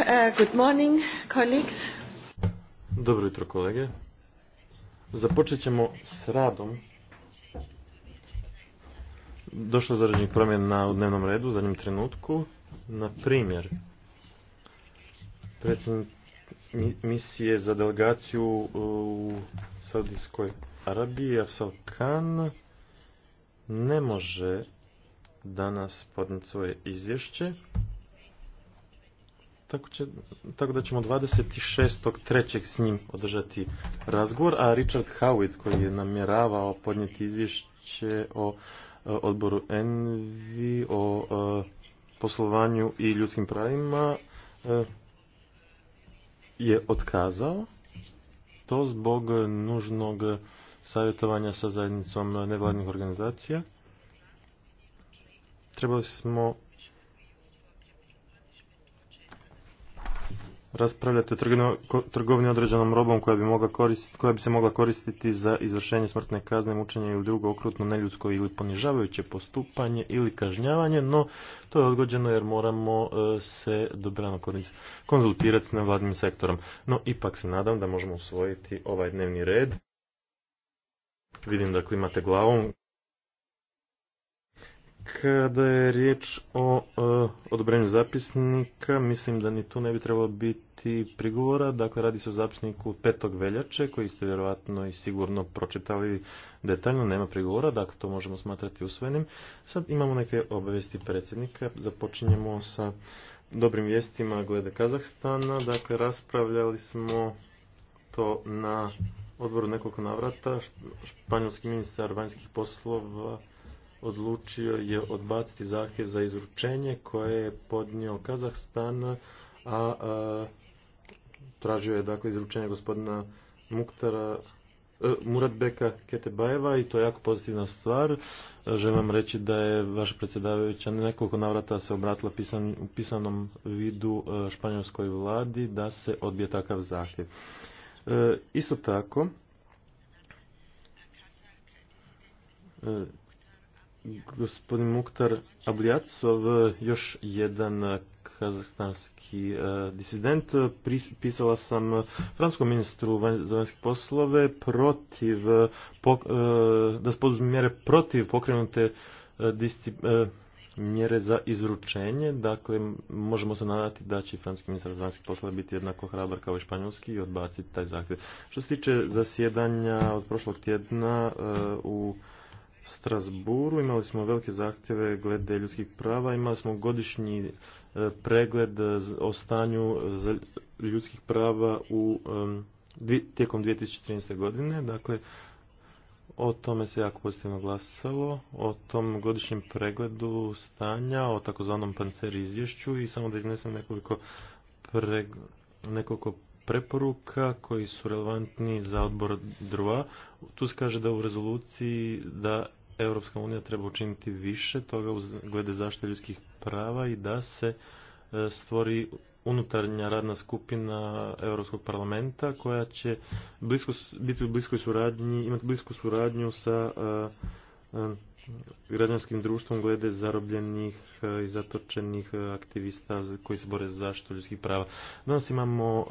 Eh, good morning, colleagues. Dobro jutro kolege. Započet ćemo s radom. Došlo je do određenih promjena u dnevnom redu u zadnjem trenutku. Na primjer, predsjednik misije za delegaciju u Saudijskoj Arabiji, Afsal Khan, ne može danas podnijeti svoje izvješće. Tako, će, tako da ćemo 26.3. s njim održati razgovor, a Richard Howitt koji je namjeravao podnijeti izvješće o e, odboru Envi, o e, poslovanju i ljudskim pravima e, je otkazao to zbog nužnog savjetovanja sa zajednicom nevladnih organizacija. Trebali smo raspravljati o trgovini određenom robom koja bi, mogla koristiti, koja bi se mogla koristiti za izvršenje smrtne kazne, mučenje ili drugo okrutno neljudsko ili ponižavajuće postupanje ili kažnjavanje, no to je odgođeno jer moramo e, se dobrano konzultirati s nevladnim sektorom. No ipak se nadam da možemo usvojiti ovaj dnevni red. Vidim da klimate glavom. Kada je riječ o e, odobrenju zapisnika, mislim da ni tu ne bi trebalo biti prigovora. Dakle, radi se o zapisniku petog veljače, koji ste vjerojatno i sigurno pročitali detaljno, nema prigovora, dakle to možemo smatrati usvojenim. Sad imamo neke obavijesti predsjednika, započinjemo sa dobrim vijestima glede Kazahstana. Dakle, raspravljali smo to na odboru nekoliko navrata. Španjolski ministar vanjskih poslova odlučio je odbaciti zahtjev za izručenje koje je podnio Kazahstan, a, a tražio je dakle izručenje gospodina Muktara e, muradbeka Ketebajeva i to je jako pozitivna stvar. E, želim vam reći da je vaša predsjedavajuća nekoliko navrata se obratila u pisanom vidu e, španjolskoj vladi da se odbije takav zahtjev. isto tako, gospodin Muktar Abljacov, još jedan kazahstanski e, disident. Pisala sam franskom ministru za vanjske poslove protiv, e, da se poduzme mjere protiv pokrenute e, mjere za izručenje. Dakle, možemo se nadati da će francuski ministar za vanjske poslove biti jednako hrabar kao i španjolski i odbaciti taj zahtjev. Što se tiče zasjedanja od prošlog tjedna u Strasburu. Imali smo velike zahtjeve glede ljudskih prava. Imali smo godišnji e, pregled e, o stanju e, ljudskih prava u tijekom 2013. godine. Dakle, o tome se jako pozitivno glasalo, o tom godišnjem pregledu stanja, o takozvanom panceri izvješću i samo da iznesem nekoliko, preg... nekoliko preporuka koji su relevantni za odbor drva. Tu se kaže da u rezoluciji da Europska unija treba učiniti više toga glede zaštite ljudskih prava i da se e, stvori unutarnja radna skupina Europskog parlamenta koja će blisko, biti u bliskoj suradnji, imati blisku suradnju sa e, e, građanskim društvom glede zarobljenih i zatočenih aktivista koji se bore za zaštitu ljudskih prava. Danas imamo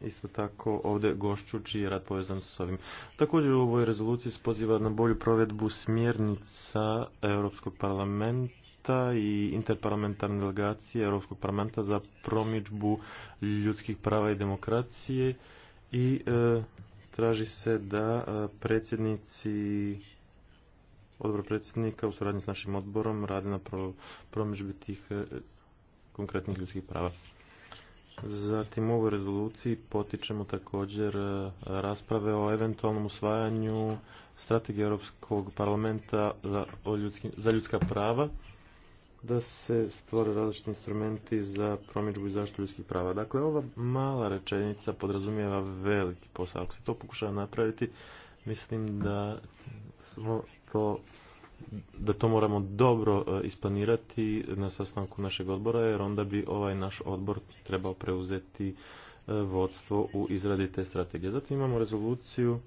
isto tako ovdje gošću čiji je rad povezan s ovim. Također u ovoj rezoluciji se poziva na bolju provedbu smjernica Europskog parlamenta i interparlamentarne delegacije Europskog parlamenta za promičbu ljudskih prava i demokracije i e, traži se da e, predsjednici odbor predsjednika u suradnji s našim odborom radi na promičbi tih e, konkretnih ljudskih prava. Zatim u ovoj rezoluciji potičemo također e, rasprave o eventualnom usvajanju strategije Europskog parlamenta za, ljudska prava da se stvore različiti instrumenti za promidžbu i zaštitu ljudskih prava. Dakle, ova mala rečenica podrazumijeva veliki posao. Ako se to pokušava napraviti, mislim da smo to da to moramo dobro e, isplanirati na sastanku našeg odbora jer onda bi ovaj naš odbor trebao preuzeti e, vodstvo u izradi te strategije. Zatim imamo rezoluciju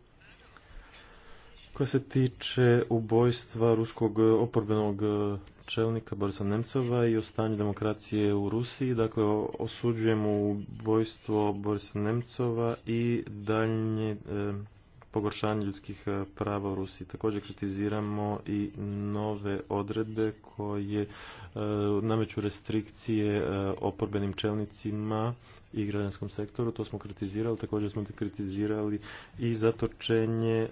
koja se tiče ubojstva ruskog oporbenog e, čelnika Borisa Nemcova i o stanju demokracije u Rusiji. Dakle, osuđujemo ubojstvo Borisa Nemcova i daljnje pogoršanje ljudskih e, prava u Rusiji. Također kritiziramo i nove odredbe koje e, nameću restrikcije e, oporbenim čelnicima i građanskom sektoru. To smo kritizirali. Također smo kritizirali i zatočenje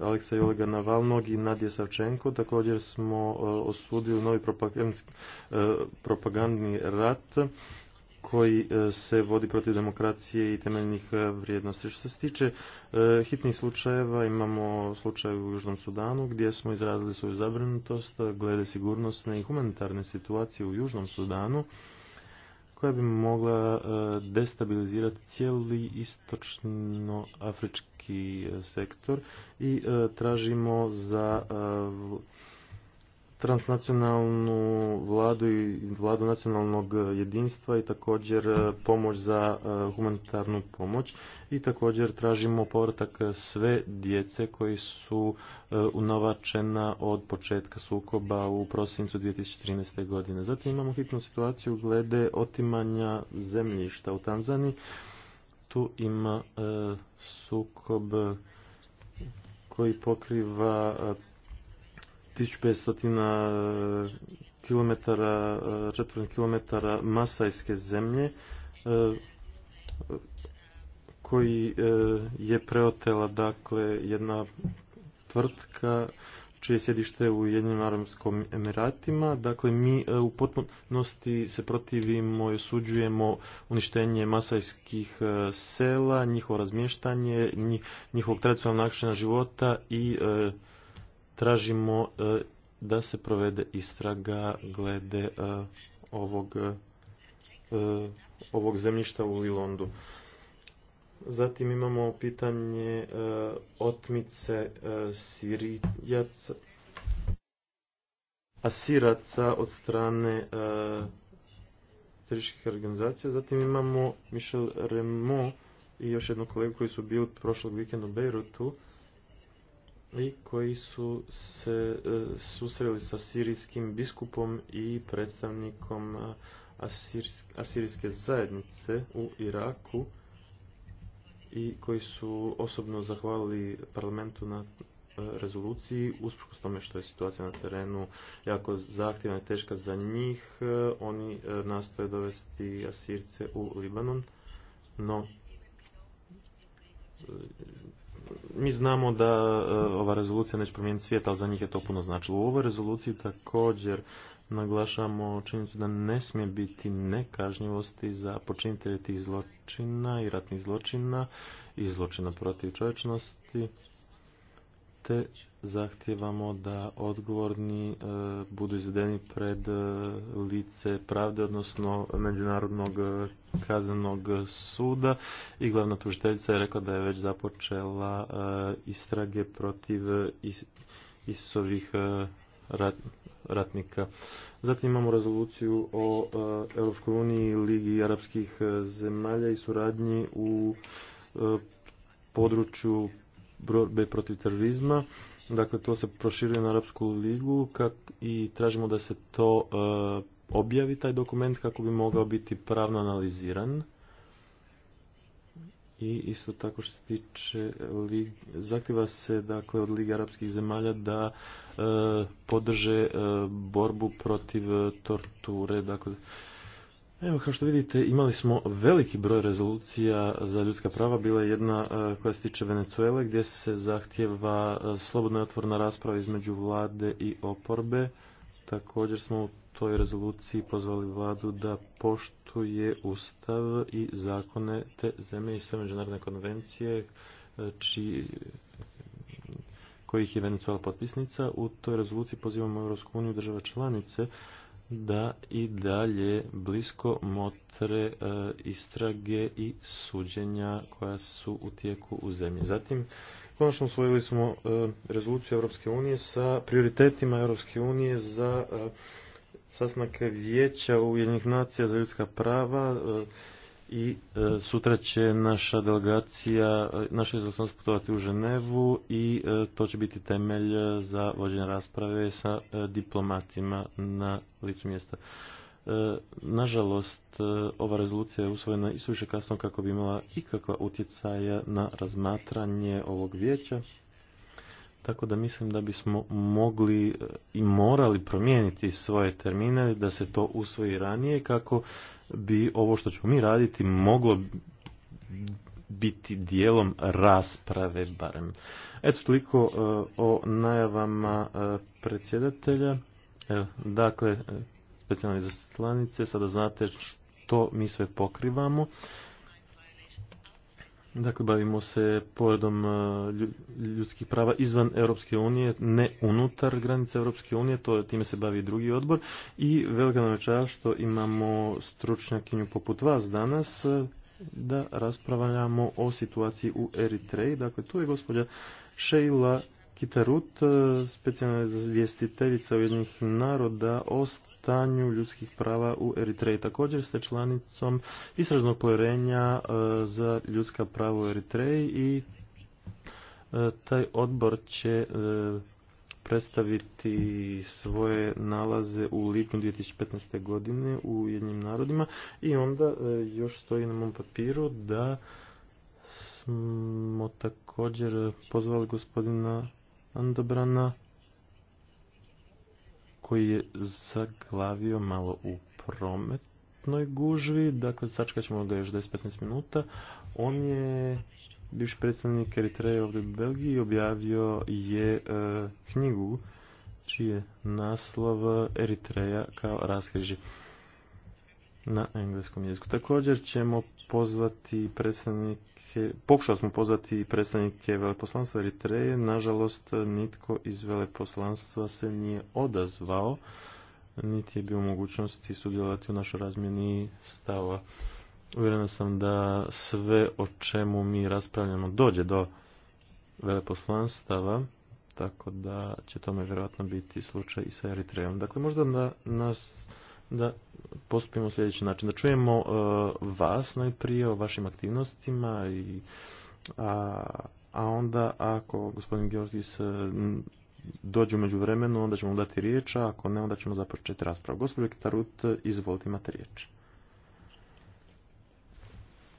Aleksa Olega Navalnog i Nadje Savčenko. Također smo osudili novi propagandni rat koji e, se vodi protiv demokracije i temeljnih e, vrijednosti. Što se tiče e, hitnih slučajeva, imamo slučaj u Južnom Sudanu gdje smo izrazili svoju zabrinutost glede sigurnosne i humanitarne situacije u Južnom Sudanu koja bi mogla destabilizirati cijeli istočno-afrički sektor i tražimo za transnacionalnu vladu i vladu nacionalnog jedinstva i također e, pomoć za e, humanitarnu pomoć i također tražimo povratak sve djece koji su e, unovačena od početka sukoba u prosincu 2013. godine. Zatim imamo hitnu situaciju glede otimanja zemljišta u Tanzani. Tu ima sukob koji pokriva 1500 km, četvrnih kilometara Masajske zemlje e, koji e, je preotela dakle jedna tvrtka čije sjedište u jednim Arabskom Emiratima. Dakle, mi e, u potpunosti se protivimo i osuđujemo uništenje masajskih sela, njihovo razmještanje, njihovog tradicionalnog načina života i tražimo e, da se provede istraga glede e, ovog, e, ovog zemljišta u Lilondu. Zatim imamo pitanje otmice Sirijaca, Asiraca od strane terorističkih organizacija. Zatim imamo Michel Remo i još jednu kolegu koji su bili prošlog vikenda u Beirutu i koji su se e, susreli sa sirijskim biskupom i predstavnikom e, asirijske zajednice u Iraku i koji su osobno zahvalili parlamentu na e, rezoluciji, usprkos tome što je situacija na terenu jako zahtjevna i teška za njih, oni nastoje dovesti Asirce u Libanon, no mi znamo da e, ova rezolucija neće promijeniti svijet, ali za njih je to puno značilo. U ovoj rezoluciji također naglašamo činjenicu da ne smije biti nekažnjivosti za počinitelje tih zločina i ratnih zločina i zločina protiv čovječnosti te zahtijevamo da odgovorni e, budu izvedeni pred e, lice pravde, odnosno Međunarodnog e, kaznenog suda i glavna tužiteljica je rekla da je već započela istrage protiv isovih ratnika. Zatim imamo rezoluciju o Europskoj uniji, Ligi arapskih zemalja i suradnji u području borbe protiv terorizma. Dakle, to se proširuje na Arabsku ligu kak, i tražimo da se to uh, objavi, taj dokument, kako bi mogao biti pravno analiziran. I isto tako što se tiče, uh, lig, zahtjeva se dakle od Lige Arabskih zemalja da uh, podrže borbu protiv torture. Dakle, Evo, kao što vidite, imali smo veliki broj rezolucija za ljudska prava. Bila je jedna e, koja se tiče Venecuele, gdje se zahtjeva e, slobodna i otvorna rasprava između vlade i oporbe. Također smo u toj rezoluciji pozvali vladu da poštuje ustav i zakone te zemlje i sve međunarodne konvencije e, kojih je Venezuela potpisnica. U toj rezoluciji pozivamo Europsku uniju država članice da i dalje blisko motre e, istrage i suđenja koja su u tijeku u zemlji. Zatim, konačno usvojili smo e, rezoluciju Europske unije sa prioritetima Europske unije za e, sastanak vijeća Ujedinjenih nacija za ljudska prava i e, sutra će naša delegacija, e, naša izlasnost putovati u Ženevu i e, to će biti temelj za vođenje rasprave sa diplomatima na licu mjesta. Nažalost, ova rezolucija je usvojena i suviše kasno kako bi imala ikakva utjecaja na razmatranje ovog vijeća. Tako da mislim da bismo mogli e, i morali promijeniti svoje termine da se to usvoji ranije kako bi ovo što ćemo mi raditi moglo biti dijelom rasprave barem. Eto toliko e, o najavama e, predsjedatelja. Dakle, specijalne zaslanice, sada znate što mi sve pokrivamo. Dakle, bavimo se poredom e, ljudskih prava izvan Europske unije, ne unutar granice Europske unije, to time se bavi drugi odbor. I velika nam je što imamo stručnjakinju poput vas danas e, da raspravljamo o situaciji u Eritreji. Dakle, tu je gospođa Sheila Kitarut, e, specijalna zvjestiteljica Ujedinjenih naroda o stanju ljudskih prava u Eritreji. Također ste članicom istražnog povjerenja e, za ljudska prava u Eritreji i e, taj odbor će e, predstaviti svoje nalaze u lipnju 2015. godine u jednim narodima i onda još stoji na mom papiru da smo također pozvali gospodina Andobrana koji je zaglavio malo u prometnoj gužvi. Dakle, sačekat ćemo ga još 10-15 minuta. On je bivši predstavnik Eritreje ovdje u Belgiji objavio je e, knjigu čije je naslov Eritreja kao raskrižje na engleskom jeziku. Također ćemo pozvati predstavnike, pokušali smo pozvati predstavnike veleposlanstva Eritreje, nažalost nitko iz veleposlanstva se nije odazvao, niti je bio mogućnosti sudjelovati u našoj razmjeni stava. Uvjerena sam da sve o čemu mi raspravljamo dođe do veleposlanstava, tako da će tome vjerojatno biti slučaj i sa Eritrejom. Dakle, možda da nas da postupimo sljedeći način. Da čujemo e, vas najprije o vašim aktivnostima i a, onda ako gospodin Georgis e, dođe među vremenu, onda ćemo mu dati riječ, a ako ne, onda ćemo započeti raspravu. Gospodin Tarut, izvolite, imate riječ.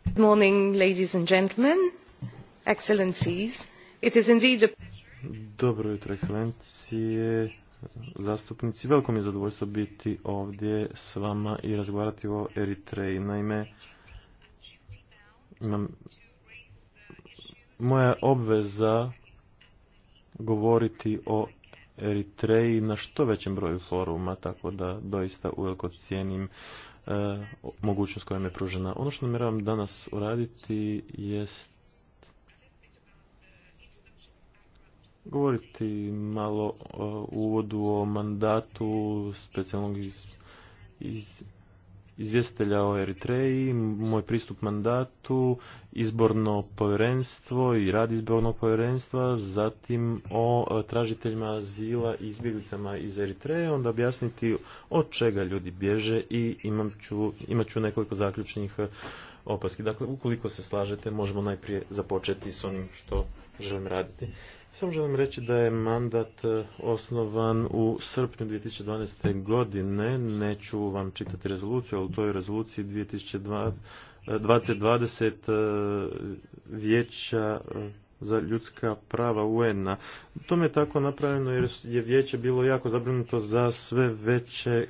Good morning, ladies and gentlemen, excellencies. It is indeed a... Dobro jutro, ekscelencije zastupnici. Veliko mi je zadovoljstvo biti ovdje s vama i razgovarati o Eritreji. Naime, imam moja obveza govoriti o Eritreji na što većem broju foruma, tako da doista uveliko cijenim e, mogućnost koja mi je pružena. Ono što namjeravam danas uraditi jest govoriti malo e, u uvodu o mandatu specijalnog iz, iz, izvjestitelja o Eritreji, moj pristup mandatu, izborno povjerenstvo i rad izbornog povjerenstva, zatim o e, tražiteljima azila i izbjeglicama iz Eritreje, onda objasniti od čega ljudi bježe i imam ću, imat ću nekoliko zaključnih e, opaski. Dakle, ukoliko se slažete, možemo najprije započeti s onim što želim raditi. Samo želim reći da je mandat e, osnovan u srpnju 2012. godine. Neću vam čitati rezoluciju, ali u toj rezoluciji 2020 e, e, vijeća za ljudska prava UN-a. Tome je tako napravljeno jer je vijeće bilo jako zabrinuto za sve veće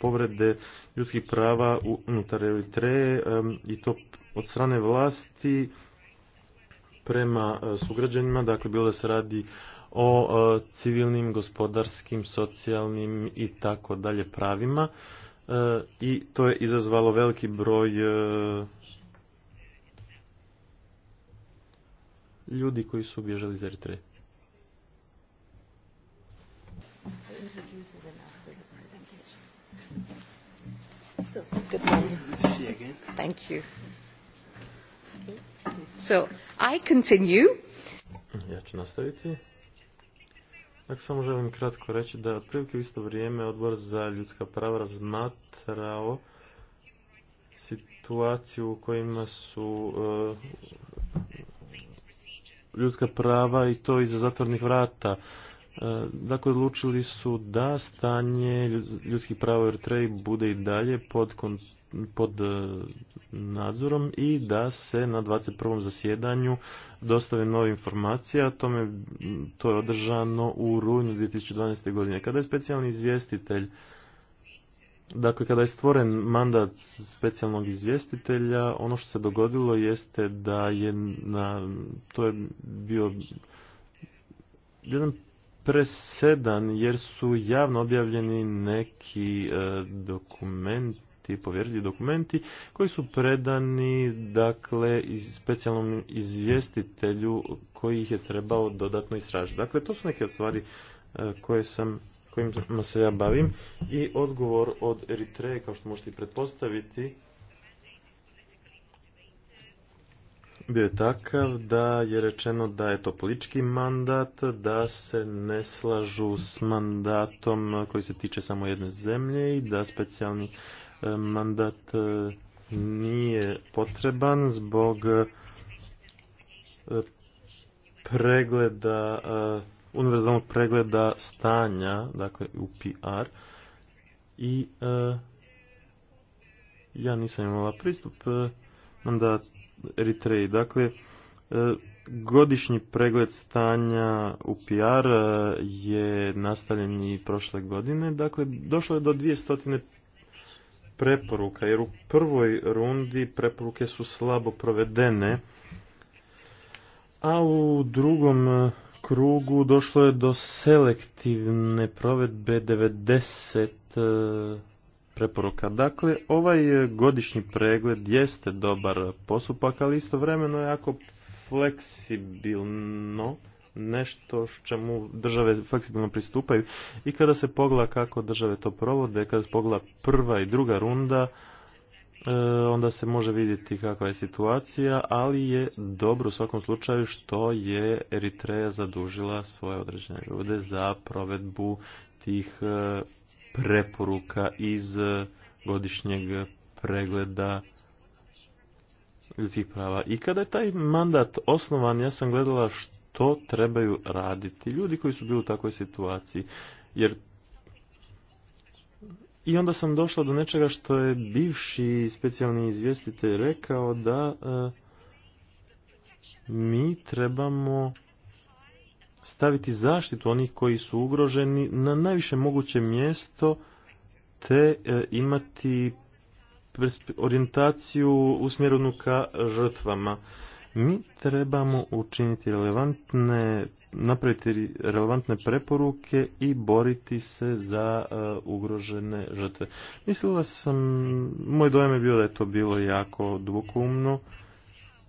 povrede ljudskih prava unutar Eritreje i to od strane vlasti prema e, sugrađanima, dakle bilo da se radi o e, civilnim, gospodarskim, socijalnim i tako dalje pravima e, i to je izazvalo veliki broj ljudi koji su bježali iz Eritreje. Thank you. So, i Ja ću nastaviti. samo želim kratko reći da otprilike u isto vrijeme odbor za ljudska prava razmatrao situaciju u kojima su e, ljudska prava i to iza zatvornih vrata E, dakle, odlučili su da stanje ljudskih prava u Eritreji bude i dalje pod, pod e, nadzorom i da se na 21. zasjedanju dostave nove informacije, a tome, to je održano u rujnu 2012. godine. Kada je specijalni izvjestitelj Dakle, kada je stvoren mandat specijalnog izvjestitelja, ono što se dogodilo jeste da je na, to je bio jedan presedan jer su javno objavljeni neki e, dokumenti, povjerljivi dokumenti koji su predani dakle specijalnom izvjestitelju koji ih je trebao dodatno istražiti. Dakle, to su neke od stvari e, koje sam kojim se ja bavim i odgovor od Eritreje, kao što možete i pretpostaviti, bio je takav da je rečeno da je to politički mandat, da se ne slažu s mandatom koji se tiče samo jedne zemlje i da specijalni e, mandat e, nije potreban zbog e, pregleda, univerzalnog pregleda stanja, dakle PR. i ja nisam imala pristup mandat Eritreji. Dakle, e, godišnji pregled stanja u PR e, je nastavljen i prošle godine. Dakle, došlo je do 200 preporuka, jer u prvoj rundi preporuke su slabo provedene, a u drugom e, krugu došlo je do selektivne provedbe 90 preporuka. Dakle, ovaj e, godišnji pregled jeste dobar postupak, ali istovremeno je jako fleksibilno nešto s čemu države fleksibilno pristupaju i kada se pogleda kako države to provode, kada se pogleda prva i druga runda, e, onda se može vidjeti kakva je situacija, ali je dobro u svakom slučaju što je Eritreja zadužila svoje određene ljude za provedbu tih e, preporuka iz e, godišnjeg pregleda ljudskih prava. I kada je taj mandat osnovan, ja sam gledala što trebaju raditi ljudi koji su bili u takvoj situaciji. Jer i onda sam došla do nečega što je bivši specijalni izvjestitelj rekao da e, mi trebamo staviti zaštitu onih koji su ugroženi na najviše moguće mjesto te e, imati orijentaciju usmjerenu ka žrtvama. Mi trebamo učiniti relevantne, napraviti relevantne preporuke i boriti se za e, ugrožene žrtve. Mislila sam, moj dojam je bio da je to bilo jako dvukumno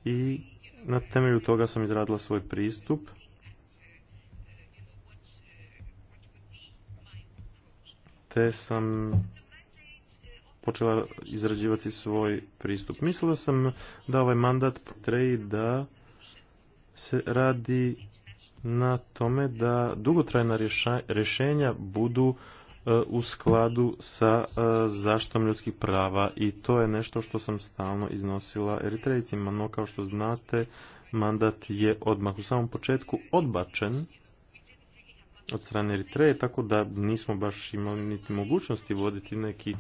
i na temelju toga sam izradila svoj pristup te sam počela izrađivati svoj pristup. Mislila sam da ovaj mandat potreji da se radi na tome da dugotrajna rješenja budu e, u skladu sa e, zaštom ljudskih prava i to je nešto što sam stalno iznosila eritrejcima, no kao što znate mandat je odmah u samom početku odbačen od strane Eritreje, tako da nismo baš imali niti mogućnosti voditi neki e,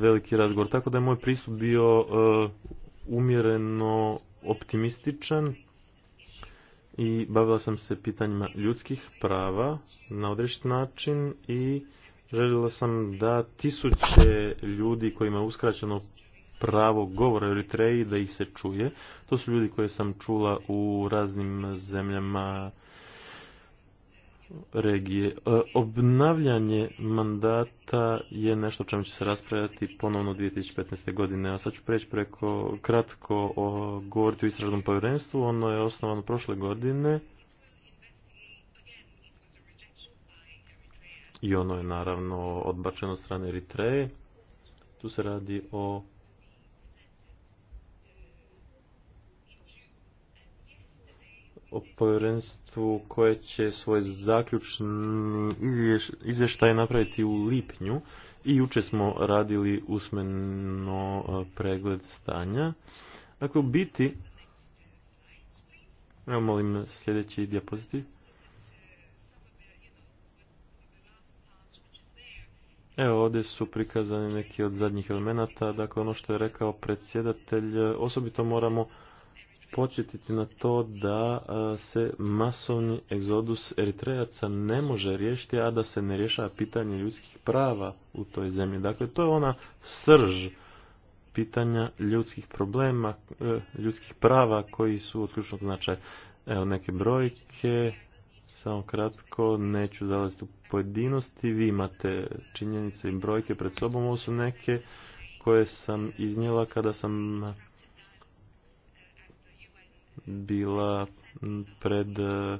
veliki razgovor. Tako da je moj pristup bio e, umjereno optimističan i bavila sam se pitanjima ljudskih prava na određen način i željela sam da tisuće ljudi kojima je uskraćeno pravo govora u Eritreji da ih se čuje. To su ljudi koje sam čula u raznim zemljama regije. E, obnavljanje mandata je nešto o čemu će se raspravljati ponovno 2015. godine, a sad ću preći preko kratko o govoriti o istražnom povjerenstvu. Ono je osnovano prošle godine i ono je naravno odbačeno od strane Eritreje. Tu se radi o o povjerenstvu koje će svoj zaključni izvještaj napraviti u lipnju i juče smo radili usmeno e, pregled stanja. Dakle, u biti, evo molim sljedeći diapozitiv. Evo ovdje su prikazani neki od zadnjih elemenata, dakle ono što je rekao predsjedatelj, e, osobito moramo početiti na to da se masovni egzodus Eritrejaca ne može riješiti, a da se ne rješava pitanje ljudskih prava u toj zemlji. Dakle, to je ona srž pitanja ljudskih problema, e, ljudskih prava koji su od ključnog značaja. Evo neke brojke, samo kratko, neću zalaziti u pojedinosti, vi imate činjenice i brojke pred sobom, ovo su neke koje sam iznijela kada sam bila pred e,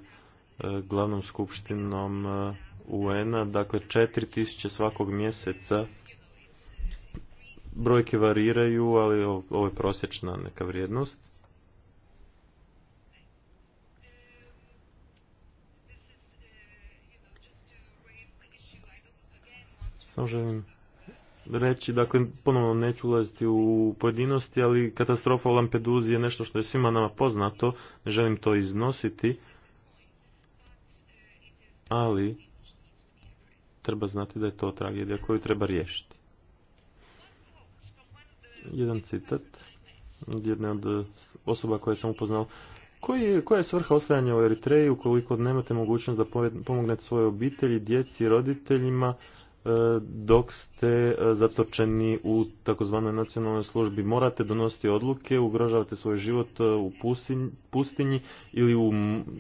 glavnom skupštinom e, UN-a, dakle 4000 svakog mjeseca. Brojke variraju, ali ovo je prosječna neka vrijednost. Samo želim reći, dakle ponovno neću ulaziti u pojedinosti, ali katastrofa u Lampeduzi je nešto što je svima nama poznato, ne želim to iznositi, ali treba znati da je to tragedija koju treba riješiti. Jedan citat jedne od osoba koje sam upoznao. Koji koja je svrha ostajanja u Eritreji ukoliko nemate mogućnost da pomognete svoje obitelji, djeci, roditeljima, E, dok ste e, zatočeni u takozvanoj nacionalnoj službi. Morate donositi odluke, ugrožavate svoj život e, u pustinji ili u,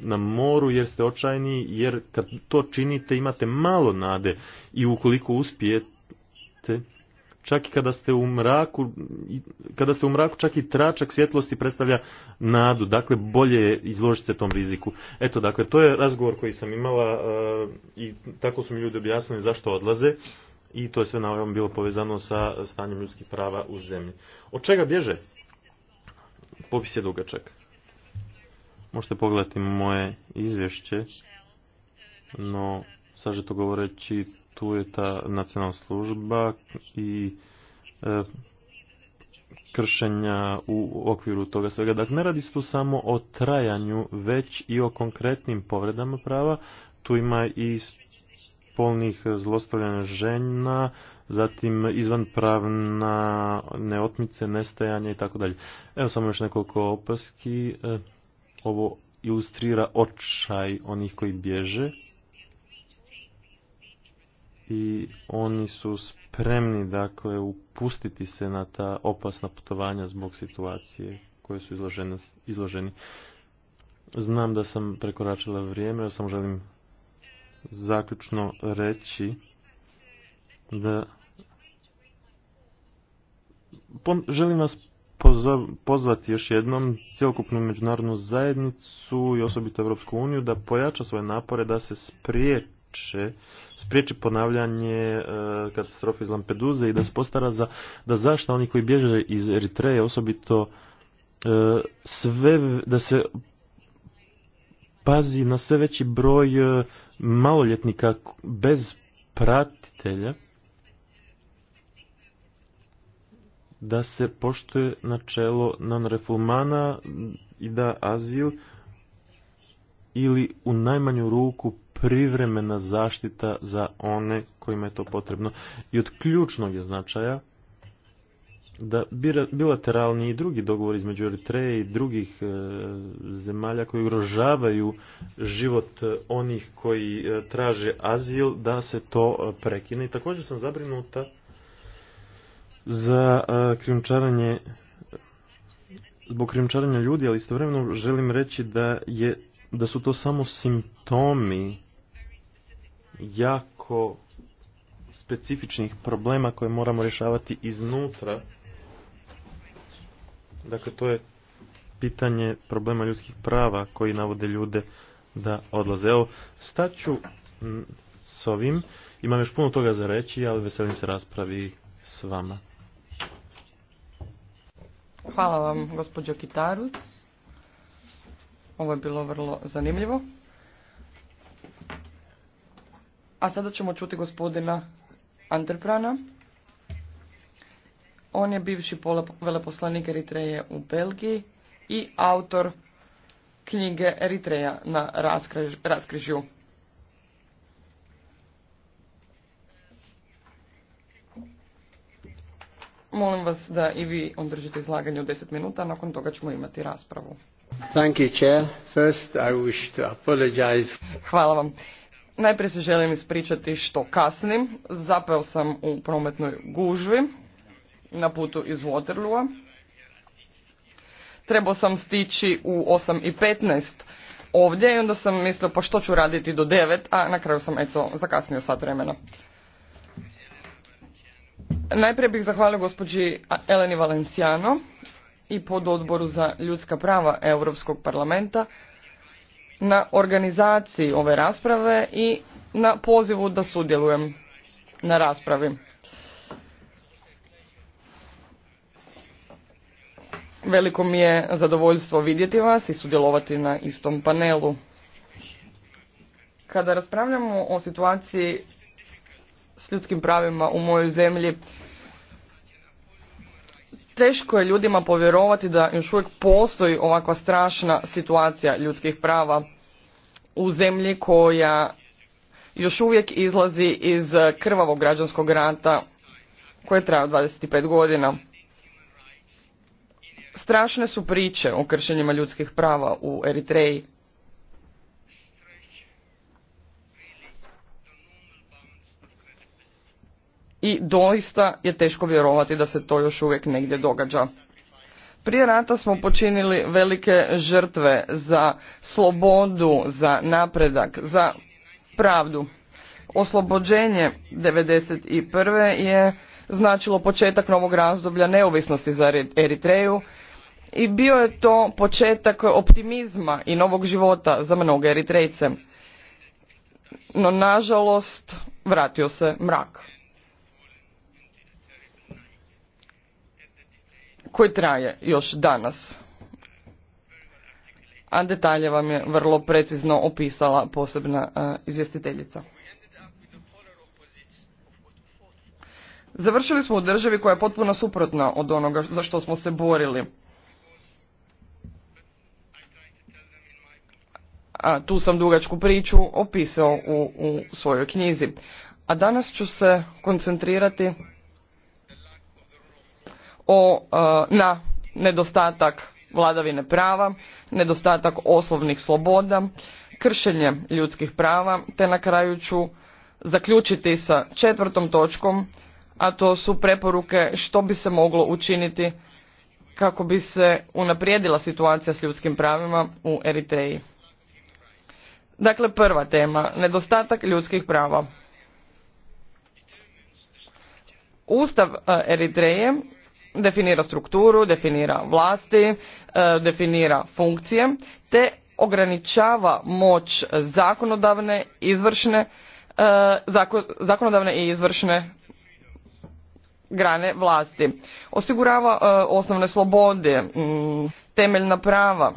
na moru jer ste očajni, jer kad to činite imate malo nade i ukoliko uspijete čak i kada ste u mraku, kada ste u mraku čak i tračak svjetlosti predstavlja nadu, dakle bolje je izložiti se tom riziku. Eto, dakle, to je razgovor koji sam imala eh, i tako su mi ljudi objasnili zašto odlaze i to je sve naravno bilo povezano sa stanjem ljudskih prava u zemlji. Od čega bježe? Popis je dugačak. Možete pogledati moje izvješće, no sažeto govoreći tu je ta nacionalna služba i e, kršenja u okviru toga svega. Dakle, ne radi se tu samo o trajanju, već i o konkretnim povredama prava. Tu ima i polnih zlostavljanja žena, zatim izvanpravna neotmice, nestajanje i tako dalje. Evo samo još nekoliko opaski. E, ovo ilustrira očaj onih koji bježe i oni su spremni dakle upustiti se na ta opasna putovanja zbog situacije koje su izloženi. Znam da sam prekoračila vrijeme, ja samo želim zaključno reći da želim vas pozvati još jednom cjelokupnu međunarodnu zajednicu i osobito Europsku uniju da pojača svoje napore da se spriječe spriječi ponavljanje e, katastrofe iz Lampeduze i da se postara za, da zašta oni koji bježe iz Eritreje, osobito e, sve, da se pazi na sve veći broj e, maloljetnika bez pratitelja, da se poštuje načelo non-refulmana i da azil ili u najmanju ruku privremena zaštita za one kojima je to potrebno. I od ključnog je značaja da bilateralni i drugi dogovor između Eritreje i drugih e, zemalja koji ugrožavaju život e, onih koji e, traže azil, da se to prekine. I također sam zabrinuta za krimčaranje zbog krimčaranja ljudi, ali istovremeno želim reći da je da su to samo simptomi jako specifičnih problema koje moramo rješavati iznutra. Dakle, to je pitanje problema ljudskih prava koji navode ljude da odlaze. Evo, staću s ovim. Imam još puno toga za reći, ali veselim se raspravi s vama. Hvala vam, gospođo Kitaru. Ovo je bilo vrlo zanimljivo. A sada ćemo čuti gospodina Anterprana. On je bivši veleposlanik Eritreje u Belgiji i autor knjige Eritreja na raskrižju. Molim vas da i vi održite izlaganje u 10 minuta, nakon toga ćemo imati raspravu. Thank I to apologize. Hvala vam. Najprije se želim ispričati što kasnim. Zapeo sam u prometnoj gužvi na putu iz Waterloo. Trebao sam stići u 8.15 ovdje i onda sam mislio pa što ću raditi do 9, a na kraju sam eto zakasnio sat vremena. Najprije bih zahvalio gospođi Eleni Valenciano i pod odboru za ljudska prava Europskog parlamenta na organizaciji ove rasprave i na pozivu da sudjelujem na raspravi. Veliko mi je zadovoljstvo vidjeti vas i sudjelovati na istom panelu. Kada raspravljamo o situaciji s ljudskim pravima u mojoj zemlji, Teško je ljudima povjerovati da još uvijek postoji ovakva strašna situacija ljudskih prava u zemlji koja još uvijek izlazi iz krvavog građanskog rata koje traje 25 godina. Strašne su priče o kršenjima ljudskih prava u Eritreji. i doista je teško vjerovati da se to još uvijek negdje događa. Prije rata smo počinili velike žrtve za slobodu, za napredak, za pravdu. Oslobođenje 1991. je značilo početak novog razdoblja neovisnosti za Eritreju i bio je to početak optimizma i novog života za mnoge Eritrejce. No, nažalost, vratio se mrak. koji traje još danas. A detalje vam je vrlo precizno opisala posebna e, izvjestiteljica. Završili smo u državi koja je potpuno suprotna od onoga za što smo se borili. A tu sam dugačku priču opisao u, u svojoj knjizi. A danas ću se koncentrirati o, e, na nedostatak vladavine prava, nedostatak oslovnih sloboda, kršenje ljudskih prava, te na kraju ću zaključiti sa četvrtom točkom, a to su preporuke što bi se moglo učiniti kako bi se unaprijedila situacija s ljudskim pravima u Eritreji. Dakle, prva tema, nedostatak ljudskih prava. Ustav e, Eritreje definira strukturu, definira vlasti, e, definira funkcije te ograničava moć zakonodavne, izvršne, e, zakonodavne i izvršne grane vlasti. Osigurava e, osnovne slobode, temeljna prava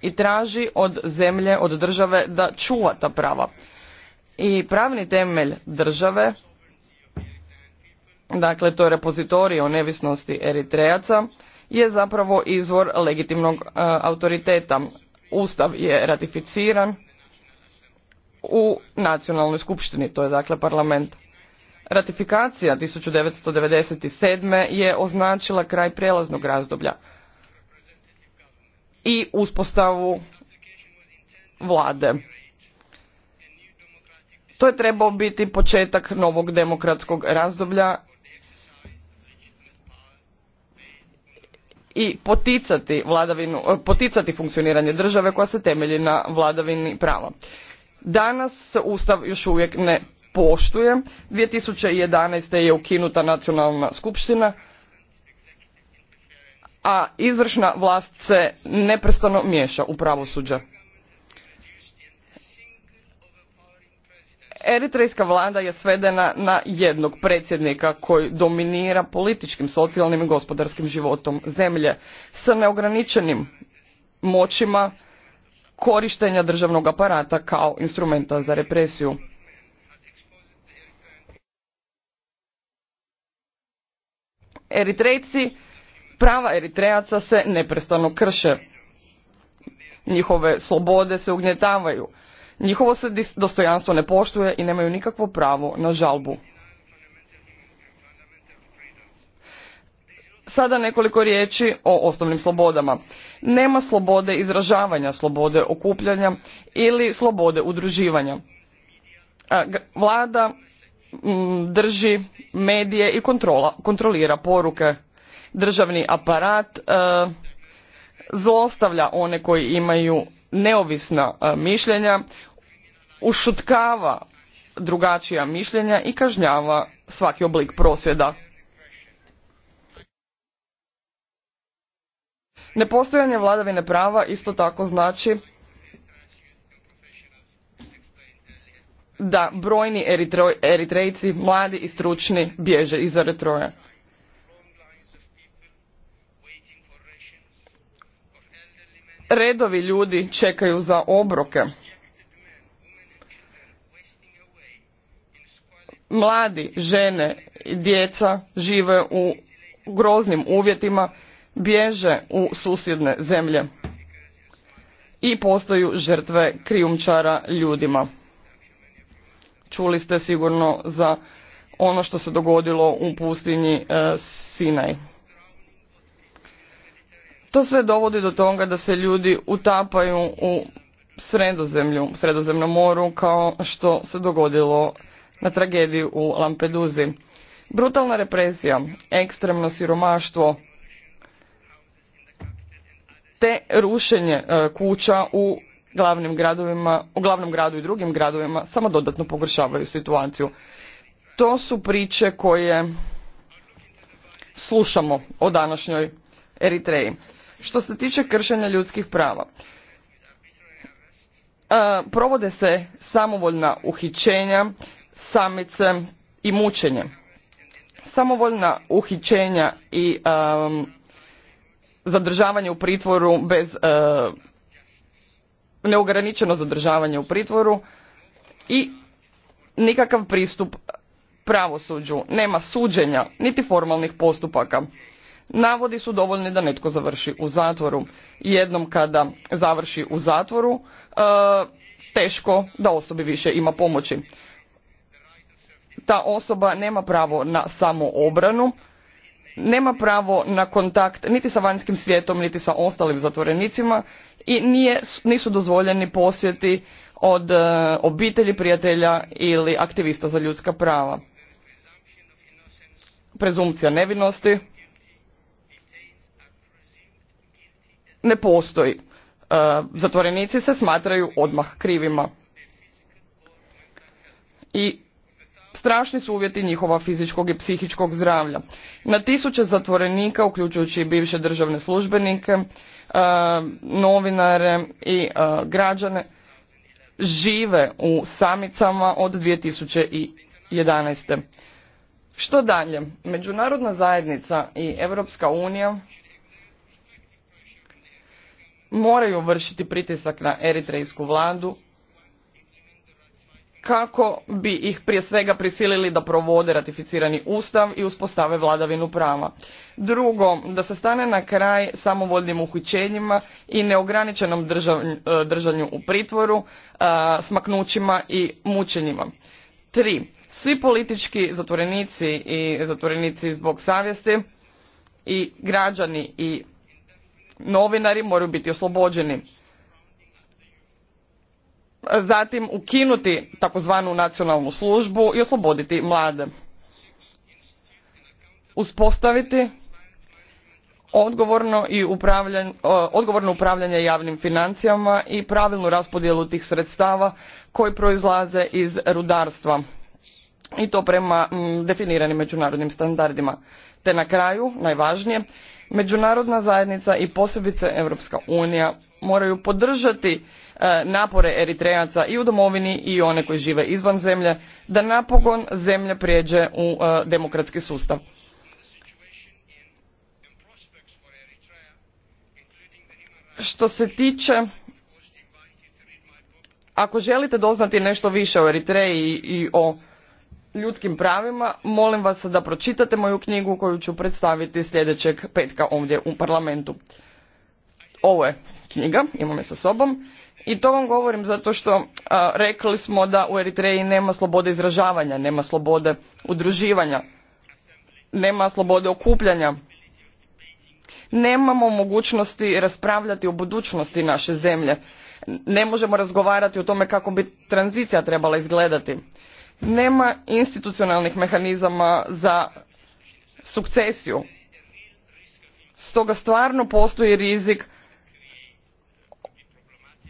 i traži od zemlje, od države da čuva ta prava. I pravni temelj države dakle to je repozitorij o nevisnosti Eritrejaca, je zapravo izvor legitimnog e, autoriteta. Ustav je ratificiran u nacionalnoj skupštini, to je dakle parlament. Ratifikacija 1997. je označila kraj prijelaznog razdoblja i uspostavu vlade. To je trebao biti početak novog demokratskog razdoblja i poticati vladavinu, e, poticati funkcioniranje države koja se temelji na vladavini prava. Danas se Ustav još uvijek ne poštuje. 2011. je ukinuta nacionalna skupština, a izvršna vlast se neprestano miješa u pravosuđe. Eritrejska vlada je svedena na jednog predsjednika koji dominira političkim, socijalnim i gospodarskim životom zemlje s neograničenim moćima korištenja državnog aparata kao instrumenta za represiju. Eritrejci, prava Eritrejaca se neprestano krše. Njihove slobode se ugnjetavaju Njihovo se dostojanstvo ne poštuje i nemaju nikakvo pravo na žalbu. Sada nekoliko riječi o osnovnim slobodama. Nema slobode izražavanja, slobode okupljanja ili slobode udruživanja. Vlada mm, drži medije i kontrolira poruke. Državni aparat e, zlostavlja one koji imaju neovisna e, mišljenja, ušutkava drugačija mišljenja i kažnjava svaki oblik prosvjeda. Nepostojanje vladavine prava isto tako znači da brojni eritrejci, mladi i stručni, bježe iz Eritreje. redovi ljudi čekaju za obroke. Mladi, žene i djeca žive u groznim uvjetima, bježe u susjedne zemlje i postaju žrtve krijumčara ljudima. Čuli ste sigurno za ono što se dogodilo u pustinji e, Sinaj. To sve dovodi do toga da se ljudi utapaju u sredozemlju, sredozemnom moru kao što se dogodilo na tragediji u Lampeduzi. Brutalna represija, ekstremno siromaštvo, te rušenje e, kuća u glavnim gradovima, u glavnom gradu i drugim gradovima samo dodatno pogoršavaju situaciju. To su priče koje slušamo o današnjoj Eritreji što se tiče kršenja ljudskih prava. E, provode se samovoljna uhićenja, samice i mučenje. Samovoljna uhićenja i zadržavanje u pritvoru bez e, neograničeno zadržavanje u pritvoru i nikakav pristup pravosuđu, nema suđenja, niti formalnih postupaka. Navodi su dovoljni da netko završi u zatvoru. Jednom kada završi u zatvoru, e, teško da osobi više ima pomoći. Ta osoba nema pravo na samoobranu, nema pravo na kontakt niti sa vanjskim svijetom, niti sa ostalim zatvorenicima i nije, nisu dozvoljeni posjeti od e, obitelji, prijatelja ili aktivista za ljudska prava. Prezumcija nevinosti, ne postoji. E, zatvorenici se smatraju odmah krivima. I strašni su uvjeti njihova fizičkog i psihičkog zdravlja. Na tisuće zatvorenika, uključujući i bivše državne službenike, e, novinare i e, građane, žive u samicama od 2011. Što dalje? Međunarodna zajednica i Europska unija moraju vršiti pritisak na eritrejsku vladu kako bi ih prije svega prisilili da provode ratificirani ustav i uspostave vladavinu prava. Drugo, da se stane na kraj samovoljnim uhićenjima i neograničenom e, držanju u pritvoru, e, smaknućima i mučenjima. Tri, svi politički zatvorenici i zatvorenici zbog savjesti i građani i novinari moraju biti oslobođeni. Zatim ukinuti takozvanu nacionalnu službu i osloboditi mlade. Uspostaviti odgovorno, i upravljanje, odgovorno upravljanje javnim financijama i pravilnu raspodjelu tih sredstava koji proizlaze iz rudarstva i to prema definiranim međunarodnim standardima. Te na kraju, najvažnije, Međunarodna zajednica i posebice Europska unija moraju podržati e, napore Eritrejaca i u domovini i one koji žive izvan zemlje da napokon zemlja prijeđe u e, demokratski sustav. Što se tiče ako želite doznati nešto više o Eritreji i o ljudskim pravima, molim vas da pročitate moju knjigu koju ću predstaviti sljedećeg petka ovdje u parlamentu. Ovo je knjiga, imam je sa sobom. I to vam govorim zato što rekli smo da u Eritreji nema slobode izražavanja, nema slobode udruživanja, nema slobode okupljanja. Nemamo mogućnosti raspravljati o budućnosti naše zemlje. Ne možemo razgovarati o tome kako bi tranzicija trebala izgledati nema institucionalnih mehanizama za sukcesiju. Stoga stvarno postoji rizik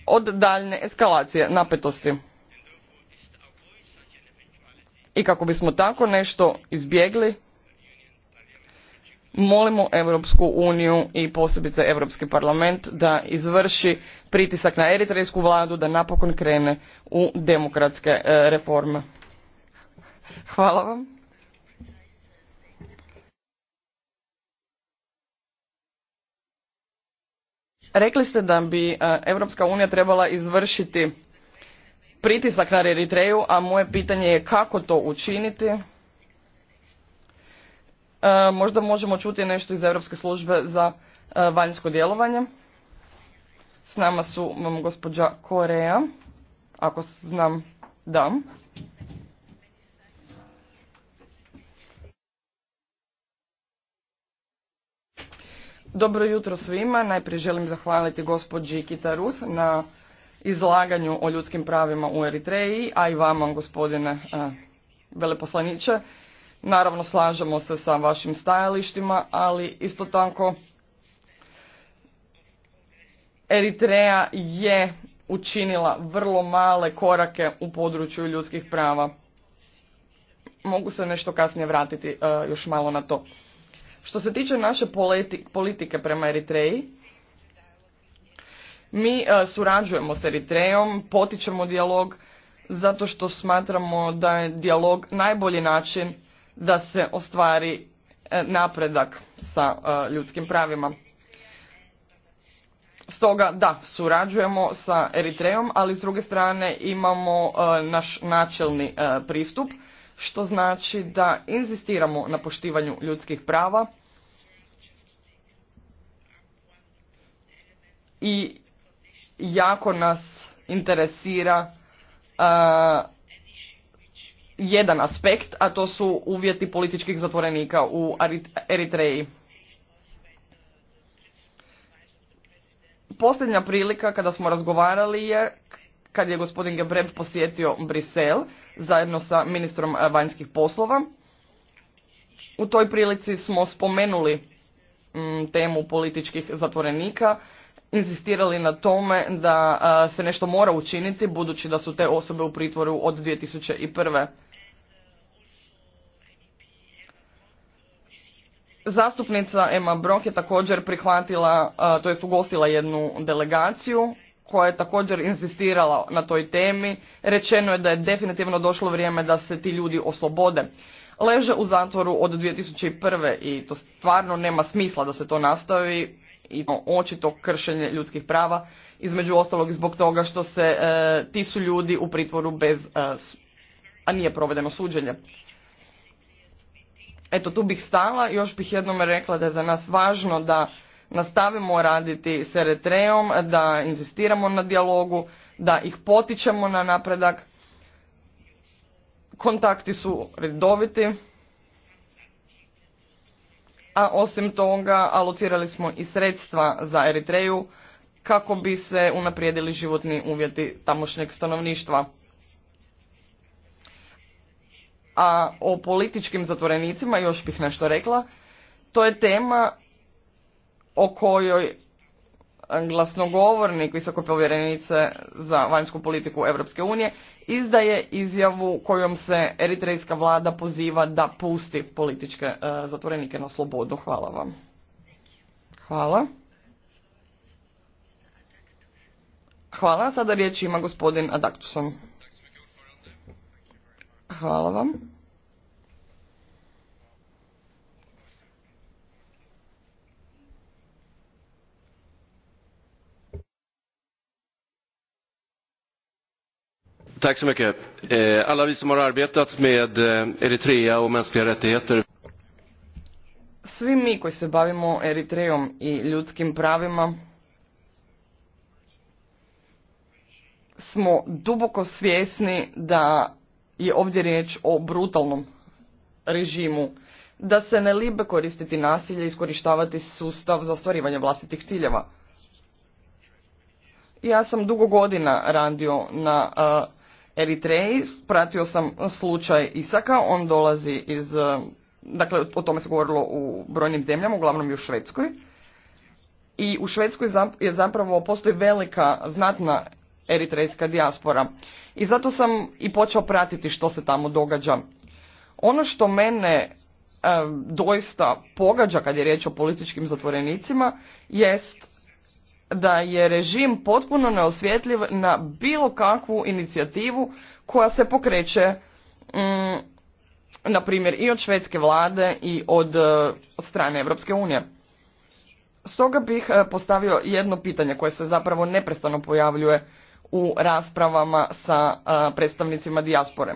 od daljne eskalacije napetosti. I kako bismo tako nešto izbjegli, molimo Europsku uniju i posebice Europski parlament da izvrši pritisak na eritrejsku vladu da napokon krene u demokratske e, reforme. Hvala vam. Rekli ste da bi Europska unija trebala izvršiti pritisak na Eritreju, a moje pitanje je kako to učiniti. E, možda možemo čuti nešto iz Europske službe za e, vanjsko djelovanje. S nama su gospođa Koreja, ako znam da. Dobro jutro svima. Najprije želim zahvaliti gospođi Kitaruth na izlaganju o ljudskim pravima u Eritreji, a i vama gospodine eh, veleposlaniče. Naravno slažemo se sa vašim stajalištima, ali isto tako Eritreja je učinila vrlo male korake u području ljudskih prava. Mogu se nešto kasnije vratiti eh, još malo na to. Što se tiče naše politike prema Eritreji, mi e, surađujemo s Eritrejom, potičemo dijalog zato što smatramo da je dijalog najbolji način da se ostvari e, napredak sa e, ljudskim pravima. Stoga da, surađujemo sa Eritrejom, ali s druge strane imamo naš načelni pristup što znači da inzistiramo na poštivanju ljudskih prava i jako nas interesira jedan aspekt, a to su uvjeti političkih zatvorenika u Eritreji. Posljednja prilika kada smo razgovarali je kad je gospodin Gebreb posjetio Brisel zajedno sa ministrom e, vanjskih poslova. U toj prilici smo spomenuli mm, temu političkih zatvorenika, inzistirali na tome da e, se nešto mora učiniti budući da su te osobe u pritvoru od 2001. Zastupnica Emma Brock je također prihvatila, e, to jest ugostila jednu delegaciju koja je također insistirala na toj temi, rečeno je da je definitivno došlo vrijeme da se ti ljudi oslobode. Leže u zatvoru od 2001. i to stvarno nema smisla da se to nastavi i očito kršenje ljudskih prava, između ostalog zbog toga što se e, ti su ljudi u pritvoru bez, e, a nije provedeno suđenje. Eto, tu bih stala, još bih jednom rekla da je za nas važno da nastavimo raditi s Eritreom, da insistiramo na dijalogu, da ih potičemo na napredak. Kontakti su redoviti. A osim toga, alocirali smo i sredstva za Eritreju kako bi se unaprijedili životni uvjeti tamošnjeg stanovništva. A o političkim zatvorenicima još bih nešto rekla. To je tema o kojoj glasnogovornik visoko povjerenice za vanjsku politiku Europske unije izdaje izjavu kojom se eritrejska vlada poziva da pusti političke e, zatvorenike na slobodu. Hvala vam. Hvala. Hvala. Sada riječ ima gospodin Adaktuson. Hvala vam. Tack så mycket. Eh, alla vi som har arbetat med eh, Eritrea och mänskliga rättigheter. Svi mi koji se bavimo Eritrejom i ljudskim pravima smo duboko svjesni da je ovdje riječ o brutalnom režimu, da se ne libe koristiti nasilje i iskorištavati sustav za ostvarivanje vlastitih ciljeva. Ja sam dugo godina radio na eh, Eritreji. Pratio sam slučaj Isaka, on dolazi iz, e, dakle o tome se govorilo u brojnim zemljama, uglavnom i u Švedskoj. I u Švedskoj je zapravo postoji velika, znatna eritrejska dijaspora. I zato sam i počeo pratiti što se tamo događa. Ono što mene e, doista pogađa kad je riječ o političkim zatvorenicima jest da je režim potpuno neosvjetljiv na bilo kakvu inicijativu koja se pokreće mm, na primjer i od švedske vlade i od e, strane Europske unije. Stoga bih e, postavio jedno pitanje koje se zapravo neprestano pojavljuje u raspravama sa e, predstavnicima dijaspore.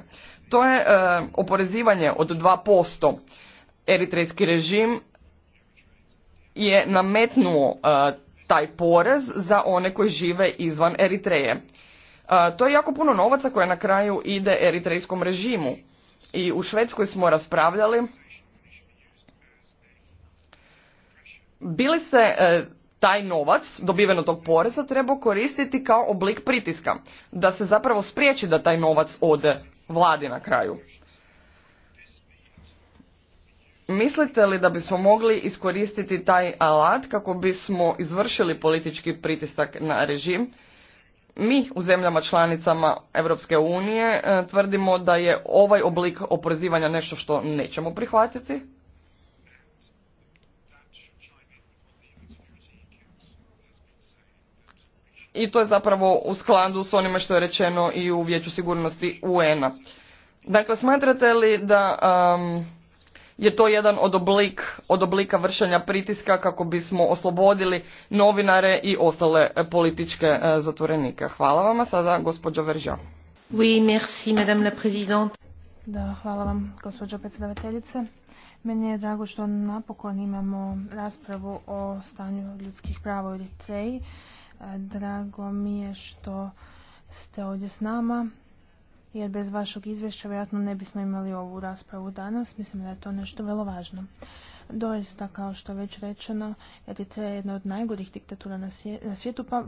To je oporezivanje od 2%. Eritrejski režim je nametnuo taj porez za one koji žive izvan Eritreje. E, to je jako puno novaca koje na kraju ide eritrejskom režimu. I u Švedskoj smo raspravljali bili se e, taj novac dobiveno tog poreza treba koristiti kao oblik pritiska da se zapravo spriječi da taj novac ode vladi na kraju Mislite li da bismo mogli iskoristiti taj alat kako bismo izvršili politički pritisak na režim? Mi u zemljama članicama Europske unije e, tvrdimo da je ovaj oblik oprezivanja nešto što nećemo prihvatiti. I to je zapravo u skladu s onime što je rečeno i u Vijeću sigurnosti UN-a. Dakle, smatrate li da je to jedan od, oblik, od oblika vršenja pritiska kako bismo oslobodili novinare i ostale e, političke e, zatvorenike. Hvala vam, sada gospođa Verža. Oui, merci, madame la présidente. Da, hvala vam, gospođo predsjedavateljice. Meni je drago što napokon imamo raspravu o stanju ljudskih prava u Eritreji. E, drago mi je što ste ovdje s nama jer bez vašeg izvješća vjerojatno ne bismo imali ovu raspravu danas. Mislim da je to nešto vrlo važno. Doista, kao što je već rečeno, Eritreja je jedna od najgorih diktatura na svijetu, pa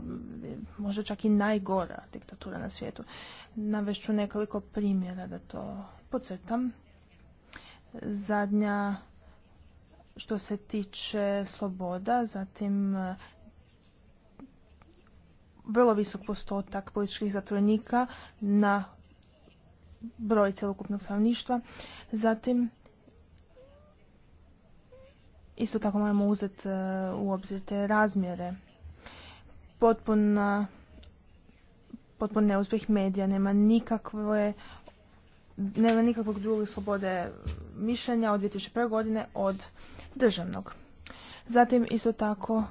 možda čak i najgora diktatura na svijetu. Navešću nekoliko primjera da to pocrtam. Zadnja što se tiče sloboda, zatim e, vrlo visok postotak političkih zatvorenika na broj cjelokupnog stanovništva. Zatim, isto tako moramo uzeti e, u obzir te razmjere. Potpuna, potpun neuspjeh medija, nema nikakve nema nikakvog drugog slobode mišljenja od 2001. godine od državnog. Zatim isto tako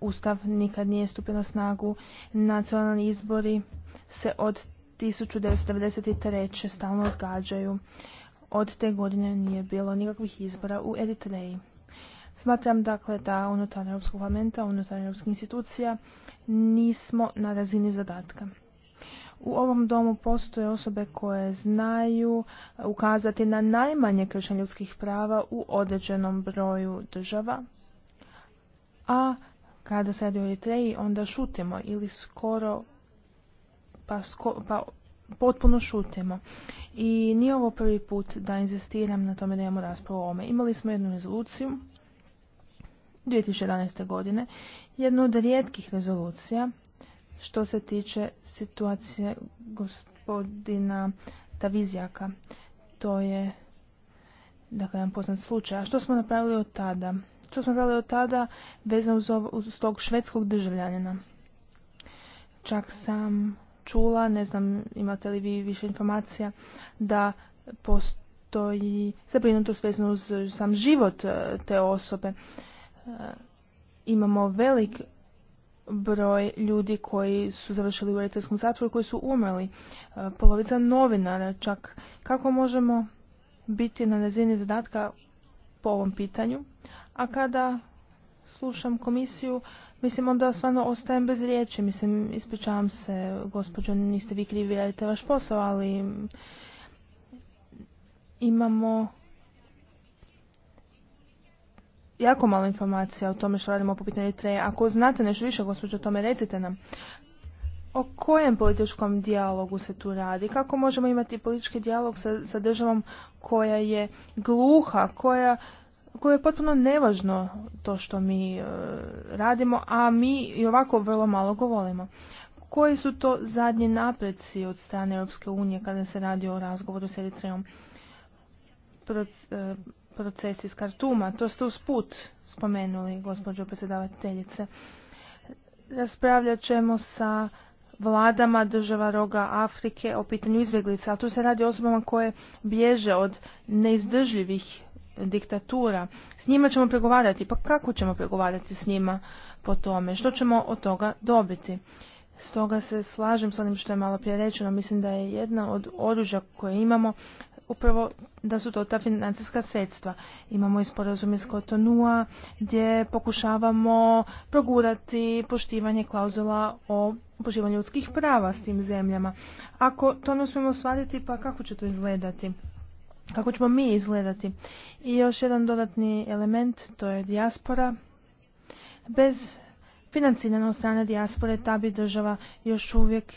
Ustav nikad nije stupio na snagu, nacionalni izbori se od 1993. stalno odgađaju. Od te godine nije bilo nikakvih izbora u Eritreji. Smatram dakle da unutar Europskog parlamenta, unutar Europskih institucija nismo na razini zadatka. U ovom domu postoje osobe koje znaju ukazati na najmanje kršenje ljudskih prava u određenom broju država, a kada se radi o Eritreji onda šutimo ili skoro pa, pa, potpuno šutimo. I nije ovo prvi put da inzistiram na tome da imamo raspravu o ovome. Imali smo jednu rezoluciju 2011. godine, jednu od rijetkih rezolucija što se tiče situacije gospodina Tavizijaka. To je dakle, jedan poznat slučaj. A što smo napravili od tada? Što smo napravili od tada vezano uz, uz tog švedskog državljanina? Čak sam čula, ne znam imate li vi više informacija, da postoji zabrinutost vezano uz sam život e, te osobe. E, imamo velik broj ljudi koji su završili u eritrijskom zatvoru, koji su umrli, e, polovica novinara čak. Kako možemo biti na razini zadatka po ovom pitanju? A kada slušam komisiju, Mislim, onda stvarno ostajem bez riječi. Mislim, ispričavam se, gospođo, niste vi krivi, radite vaš posao, ali imamo jako malo informacija o tome što radimo po pitanju e e. Ako znate nešto više, gospođo, o tome recite nam. O kojem političkom dijalogu se tu radi? Kako možemo imati politički dijalog sa, sa državom koja je gluha, koja koje je potpuno nevažno to što mi e, radimo, a mi i ovako vrlo malo govorimo. Koji su to zadnji napreci od strane Europske unije kada se radi o razgovoru s Eritreom? E, Proces iz Kartuma, to ste usput spomenuli, gospođo predsjedavateljice. Raspravljat ćemo sa vladama država roga Afrike o pitanju izbjeglica, a tu se radi o osobama koje bježe od neizdržljivih diktatura. S njima ćemo pregovarati. Pa kako ćemo pregovarati s njima po tome? Što ćemo od toga dobiti? Stoga se slažem s onim što je malo prije rečeno. Mislim da je jedna od oružja koje imamo upravo da su to ta financijska sredstva. Imamo i sporazum iz Kotonua gdje pokušavamo progurati poštivanje klauzula o poštivanju ljudskih prava s tim zemljama. Ako to ne uspijemo ostvariti, pa kako će to izgledati? kako ćemo mi izgledati. I još jedan dodatni element, to je dijaspora. Bez financirana strane dijaspore, ta bi država još uvijek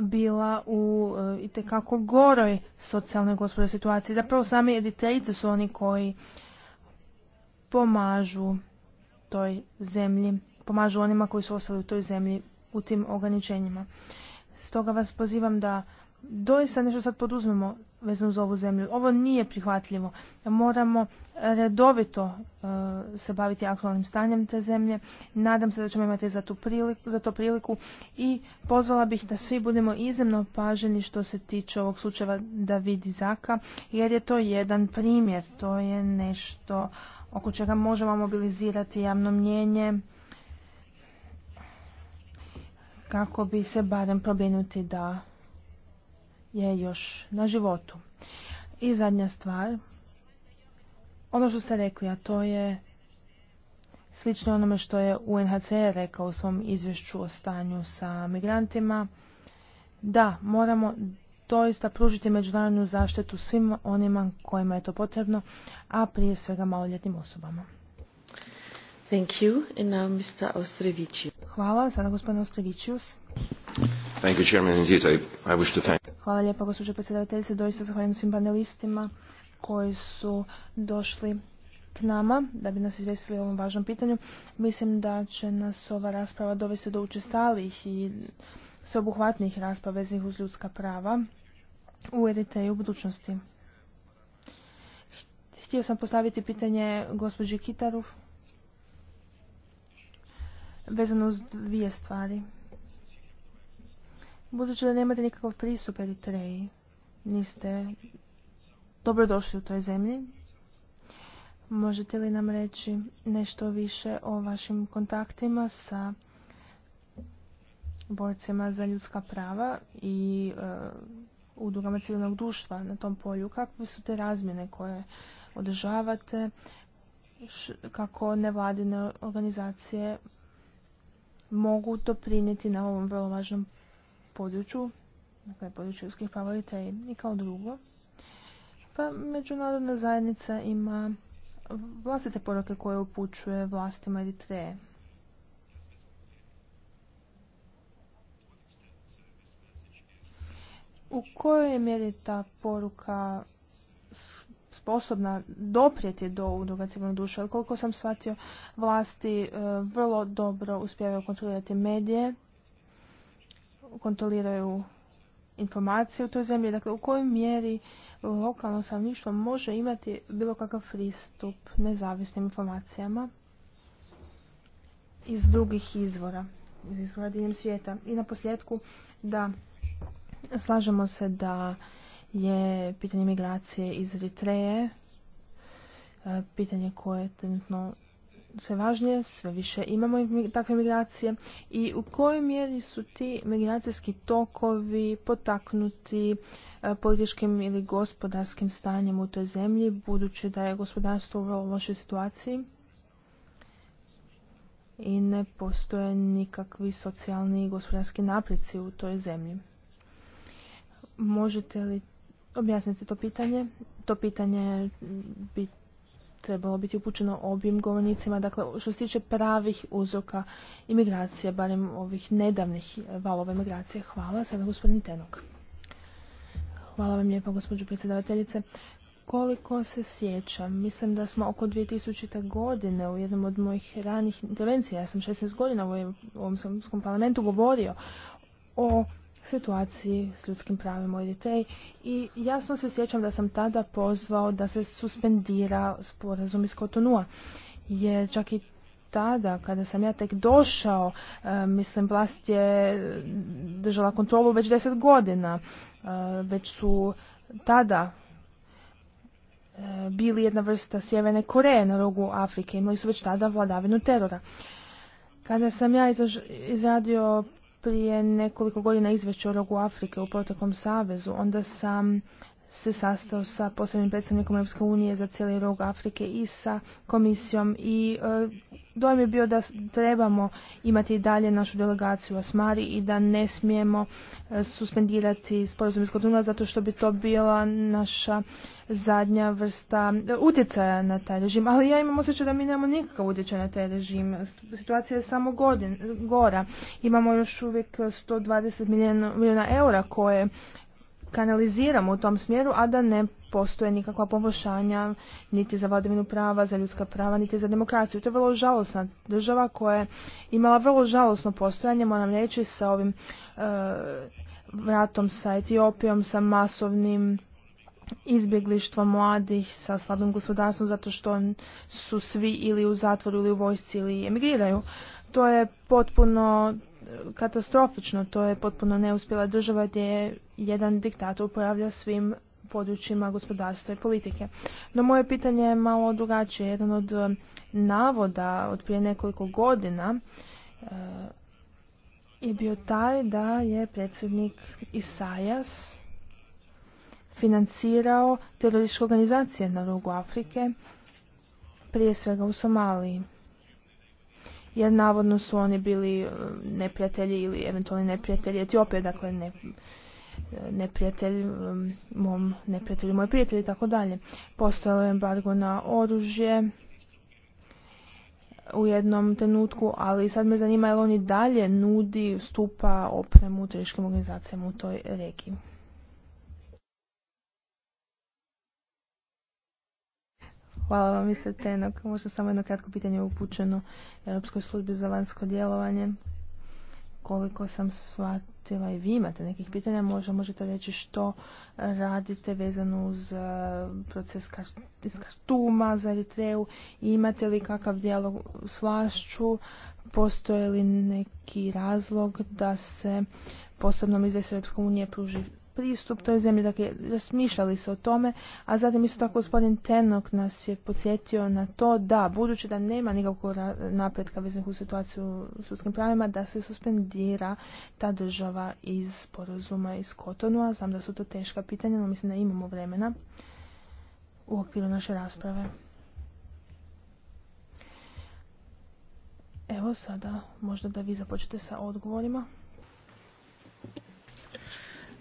bila u e, itekako goroj socijalnoj gospodarskoj situaciji. Zapravo sami editeljice su oni koji pomažu toj zemlji, pomažu onima koji su ostali u toj zemlji u tim ograničenjima. Stoga vas pozivam da doista nešto sad poduzmemo vezano za ovu zemlju. Ovo nije prihvatljivo. Moramo redovito e, se baviti aktualnim stanjem te zemlje. Nadam se da ćemo imati za, tu priliku, za to priliku i pozvala bih da svi budemo iznimno paženi što se tiče ovog slučajeva vidi Zaka, jer je to jedan primjer. To je nešto oko čega možemo mobilizirati javno mnjenje kako bi se barem probinuti da je još na životu. I zadnja stvar, ono što ste rekli, a to je slično onome što je UNHCR rekao u svom izvješću o stanju sa migrantima, da, moramo doista pružiti međunarodnu zaštitu svim onima kojima je to potrebno, a prije svega maloljetnim osobama. Thank you. And now Mr. Hvala, sada gospodin Ostrevičius. Hvala lijepo gospođo predsjedateljice. Doista zahvaljujem svim panelistima koji su došli k nama da bi nas izvestili o ovom važnom pitanju. Mislim da će nas ova rasprava dovesti do učestalih i sveobuhvatnih rasprava veznih uz ljudska prava u i u budućnosti. Htio sam postaviti pitanje gospođi Kitaru vezano uz dvije stvari. Budući da nemate nikakav pristup Eritreji, niste dobrodošli u toj zemlji, možete li nam reći nešto više o vašim kontaktima sa borcima za ljudska prava i u e, udrugama civilnog društva na tom polju? Kakve su te razmjene koje održavate? kako nevladine organizacije mogu doprinijeti na ovom vrlo važnom području, dakle području ljudskih prava i kao drugo. Pa međunarodna zajednica ima vlastite poruke koje upućuje vlastima Eritreje. U kojoj je mjeri ta poruka sposobna doprijeti do udruga duša? duša, Koliko sam shvatio, vlasti e, vrlo dobro uspijevaju kontrolirati medije kontroliraju informacije u toj zemlji, dakle u kojoj mjeri lokalno stanovništvo može imati bilo kakav pristup nezavisnim informacijama iz drugih izvora, iz izvora diljem svijeta. I na posljedku da slažemo se da je pitanje migracije iz Eritreje e, pitanje koje trenutno sve važnije, sve više imamo takve migracije i u kojoj mjeri su ti migracijski tokovi potaknuti e, političkim ili gospodarskim stanjem u toj zemlji, budući da je gospodarstvo u vrlo lošoj situaciji i ne postoje nikakvi socijalni i gospodarski naprici u toj zemlji. Možete li objasniti to pitanje? To pitanje bi trebalo biti upućeno obim govornicima. Dakle, što se tiče pravih uzroka imigracije, barem ovih nedavnih valova imigracije. Hvala. Sada gospodin Tenok. Hvala vam lijepo, gospođo predsjedavateljice. Koliko se sjećam, mislim da smo oko 2000. godine u jednom od mojih ranih intervencija, ja sam 16 godina u ovom Srpskom parlamentu govorio o situaciji s ljudskim pravima u Eritreji i jasno se sjećam da sam tada pozvao da se suspendira sporazum iz Kotonua jer čak i tada kada sam ja tek došao e, mislim vlast je držala kontrolu već deset godina e, već su tada e, bili jedna vrsta sjeverne Koreje na rogu Afrike imali su već tada vladavinu terora kada sam ja izradio prije nekoliko godina izvješće o rogu Afrike u protokom savezu, onda sam se sastao sa posebnim predstavnikom Europske unije za cijeli rog Afrike i sa komisijom i e, dojem je bio da trebamo imati i dalje našu delegaciju u Asmari i da ne smijemo e, suspendirati sporazum iz zato što bi to bila naša zadnja vrsta e, utjecaja na taj režim. Ali ja imam osjećaj da mi nemamo nikakav utjecaj na taj režim. Situacija je samo godin, gora. Imamo još uvijek 120 milijuna, milijuna eura koje kanaliziramo u tom smjeru, a da ne postoje nikakva poboljšanja niti za vladavinu prava, za ljudska prava, niti za demokraciju. To je vrlo žalosna država koja je imala vrlo žalosno postojanje, moram reći, sa ovim vratom eh, sa Etiopijom, sa masovnim izbjeglištvom mladih, sa slabim gospodarstvom, zato što su svi ili u zatvoru ili u vojsci ili emigriraju. To je potpuno eh, katastrofično, to je potpuno neuspjela država gdje je jedan diktator upravlja svim područjima gospodarstva i politike. No moje pitanje je malo drugačije. Jedan od eh, navoda od prije nekoliko godina eh, je bio taj da je predsjednik Isajas financirao terorističke organizacije na rogu Afrike, prije svega u Somaliji. Jer navodno su oni bili eh, neprijatelji ili eventualni neprijatelji Etiopije, dakle ne, neprijatelj mom neprijatelju moj prijatelj i tako dalje. Postojalo je embargo na oružje u jednom trenutku, ali sad me zanima je li on dalje nudi, stupa opremu tržiškim organizacijama u toj regiji. Hvala vam, Mr. Tenok. Možda samo jedno kratko pitanje upućeno Europskoj službi za vanjsko djelovanje. Koliko sam shvatila, i vi imate nekih pitanja, možda možete reći što e, radite vezano uz e, proces iz Kartuma za Eritreju, imate li kakav dijalog s vlašću, postoje li neki razlog da se posebnom izvješću Europske unije pruži pristup toj zemlji, dakle razmišljali se o tome, a zatim isto tako gospodin Tenok nas je podsjetio na to da, budući da nema nikakvog napretka veznih u situaciju u sudskim pravima, da se suspendira ta država iz sporazuma iz Kotonua. Znam da su to teška pitanja, no mislim da imamo vremena u okviru naše rasprave. Evo sada možda da vi započete sa odgovorima.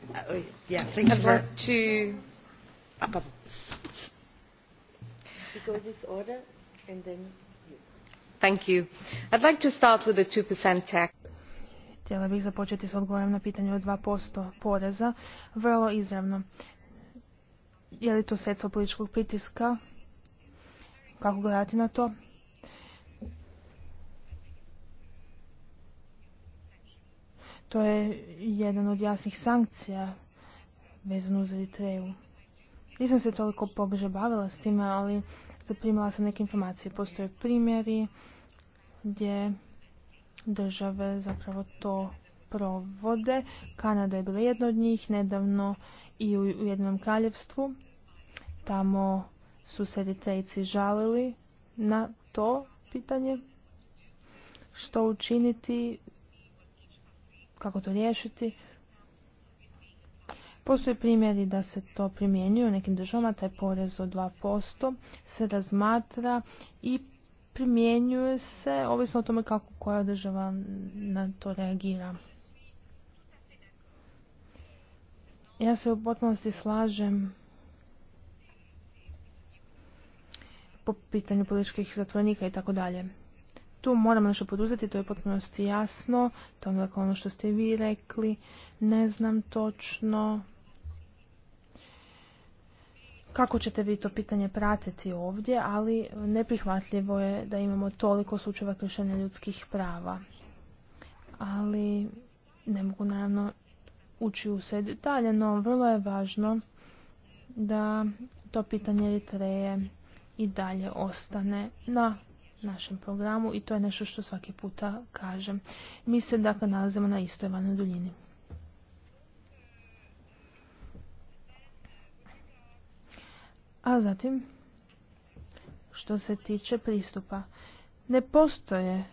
Uh, Htjela bih započeti s odgovorom na pitanje o 2% poreza. Vrlo izravno. Je li to sredstvo političkog pritiska? Kako gledati na to? To je jedan od jasnih sankcija vezano uz Eritreju. Nisam se toliko pobliže bavila s time, ali zaprimila sam neke informacije. Postoje primjeri gdje države zapravo to provode. Kanada je bila jedna od njih, nedavno i u jednom kraljevstvu. Tamo su se Eritrejci žalili na to pitanje što učiniti kako to riješiti. Postoje primjeri da se to primjenjuje u nekim državama, taj porez od 2% se razmatra i primjenjuje se ovisno o tome kako koja država na to reagira. Ja se u potpunosti slažem po pitanju političkih zatvornika i tako dalje tu moramo nešto poduzeti, to je potpunosti jasno, to je dakle ono što ste vi rekli, ne znam točno kako ćete vi to pitanje pratiti ovdje, ali neprihvatljivo je da imamo toliko slučajeva kršenja ljudskih prava. Ali ne mogu naravno ući u sve detalje, no vrlo je važno da to pitanje Eritreje i dalje ostane na našem programu i to je nešto što svaki puta kažem. Mi se dakle nalazimo na istoj valnoj duljini. A zatim, što se tiče pristupa, ne postoje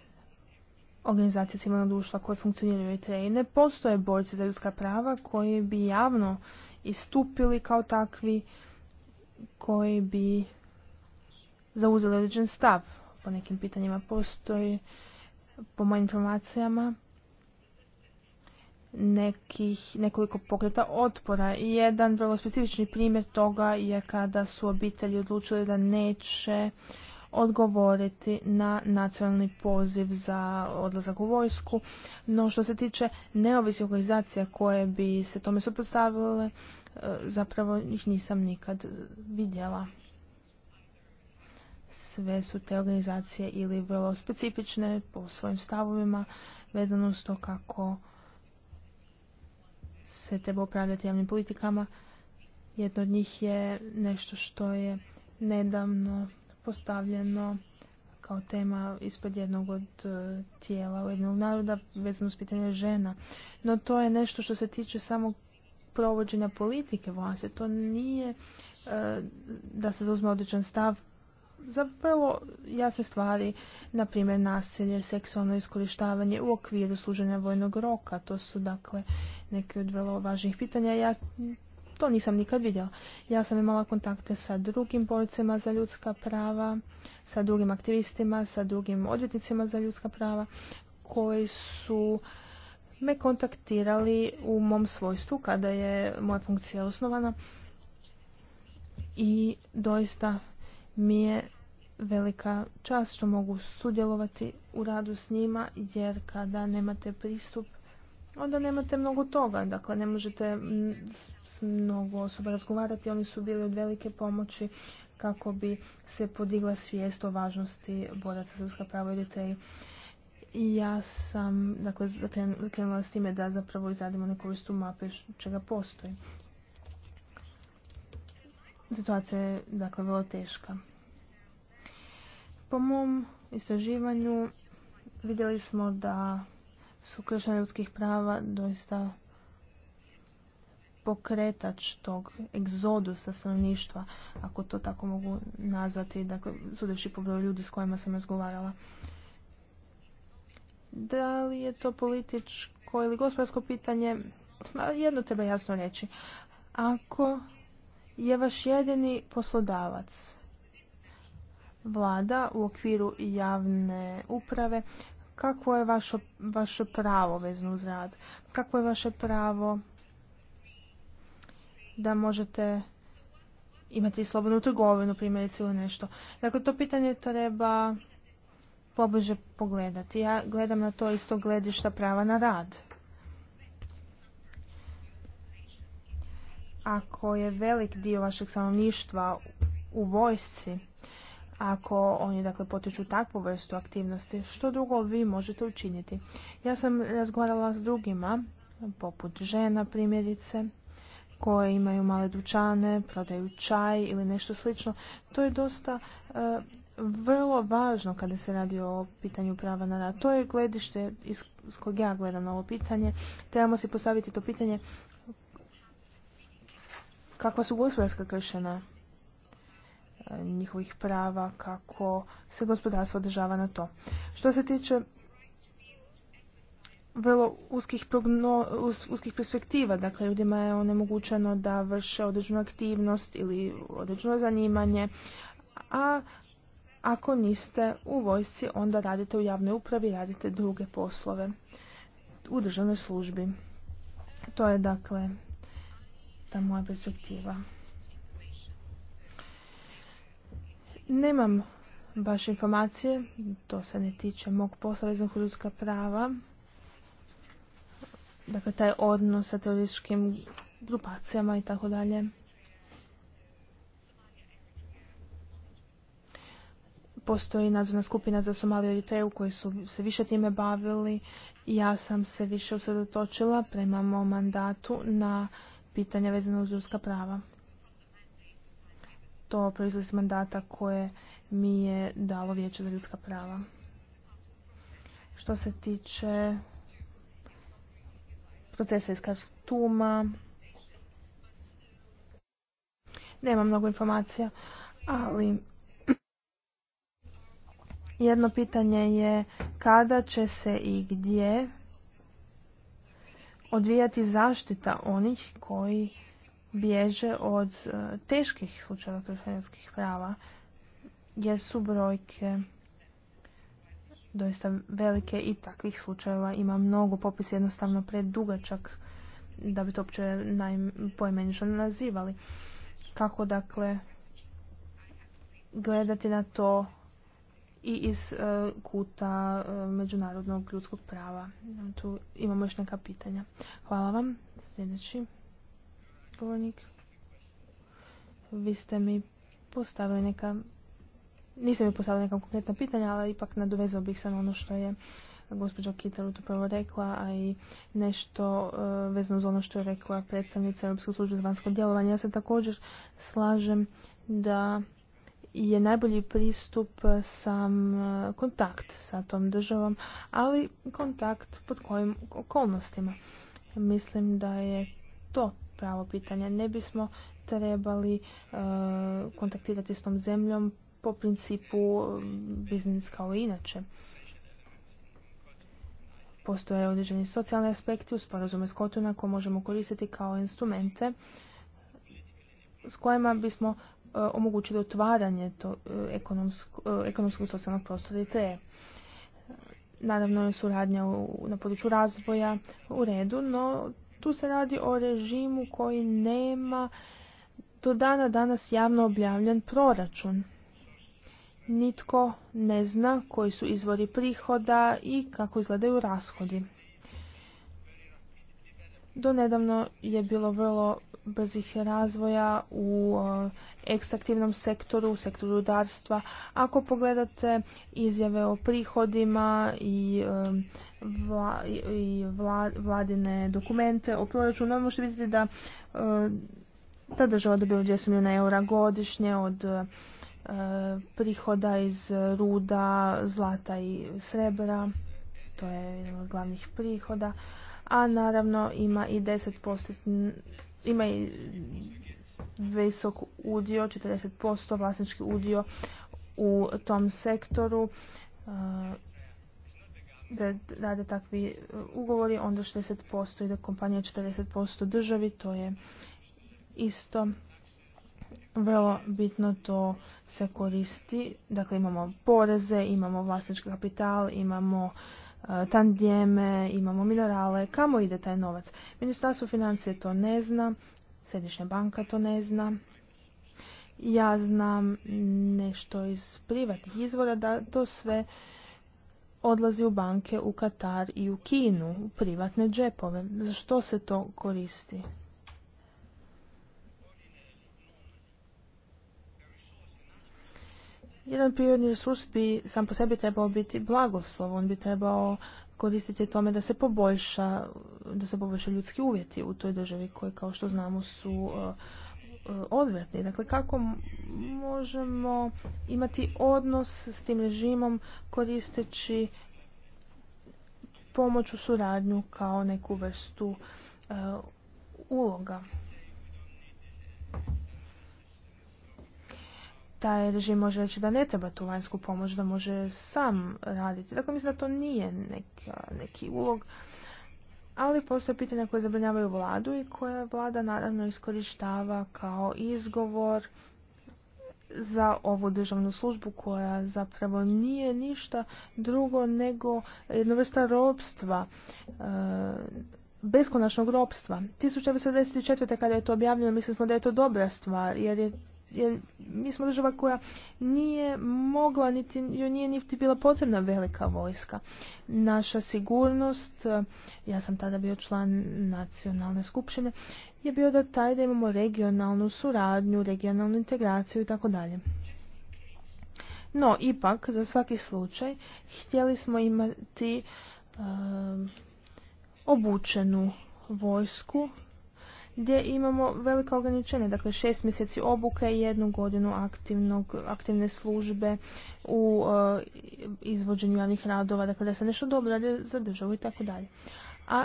organizacije civilnog društva koje funkcioniraju u i ne postoje borci za ljudska prava koji bi javno istupili kao takvi, koji bi zauzeli određen stav po nekim pitanjima postoji, po mojim informacijama, nekih, nekoliko pokreta otpora. I jedan vrlo specifični primjer toga je kada su obitelji odlučili da neće odgovoriti na nacionalni poziv za odlazak u vojsku. No što se tiče neovisnih organizacija koje bi se tome suprotstavile, e, zapravo ih nisam nikad vidjela sve su te organizacije ili vrlo specifične po svojim stavovima vezano s to kako se treba upravljati javnim politikama. Jedno od njih je nešto što je nedavno postavljeno kao tema ispod jednog od e, tijela jednog naroda vezano s pitanje žena. No to je nešto što se tiče samo provođenja politike vlasti. To nije e, da se zauzme odličan stav za ja se stvari, na primjer nasilje, seksualno iskorištavanje u okviru služenja vojnog roka. To su dakle neke od vrlo važnih pitanja. Ja to nisam nikad vidjela. Ja sam imala kontakte sa drugim borcima za ljudska prava, sa drugim aktivistima, sa drugim odvjetnicima za ljudska prava koji su me kontaktirali u mom svojstvu kada je moja funkcija osnovana i doista mi je velika čast što mogu sudjelovati u radu s njima jer kada nemate pristup onda nemate mnogo toga. Dakle, ne možete s mnogo osoba razgovarati. Oni su bili od velike pomoći kako bi se podigla svijest o važnosti boraca za ljudska prava i I ja sam dakle, krenula s time da zapravo izradimo neku vrstu mape čega postoji. Situacija je dakle vrlo teška. Po mom istraživanju vidjeli smo da su kršenja ljudskih prava doista pokretač tog egzodusa stanovništva, ako to tako mogu nazvati, dakle, sudeći po broju ljudi s kojima sam razgovarala. Da li je to političko ili gospodarsko pitanje? Jedno treba jasno reći. Ako je vaš jedini poslodavac vlada u okviru javne uprave, kako je vaše pravo vezno uz rad? Kako je vaše pravo da možete imati slobodnu trgovinu, primjerice ili nešto? Dakle, to pitanje treba pobliže pogledati. Ja gledam na to isto gledišta prava na rad. Ako je velik dio vašeg stanovništva u vojsci, ako oni dakle potiču takvu vrstu aktivnosti, što drugo vi možete učiniti? Ja sam razgovarala s drugima, poput žena primjerice, koje imaju male dućane, prodaju čaj ili nešto slično. To je dosta e, vrlo važno kada se radi o pitanju prava na rad. To je gledište iz kojeg ja gledam na ovo pitanje. Trebamo si postaviti to pitanje kakva su gospodarska kršena E, njihovih prava, kako se gospodarstvo održava na to. Što se tiče vrlo uskih, uskih perspektiva, dakle ljudima je onemogućeno da vrše određenu aktivnost ili određeno zanimanje, a ako niste u vojsci, onda radite u javnoj upravi, radite druge poslove u državnoj službi. To je dakle ta moja perspektiva. Nemam baš informacije, to se ne tiče mog posla vezanog ljudska prava. Dakle, taj odnos sa teorijskim grupacijama i tako dalje. Postoji nadzorna skupina za Somaliju i koji su se više time bavili. Ja sam se više usredotočila prema mom mandatu na pitanja vezana uz ljudska prava to proizlazi iz mandata koje mi je dalo Vijeće za ljudska prava. Što se tiče procesa iz Kartuma, nema mnogo informacija, ali jedno pitanje je kada će se i gdje odvijati zaštita onih koji bježe od e, teških slučajeva kršenjskih prava, jer su brojke doista velike i takvih slučajeva ima mnogo. Popis jednostavno predugačak da bi to uopće pojmenično nazivali. Kako dakle gledati na to i iz e, kuta e, međunarodnog ljudskog prava. Tu imamo još neka pitanja. Hvala vam. Sljedeći govornik. Vi ste mi postavili neka, nisam mi postavili neka konkretna pitanja, ali ipak nadovezao bih se na ono što je gospođa Kitaru prvo rekla, a i nešto e, vezano uz ono što je rekla predstavnica Europske službe za vanjsko djelovanje. Ja se također slažem da je najbolji pristup sam e, kontakt sa tom državom, ali kontakt pod kojim okolnostima. Mislim da je to pravo pitanje. Ne bismo trebali e, kontaktirati s tom zemljom po principu e, biznis kao i inače. Postoje određeni socijalni aspekti u sporazume s Kotuna koje možemo koristiti kao instrumente s kojima bismo e, omogućili otvaranje to, ekonomskog socijalnog prostora te. Naravno, suradnja na području razvoja u redu, no tu se radi o režimu koji nema do dana danas javno objavljen proračun. Nitko ne zna koji su izvori prihoda i kako izgledaju rashodi. Do nedavno je bilo vrlo brzih razvoja u e, ekstraktivnom sektoru, u sektoru rudarstva. Ako pogledate izjave o prihodima i, e, vladine dokumente o proračunu, možete vidjeti da e, ta država dobiva 200 milijuna eura godišnje od prihoda iz ruda, zlata i srebra. To je jedan od glavnih prihoda a naravno ima i 10% ima i visok udio, 40% vlasnički udio u tom sektoru eh, da rade takvi eh, ugovori, onda 60% ide kompanija 40% državi, to je isto vrlo bitno to se koristi. Dakle, imamo poreze, imamo vlasnički kapital, imamo E, tandijeme, imamo minerale, kamo ide taj novac? Ministarstvo financije to ne zna, Središnja banka to ne zna. Ja znam nešto iz privatnih izvora da to sve odlazi u banke u Katar i u Kinu, u privatne džepove. Za što se to koristi? Jedan prirodni resurs bi sam po sebi trebao biti blagoslov, on bi trebao koristiti tome da se poboljša, da se poboljša ljudski uvjeti u toj državi koje kao što znamo su uh, uh, odvjetni. Dakle, kako možemo imati odnos s tim režimom koristeći pomoć u suradnju kao neku vrstu uh, uloga. taj režim može reći da ne treba tu vanjsku pomoć, da može sam raditi. Dakle, mislim da to nije neka, neki ulog, ali postoje pitanja koje zabranjavaju vladu i koje vlada naravno iskorištava kao izgovor za ovu državnu službu koja zapravo nije ništa drugo nego jedna vrsta robstva, eh, beskonačnog robstva. četiri kada je to objavljeno mislili smo da je to dobra stvar jer je jer mi smo država koja nije mogla niti joj nije niti bila potrebna velika vojska. Naša sigurnost, ja sam tada bio član nacionalne skupštine, je bio da taj da imamo regionalnu suradnju, regionalnu integraciju i tako dalje. No, ipak, za svaki slučaj, htjeli smo imati um, obučenu vojsku gdje imamo velika ograničenja, dakle šest mjeseci obuke i jednu godinu aktivnog, aktivne službe u eh, izvođenju javnih radova, dakle da se nešto dobro radi za državu i tako dalje. A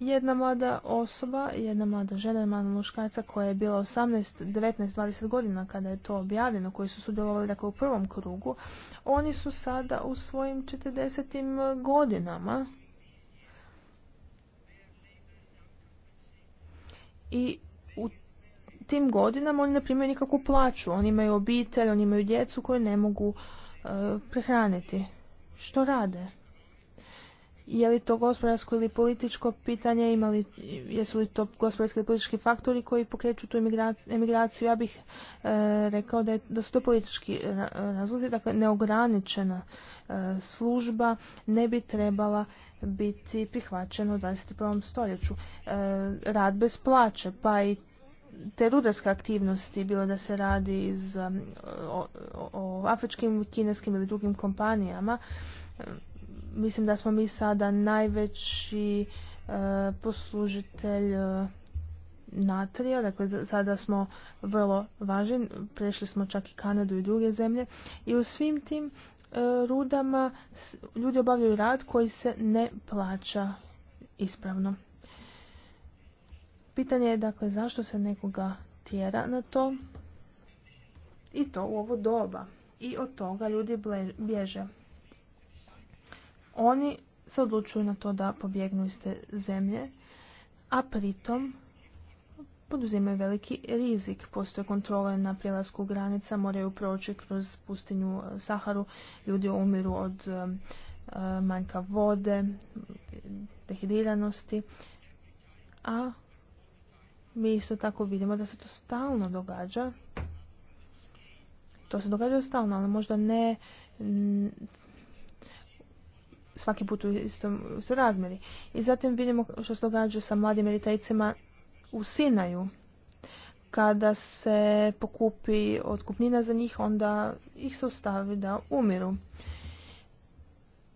jedna mlada osoba, jedna mlada žena, jedna mlada muškarca koja je bila 18, 19, 20 godina kada je to objavljeno, koji su sudjelovali dakle, u prvom krugu, oni su sada u svojim 40. godinama i u tim godinama oni ne primaju nikakvu plaću. Oni imaju obitelj, oni imaju djecu koju ne mogu e, prehraniti. Što rade? Je li to gospodarsko ili političko pitanje, jesu li to gospodarski ili politički faktori koji pokreću tu emigraciju? Ja bih e, rekao da, su to politički razlozi, dakle neograničena e, služba ne bi trebala biti prihvaćeno u 21. stoljeću. E, rad bez plaće, pa i te rudarske aktivnosti, bilo da se radi e, o, afričkim, kineskim ili drugim kompanijama, e, mislim da smo mi sada najveći poslužitelj natrija, dakle sada smo vrlo važni, prešli smo čak i Kanadu i druge zemlje i u svim tim rudama ljudi obavljaju rad koji se ne plaća ispravno. Pitanje je dakle zašto se nekoga tjera na to i to u ovo doba i od toga ljudi bježe. Oni se odlučuju na to da pobjegnu iz te zemlje, a pritom poduzimaju veliki rizik. Postoje kontrole na prilasku granica, moraju proći kroz pustinju e, Saharu, ljudi umiru od e, e, manjka vode, dehidiranosti, a mi isto tako vidimo da se to stalno događa. To se događa stalno, ali možda ne svaki put u istom, razmjeri. I zatim vidimo što se događa sa mladim eritajcima u Kada se pokupi otkupnina za njih, onda ih se ostavi da umiru.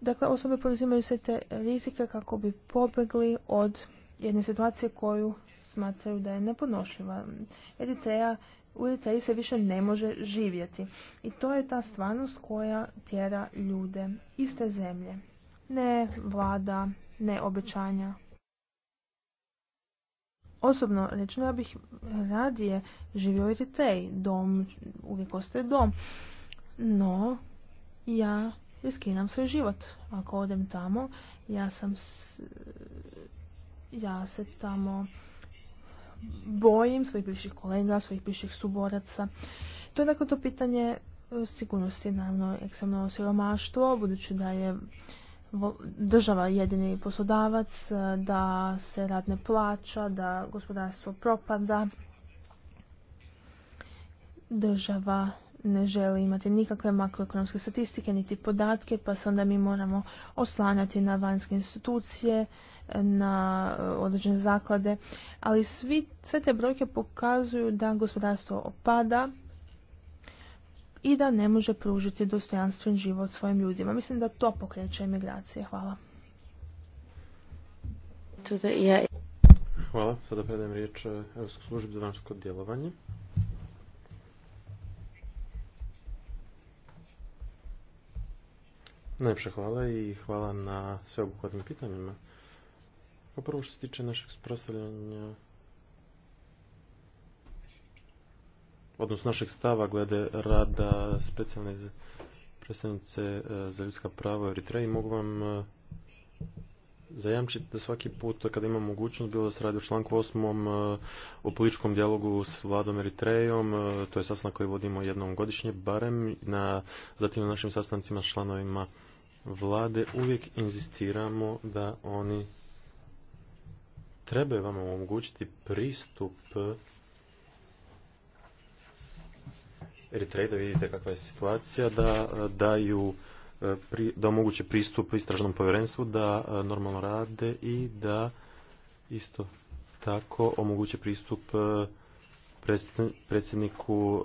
Dakle, osobe poduzimaju sve te rizike kako bi pobjegli od jedne situacije koju smatraju da je neponošljiva. Eritreja, u Eritreji se više ne može živjeti. I to je ta stvarnost koja tjera ljude iz te zemlje. Ne vlada, ne obećanja, Osobno rečeno ja bih radije živio u dom uvijek ostaje dom, no ja iskinam svoj život. Ako odem tamo, ja sam s, ja se tamo bojim svojih bivših kolega, svojih bivših suboraca. To je dakle to pitanje e, sigurnosti, naravno ekstremno siromaštvo, budući da je država jedini poslodavac, e, da se rad ne plaća, da gospodarstvo propada. Država ne želi imati nikakve makroekonomske statistike niti podatke, pa se onda mi moramo oslanjati na vanjske institucije, e, na e, određene zaklade. Ali svi, sve te brojke pokazuju da gospodarstvo opada, i da ne može pružiti dostojanstven život svojim ljudima. Mislim da to pokreće emigracije. Hvala. Hvala. Sada predajem riječ e, Europskoj službi za vanjsko djelovanje. Najpše hvala i hvala na sveobuhvatnim pitanjima. Kao pa što se tiče našeg sprostavljanja odnosno našeg stava glede rada specijalne predstavnice e, za ljudska prava u Eritreji mogu vam e, zajamčiti da svaki put kada imam mogućnost, bilo da se radi u članku 8. E, o političkom dijalogu s vladom Eritrejom, to je sastanak koji vodimo jednom godišnje, barem na, zatim na našim sastancima s članovima vlade, uvijek inzistiramo da oni trebaju vam omogućiti pristup Eritreji da vidite kakva je situacija, da e, daju e, da omoguće pristup istražnom povjerenstvu da e, normalno rade i da isto tako omoguće pristup predsjedniku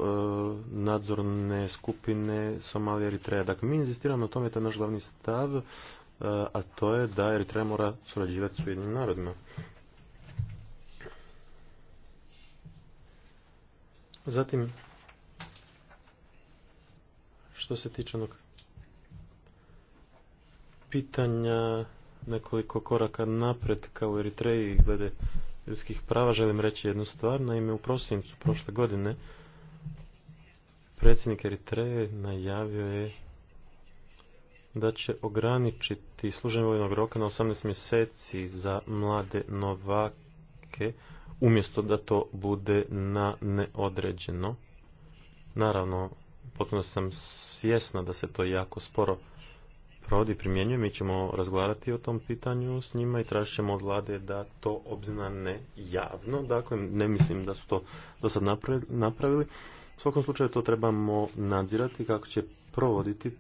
nadzorne skupine Somalije Eritreja. Dakle, mi inzistiramo na tome, to je naš glavni stav, a to je da Eritreja mora surađivati s Ujedinim narodima. Zatim, što se tiče onog pitanja nekoliko koraka napred kao u Eritreji glede ljudskih prava, želim reći jednu stvar. Naime, u prosincu prošle godine predsjednik Eritreje najavio je da će ograničiti služenje vojnog roka na 18 mjeseci za mlade novake umjesto da to bude na neodređeno. Naravno, potpuno sam svjesna da se to jako sporo provodi, primjenjuje. Mi ćemo razgovarati o tom pitanju s njima i tražit ćemo od vlade da to obznane javno. Dakle, ne mislim da su to do sad napravili. U svakom slučaju to trebamo nadzirati kako će provoditi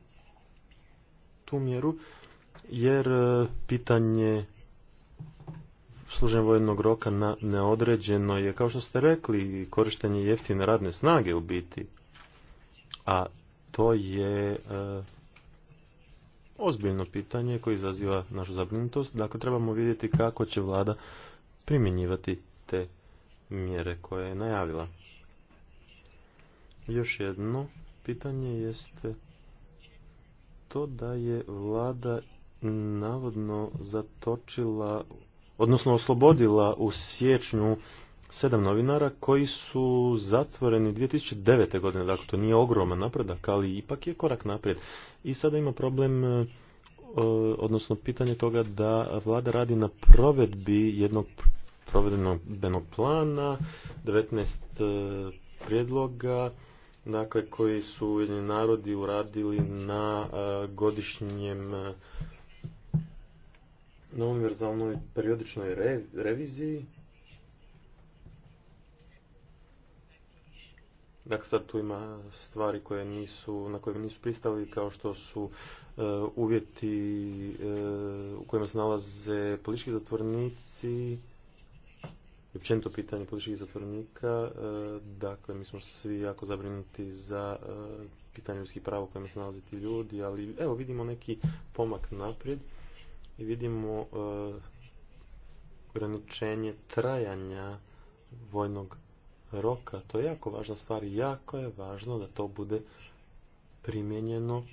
tu mjeru, jer e, pitanje služenja vojnog roka na neodređeno je, kao što ste rekli, korištenje jeftine radne snage u biti a to je e, ozbiljno pitanje koje izaziva našu zabrinutost. Dakle, trebamo vidjeti kako će vlada primjenjivati te mjere koje je najavila. Još jedno pitanje jeste to da je vlada navodno zatočila, odnosno oslobodila u siječnju sedam novinara koji su zatvoreni 2009. godine, dakle to nije ogroman napredak, ali ipak je korak naprijed. I sada ima problem e, odnosno pitanje toga da vlada radi na provedbi jednog provedenog plana, 19 e, prijedloga, dakle koji su jedni narodi uradili na e, godišnjem na univerzalnoj periodičnoj reviziji Dakle, sad tu ima stvari koje nisu, na koje nisu pristali, kao što su e, uvjeti e, u kojima se nalaze politički zatvornici, i općenito pitanje političkih zatvornika. E, dakle, mi smo svi jako zabrinuti za pitanje ljudskih prava u kojima se nalaze ti ljudi, ali evo vidimo neki pomak naprijed i vidimo ograničenje trajanja vojnog roka. To je jako važna stvar jako je važno da to bude primijenjeno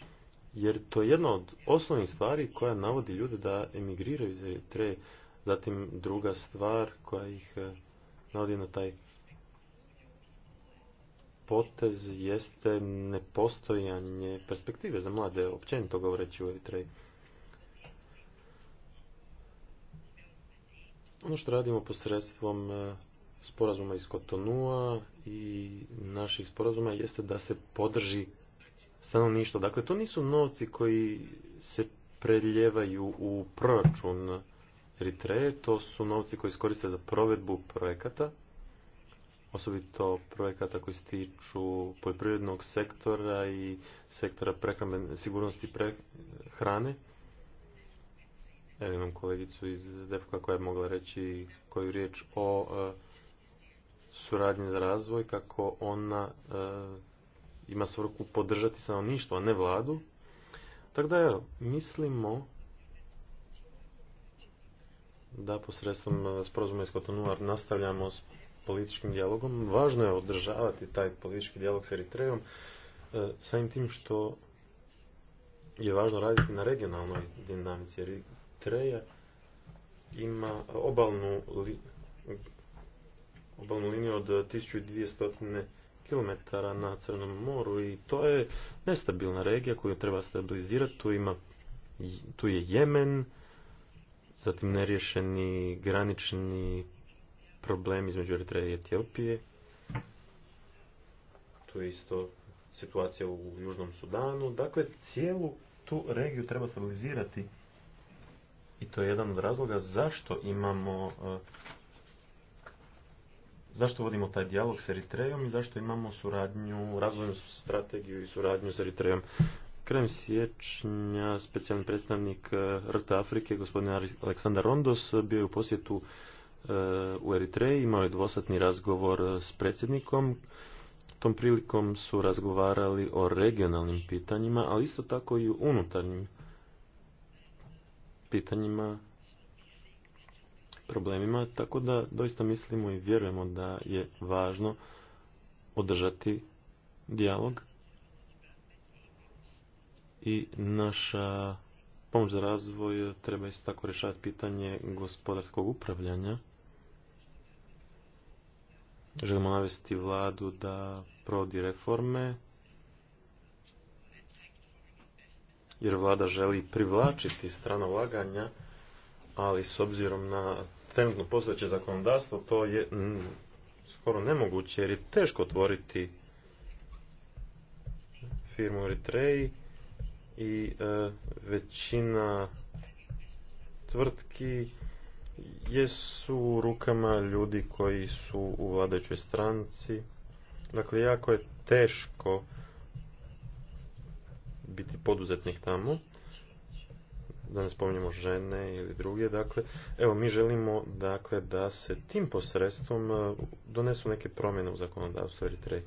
jer to je jedna od osnovnih stvari koja navodi ljude da emigriraju iz Eritreje. Zatim druga stvar koja ih eh, navodi na taj potez jeste nepostojanje perspektive za mlade, općenito govoreći u Eritreji. Ono što radimo posredstvom eh, sporazuma iz Kotonua i naših sporazuma jeste da se podrži stanovništvo. Dakle, to nisu novci koji se preljevaju u proračun Eritreje, to su novci koji se koriste za provedbu projekata, osobito projekata koji se tiču poljoprivrednog sektora i sektora prehrambene sigurnosti pre, hrane. Evo imam kolegicu iz Defka koja je mogla reći koju riječ o suradnje za razvoj, kako ona e, ima svrhu podržati stanovništvo, a ne vladu. Tako da evo, mislimo da posredstvom e, sporozuma iz nastavljamo s političkim dijalogom. Važno je održavati taj politički dijalog s Eritrejom e, samim tim što je važno raditi na regionalnoj dinamici. Eritreja ima obalnu obalnu liniju od 1200 e, km na Crnom moru i to je nestabilna regija koju treba stabilizirati. Tu, ima, je Jemen, zatim nerješeni granični problem između Eritreje i Etiopije. Tu je isto situacija u Južnom Sudanu. Dakle, cijelu tu regiju treba stabilizirati. I to je jedan od razloga zašto imamo e, zašto vodimo taj dijalog s Eritrejom i zašto imamo suradnju, razvojnu strategiju i suradnju s Eritrejom. Krajem siječnja specijalni predstavnik e, Rta Afrike, gospodin Aleksandar Rondos, e, bio je u posjetu e, u Eritreji, imao je dvosatni razgovor s predsjednikom. Tom prilikom su razgovarali o regionalnim pitanjima, ali isto tako i unutarnjim pitanjima problemima, tako da doista mislimo i vjerujemo da je važno održati dijalog i naša pomoć za razvoj treba isto tako rješavati pitanje gospodarskog upravljanja. Želimo navesti vladu da provodi reforme, jer vlada želi privlačiti strana ulaganja, ali s obzirom na trenutno postojeće zakonodavstvo, to je skoro nemoguće jer je teško otvoriti firmu Eritreji i e, većina tvrtki jesu u rukama ljudi koji su u vladajućoj stranci. Dakle, jako je teško biti poduzetnik tamo da ne spominjemo žene ili druge, dakle, evo, mi želimo, dakle, da se tim posredstvom e, donesu neke promjene u zakonodavstvu Eritreje.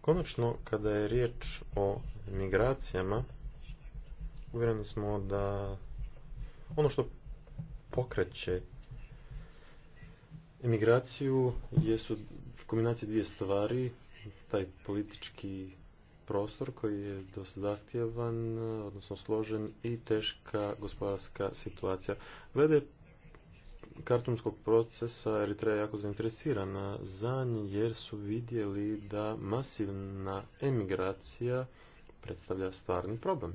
Konačno, kada je riječ o migracijama, uvjereni smo da ono što pokreće emigraciju jesu kombinacije dvije stvari, taj politički prostor koji je dosta zahtjevan, odnosno složen i teška gospodarska situacija. Glede kartumskog procesa Eritreja je jako zainteresirana za nje jer su vidjeli da masivna emigracija predstavlja stvarni problem.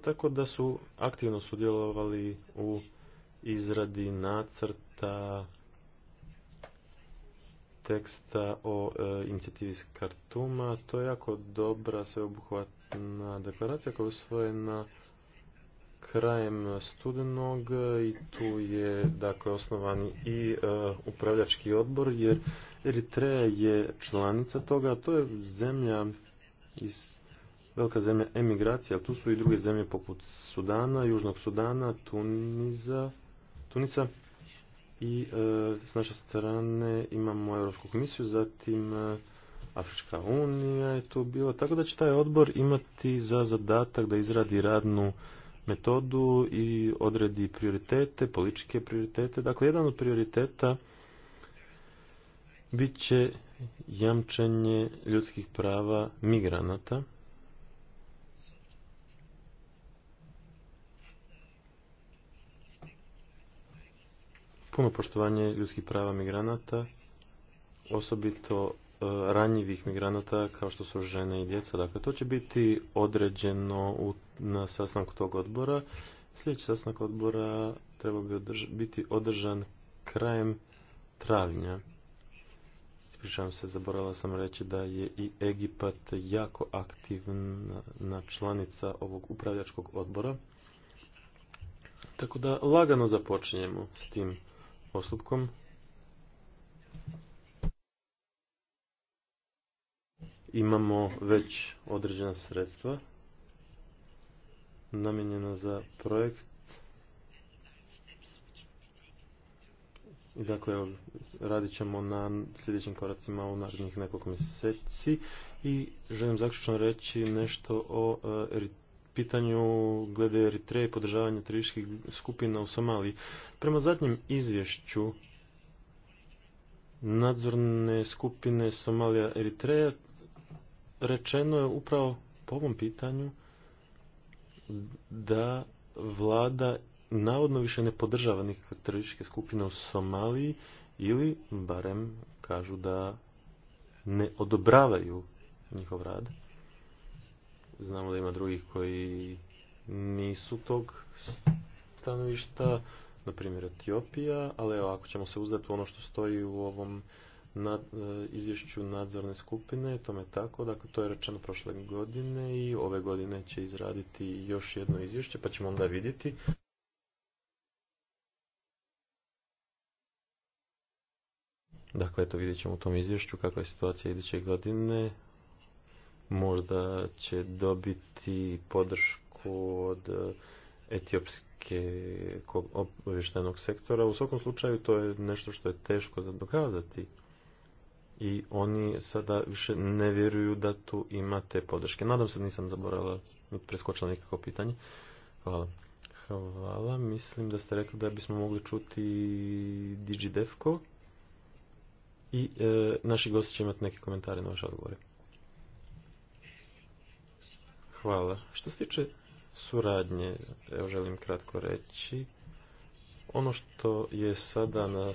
Tako da su aktivno sudjelovali u izradi nacrta teksta o e, inicijativi iz Kartuma. To je jako dobra sveobuhvatna deklaracija koja je usvojena krajem studenog i tu je dakle osnovan i e, upravljački odbor jer Eritreja je članica toga, a to je zemlja iz velika zemlja emigracija, ali tu su i druge zemlje poput Sudana, Južnog Sudana, Tuniza, Tunisa i e, s naše strane imamo Europsku komisiju, zatim e, Afrička unija je tu bila, tako da će taj odbor imati za zadatak da izradi radnu metodu i odredi prioritete, političke prioritete. Dakle, jedan od prioriteta bit će jamčenje ljudskih prava migranata puno poštovanje ljudskih prava migranata, osobito e, ranjivih migranata kao što su žene i djeca. Dakle, to će biti određeno u, na sastanku tog odbora. Sljedeći sastanak odbora treba bi biti održan krajem travnja. Ispričavam se, zaboravila sam reći da je i Egipat jako aktivna članica ovog upravljačkog odbora. Tako da lagano započinjemo s tim postupkom. Imamo već određena sredstva namijenjena za projekt. I Dakle, radit ćemo na sljedećim koracima u narednih nekoliko mjeseci i želim zaključno reći nešto o e, pitanju glede Eritreje i podržavanja terorističkih skupina u Somaliji. Prema zadnjem izvješću nadzorne skupine Somalija Eritreja rečeno je upravo po ovom pitanju da vlada navodno više ne podržava nikakve terorističke skupine u Somaliji ili barem kažu da ne odobravaju njihov rad. Znamo da ima drugih koji nisu tog stanovišta, na primjer Etiopija, ali ako ćemo se uzdati u ono što stoji u ovom e, izvješću nadzorne skupine, tome tako, dakle to je rečeno prošle godine i ove godine će izraditi još jedno izvješće pa ćemo onda vidjeti. Dakle, to vidjet ćemo u tom izvješću kakva je situacija iduće godine, možda će dobiti podršku od e, etiopske obavještajnog sektora. U svakom slučaju to je nešto što je teško za dokazati i oni sada više ne vjeruju da tu imate podrške. Nadam se da nisam zaboravila, preskočila nekako pitanje. Hvala. Hvala. Mislim da ste rekli da bismo mogli čuti DigiDevko. i e, naši gosti će imati neke komentare na vaše odgovore. Hvala. Što se tiče suradnje, evo želim kratko reći, ono što je sada na,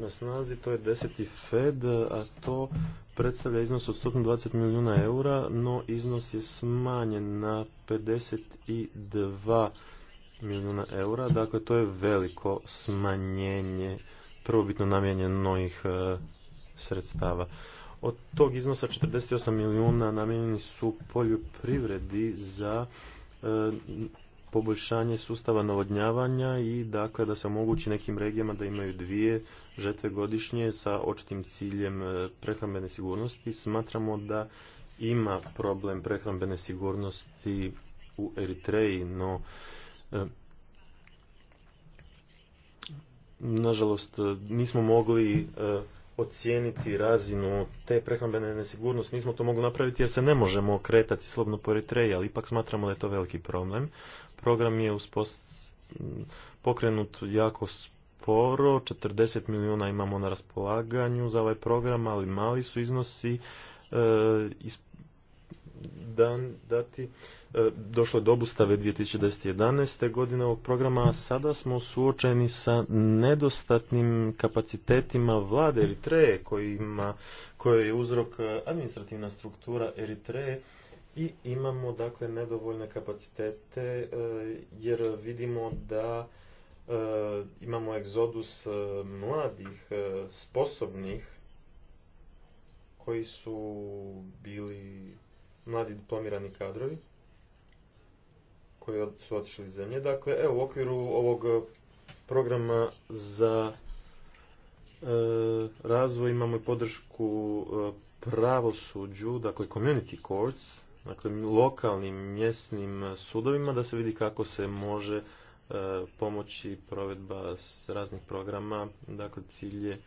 na snazi, to je deseti Fed, a to predstavlja iznos od 120 milijuna eura, no iznos je smanjen na 52 milijuna eura, dakle to je veliko smanjenje prvobitno novih e, sredstava. Od tog iznosa 48 milijuna namijenjeni su poljoprivredi za e, poboljšanje sustava navodnjavanja i dakle da se omogući nekim regijama da imaju dvije žetve godišnje sa očitim ciljem e, prehrambene sigurnosti. Smatramo da ima problem prehrambene sigurnosti u Eritreji, no e, nažalost nismo mogli ocijeniti razinu te prehrambene nesigurnosti. Nismo to mogli napraviti jer se ne možemo kretati slobno po Eritreji, ali ipak smatramo da je to veliki problem. Program je uspost... pokrenut jako sporo, 40 milijuna imamo na raspolaganju za ovaj program, ali mali su iznosi. E, dan, dati, e, došlo je do obustave 2011. godine ovog programa, a sada smo suočeni sa nedostatnim kapacitetima vlade Eritreje kojima, koje je uzrok e, administrativna struktura Eritreje i imamo dakle nedovoljne kapacitete e, jer vidimo da imamo egzodus mladih, sposobnih koji su bili mladi diplomirani kadrovi koji su otišli iz zemlje. Dakle, evo u okviru ovog e, programa za e, razvoj imamo i podršku e, pravosuđu, dakle community courts, dakle lokalnim mjesnim sudovima da se vidi kako se može pomoći provedba raznih programa, dakle cilj je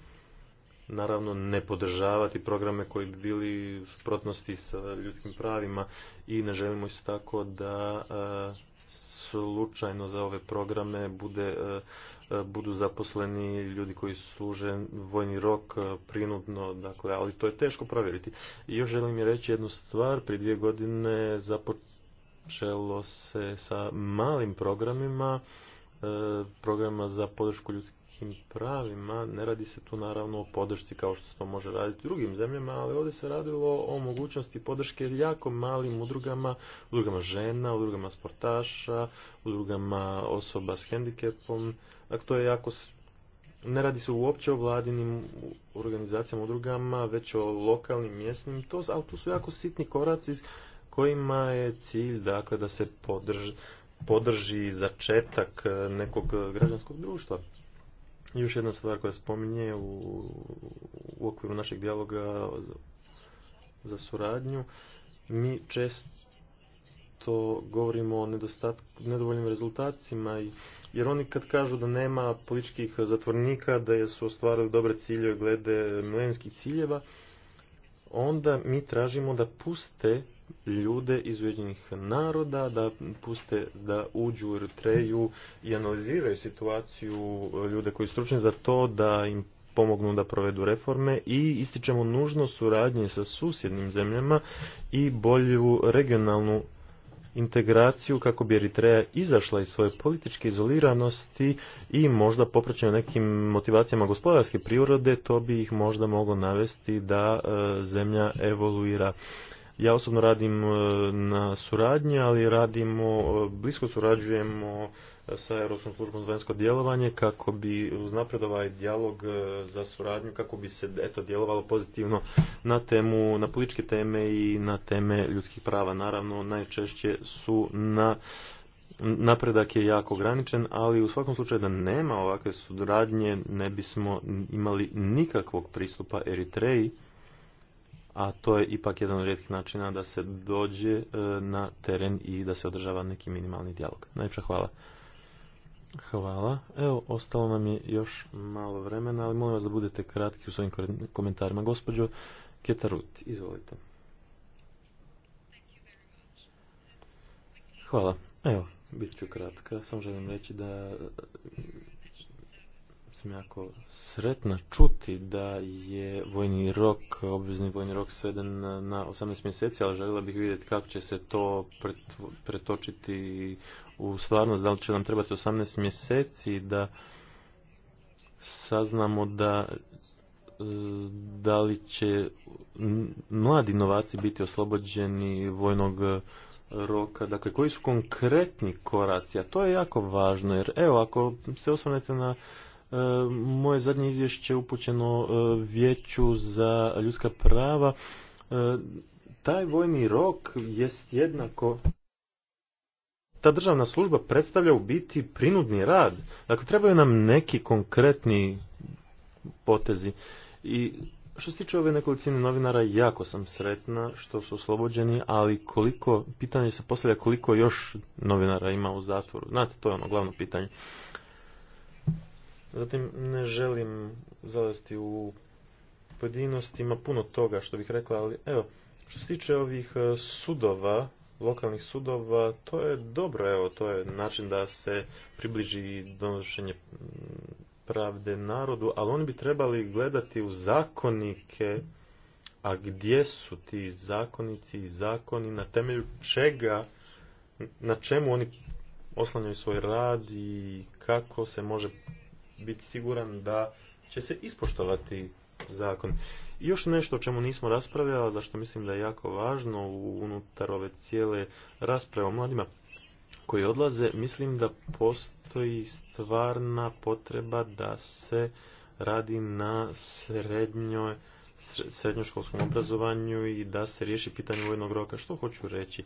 naravno ne podržavati programe koji bi bili u suprotnosti sa ljudskim pravima i ne želimo isto tako da e, slučajno za ove programe bude, e, e, budu zaposleni ljudi koji služe vojni rok prinudno, dakle, ali to je teško provjeriti. I još želim je reći jednu stvar, prije dvije godine započelo se sa malim programima, programa za podršku ljudskih nekim pravima. Ne radi se tu naravno o podršci kao što se to može raditi u drugim zemljama, ali ovdje se radilo o mogućnosti podrške jako malim udrugama, udrugama žena, udrugama sportaša, udrugama osoba s hendikepom. Dakle, to je jako ne radi se uopće o vladinim organizacijama, udrugama, već o lokalnim, mjesnim, to, ali tu su jako sitni koraci kojima je cilj dakle, da se podrži, podrži začetak eh, nekog eh, građanskog društva. Još jedna stvar koja spominje u, okviru našeg dijaloga za suradnju, mi često govorimo o nedovoljnim rezultatima i jer oni kad kažu da nema političkih zatvornika, da su ostvarili dobre ciljeve glede milenijskih ciljeva, onda mi tražimo da puste ljude iz ujedinih naroda da puste da uđu u Eritreju i analiziraju situaciju e, ljude koji su stručni za to da im pomognu da provedu reforme i ističemo nužno suradnje sa susjednim zemljama i bolju regionalnu integraciju kako bi Eritreja izašla iz svoje političke izoliranosti i možda popraćeno nekim motivacijama gospodarske prirode, to bi ih možda moglo navesti da e, zemlja evoluira. Ja osobno radim e, na suradnji, ali radimo, e, blisko surađujemo e, sa Europskom službom za vanjsko djelovanje kako bi uznapredovao ovaj dijalog za suradnju, kako bi se eto djelovalo pozitivno na temu, na političke teme i na teme ljudskih prava. Naravno, najčešće su na napredak je jako ograničen, ali u svakom slučaju da nema ovakve suradnje ne bismo imali nikakvog pristupa Eritreji a to je ipak jedan od rijetkih načina da se dođe e, na teren i da se održava neki minimalni dijalog. Najprej hvala. Hvala. Evo, ostalo nam je još malo vremena, ali molim vas da budete kratki u svojim komentarima. Gospođo Ketarut, izvolite. Hvala. Evo, bit ću kratka. Samo želim reći da sam jako sretna čuti da je vojni rok, obvezni vojni rok sveden na 18 mjeseci, ali željela bih vidjeti kako će se to pretočiti u stvarnost, da li će nam trebati 18 mjeseci da saznamo da e, da li će mladi novaci biti oslobođeni vojnog roka, dakle koji su konkretni koraci, a to je jako važno, jer evo ako se osvrnete na E, moje zadnje izvješće upućeno e, vijeću za ljudska prava. E, taj vojni rok jest jednako ta državna služba predstavlja u biti prinudni rad. Dakle, trebaju nam neki konkretni potezi. I što se tiče ove nekolicine novinara, jako sam sretna što su oslobođeni, ali koliko, pitanje se postavlja koliko još novinara ima u zatvoru. Znate, to je ono glavno pitanje. Zatim ne želim zalaziti u pojedinostima puno toga što bih rekla, ali evo, što se tiče ovih e, sudova, lokalnih sudova, to je dobro, evo, to je način da se približi donošenje mm, pravde narodu, ali oni bi trebali gledati u zakonike, a gdje su ti zakonici i zakoni, na temelju čega, na čemu oni oslanjaju svoj rad i kako se može biti siguran da će se ispoštovati zakon. I još nešto o čemu nismo raspravljali, zašto mislim da je jako važno unutar ove cijele rasprave o mladima koji odlaze, mislim da postoji stvarna potreba da se radi na srednjoj srednjoškolskom obrazovanju i da se riješi pitanje vojnog roka. Što hoću reći?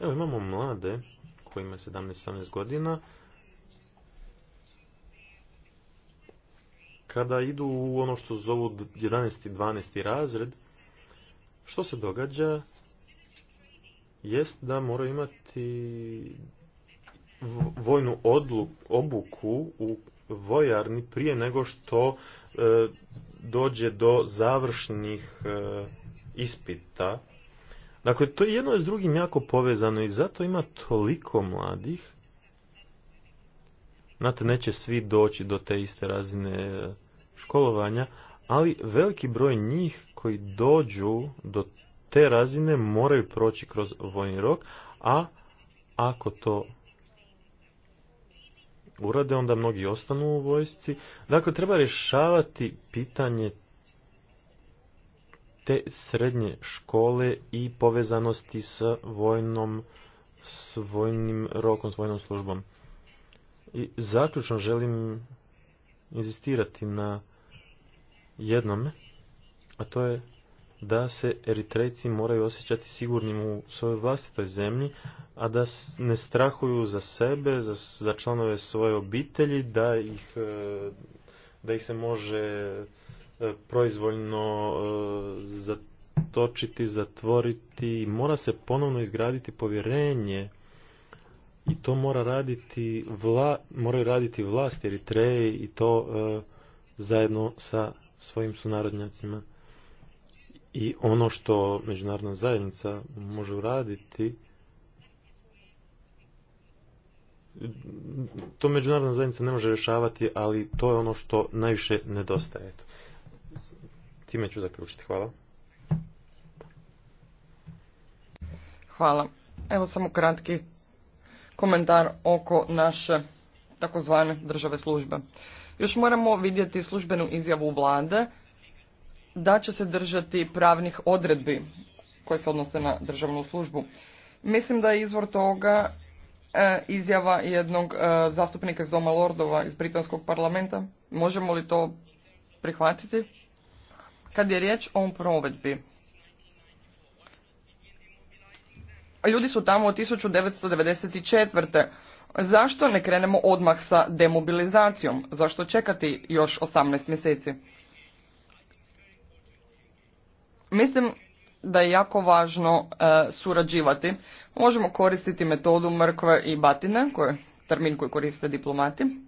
Evo imamo mlade kojima je 17-18 godina, kada idu u ono što zovu 11. i 12. razred, što se događa jest da moraju imati vojnu odluk, obuku u vojarni prije nego što e, dođe do završnih e, ispita. Dakle, to jedno s drugim jako povezano i zato ima toliko mladih. Znate, neće svi doći do te iste razine školovanja, ali veliki broj njih koji dođu do te razine moraju proći kroz vojni rok, a ako to urade, onda mnogi ostanu u vojsci. Dakle, treba rješavati pitanje te srednje škole i povezanosti s vojnom, s vojnim rokom, s vojnom službom. I zaključno želim inzistirati na jednome, a to je da se Eritrejci moraju osjećati sigurnim u svojoj vlastitoj zemlji, a da ne strahuju za sebe, za, članove svoje obitelji, da ih, e, da ih se može e, proizvoljno e, zatočiti, zatvoriti. Mora se ponovno izgraditi povjerenje i to mora raditi moraju raditi vlast Eritreje i to zajedno sa svojim sunarodnjacima. I ono što međunarodna zajednica može uraditi, to međunarodna zajednica ne može rješavati, ali to je ono što najviše nedostaje. Time ću zaključiti. Hvala. Hvala. Evo samo kratki komentar oko naše takozvane države službe. Još moramo vidjeti službenu izjavu vlade da će se držati pravnih odredbi koje se odnose na državnu službu. Mislim da je izvor toga e, izjava jednog e, zastupnika iz Doma Lordova iz Britanskog parlamenta. Možemo li to prihvatiti? Kad je riječ o provedbi, ljudi su tamo od 1994. Zašto ne krenemo odmah sa demobilizacijom? Zašto čekati još 18 mjeseci? Mislim da je jako važno e, surađivati. Možemo koristiti metodu mrkve i batine, koje, termin koji koriste diplomati.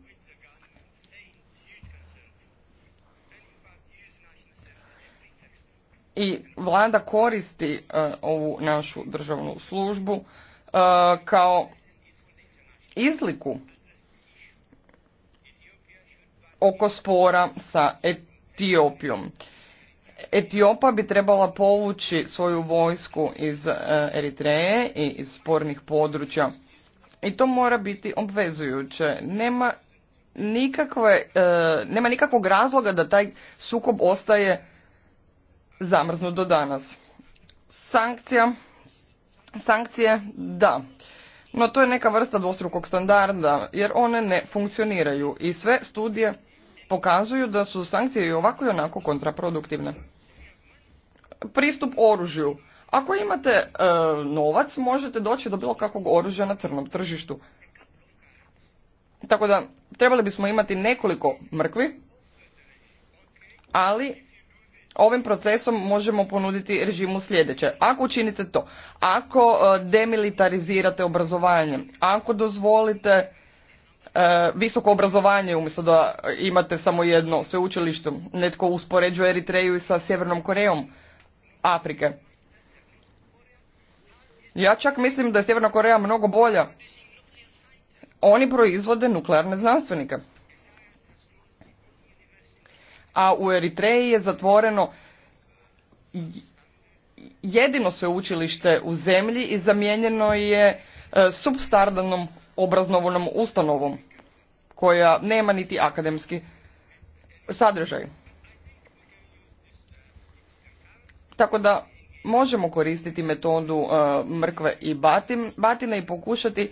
I vlada koristi e, ovu našu državnu službu e, kao izliku oko spora sa Etiopijom. Etiopa bi trebala povući svoju vojsku iz e, Eritreje i iz spornih područja. I to mora biti obvezujuće. Nema, nikakve, e, nema nikakvog razloga da taj sukob ostaje zamrznut do danas. Sankcija, sankcije da, no to je neka vrsta dvostrukog standarda jer one ne funkcioniraju i sve studije pokazuju da su sankcije i ovako i onako kontraproduktivne. Pristup oružju. Ako imate e, novac možete doći do bilo kakvog oružja na crnom tržištu. Tako da trebali bismo imati nekoliko mrkvi, ali ovim procesom možemo ponuditi režimu sljedeće. Ako učinite to, ako e, demilitarizirate obrazovanje, ako dozvolite e, visoko obrazovanje umjesto da imate samo jedno sveučilište, netko uspoređuje Eritreju i sa Sjevernom Korejom Afrike. Ja čak mislim da je Sjeverna Koreja mnogo bolja. Oni proizvode nuklearne znanstvenike a u Eritreji je zatvoreno jedino sveučilište u zemlji i zamijenjeno je e, substardanom obraznovanom ustanovom koja nema niti akademski sadržaj. Tako da možemo koristiti metodu e, mrkve i batine i pokušati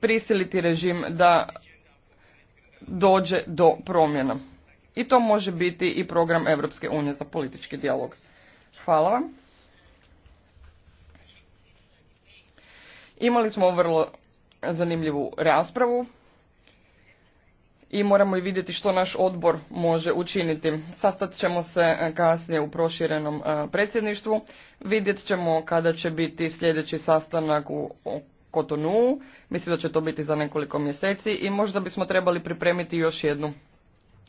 prisiliti režim da dođe do promjena i to može biti i program Europske unije za politički dijalog. Hvala vam. Imali smo vrlo zanimljivu raspravu i moramo i vidjeti što naš odbor može učiniti. Sastat ćemo se e, kasnije u proširenom e, predsjedništvu. Vidjet ćemo kada će biti sljedeći sastanak u Kotonu. Mislim da će to biti za nekoliko mjeseci i možda bismo trebali pripremiti još jednu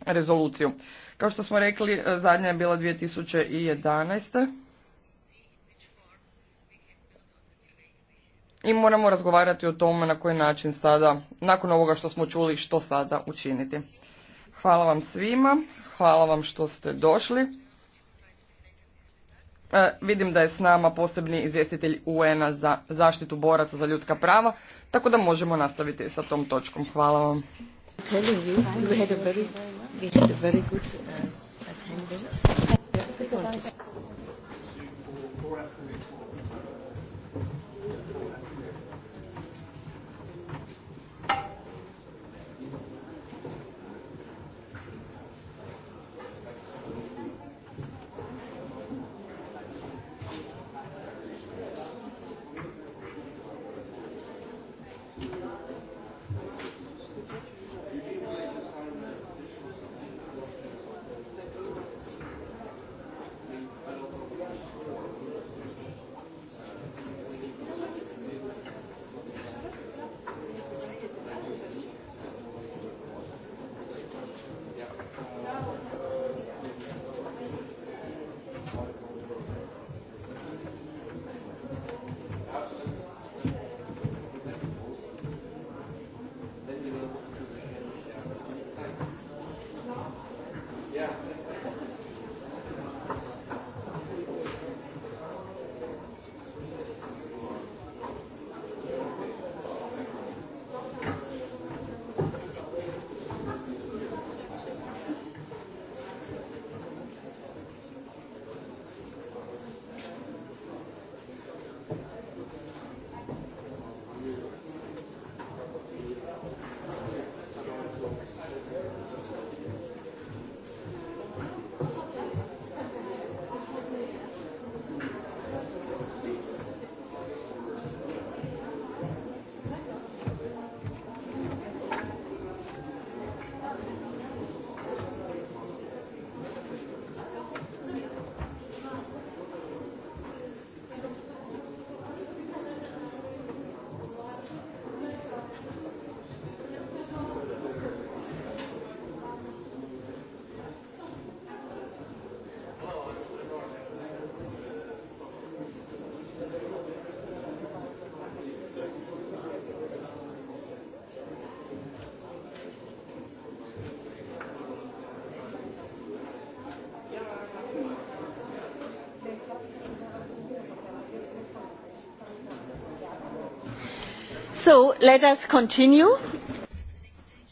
rezoluciju. Kao što smo rekli, e, zadnja je bila 2011. I moramo razgovarati o tome na koji način sada, nakon ovoga što smo čuli, što sada učiniti. Hvala vam svima, hvala vam što ste došli. E, vidim da je s nama posebni izvjestitelj UN-a za zaštitu boraca za ljudska prava, tako da možemo nastaviti sa tom točkom. Hvala vam telling you, you had a very, we had a very good uh, attendance.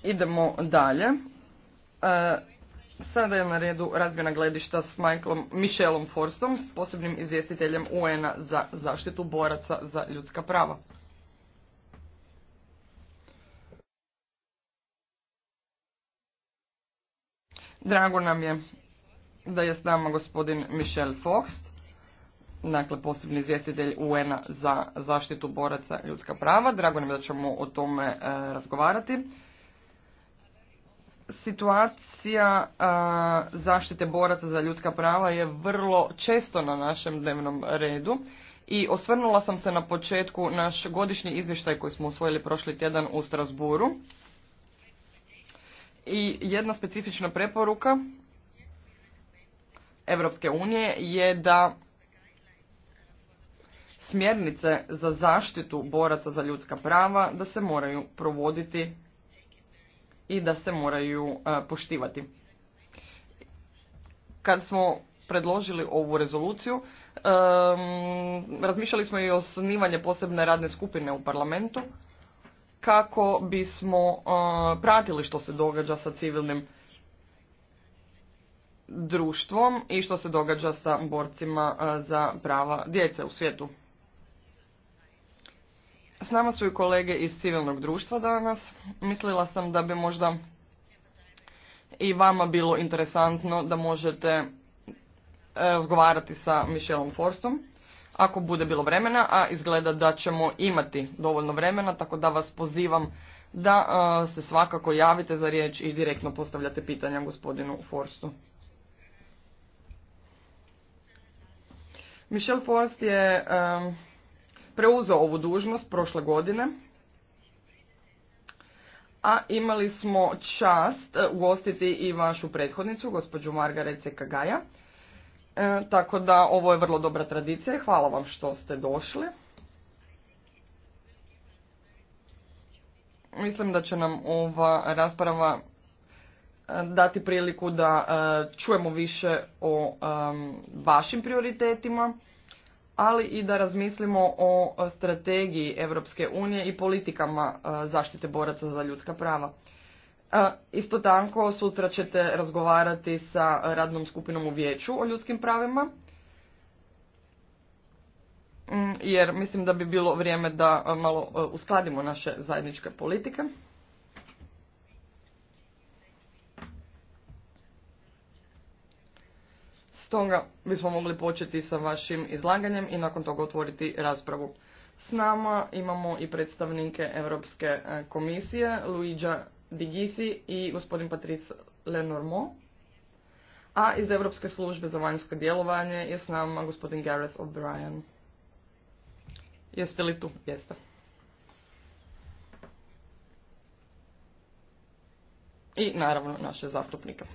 Idemo dalje. E, sada je na redu razmjena gledišta s Michelom Forstom, s posebnim izvjestiteljem UN-a za zaštitu boraca za ljudska prava. Drago nam je da je s nama gospodin Michel Forst dakle posebni izvjestitelj UN-a za zaštitu boraca ljudska prava. Drago nam je da ćemo o tome e, razgovarati. Situacija e, zaštite boraca za ljudska prava je vrlo često na našem dnevnom redu i osvrnula sam se na početku naš godišnji izvještaj koji smo usvojili prošli tjedan u Strasburu. I jedna specifična preporuka Europske unije je da smjernice za zaštitu boraca za ljudska prava da se moraju provoditi i da se moraju e, poštivati. Kad smo predložili ovu rezoluciju, razmišljali smo i o osnivanje posebne radne skupine u parlamentu kako bismo e, pratili što se događa sa civilnim društvom i što se događa sa borcima e, za prava djece u svijetu. S nama su i kolege iz civilnog društva danas. Mislila sam da bi možda i vama bilo interesantno da možete e, razgovarati sa Michelom Forstom ako bude bilo vremena, a izgleda da ćemo imati dovoljno vremena, tako da vas pozivam da e, se svakako javite za riječ i direktno postavljate pitanja gospodinu Forstu. Michel Forst je e, preuzeo ovu dužnost prošle godine, a imali smo čast e, ugostiti i vašu prethodnicu, gospođu Margaret Sekagaja. E, tako da ovo je vrlo dobra tradicija hvala vam što ste došli. Mislim da će nam ova rasprava e, dati priliku da čujemo više o vašim prioritetima ali i da razmislimo o strategiji Europske unije i politikama e, zaštite boraca za ljudska prava. E, isto tako sutra ćete razgovarati sa radnom skupinom u vijeću o ljudskim pravima mm, jer mislim da bi bilo vrijeme da malo e, uskladimo naše zajedničke politike. Stoga bismo mogli početi sa vašim izlaganjem i nakon toga otvoriti raspravu. S nama imamo i predstavnike Europske e, komisije, Luigi Digisi i gospodin Patrice Lenormand. A iz Europske službe za vanjsko djelovanje je s nama gospodin Gareth O'Brien. Jeste li tu? Jeste. I naravno naše zastupnike.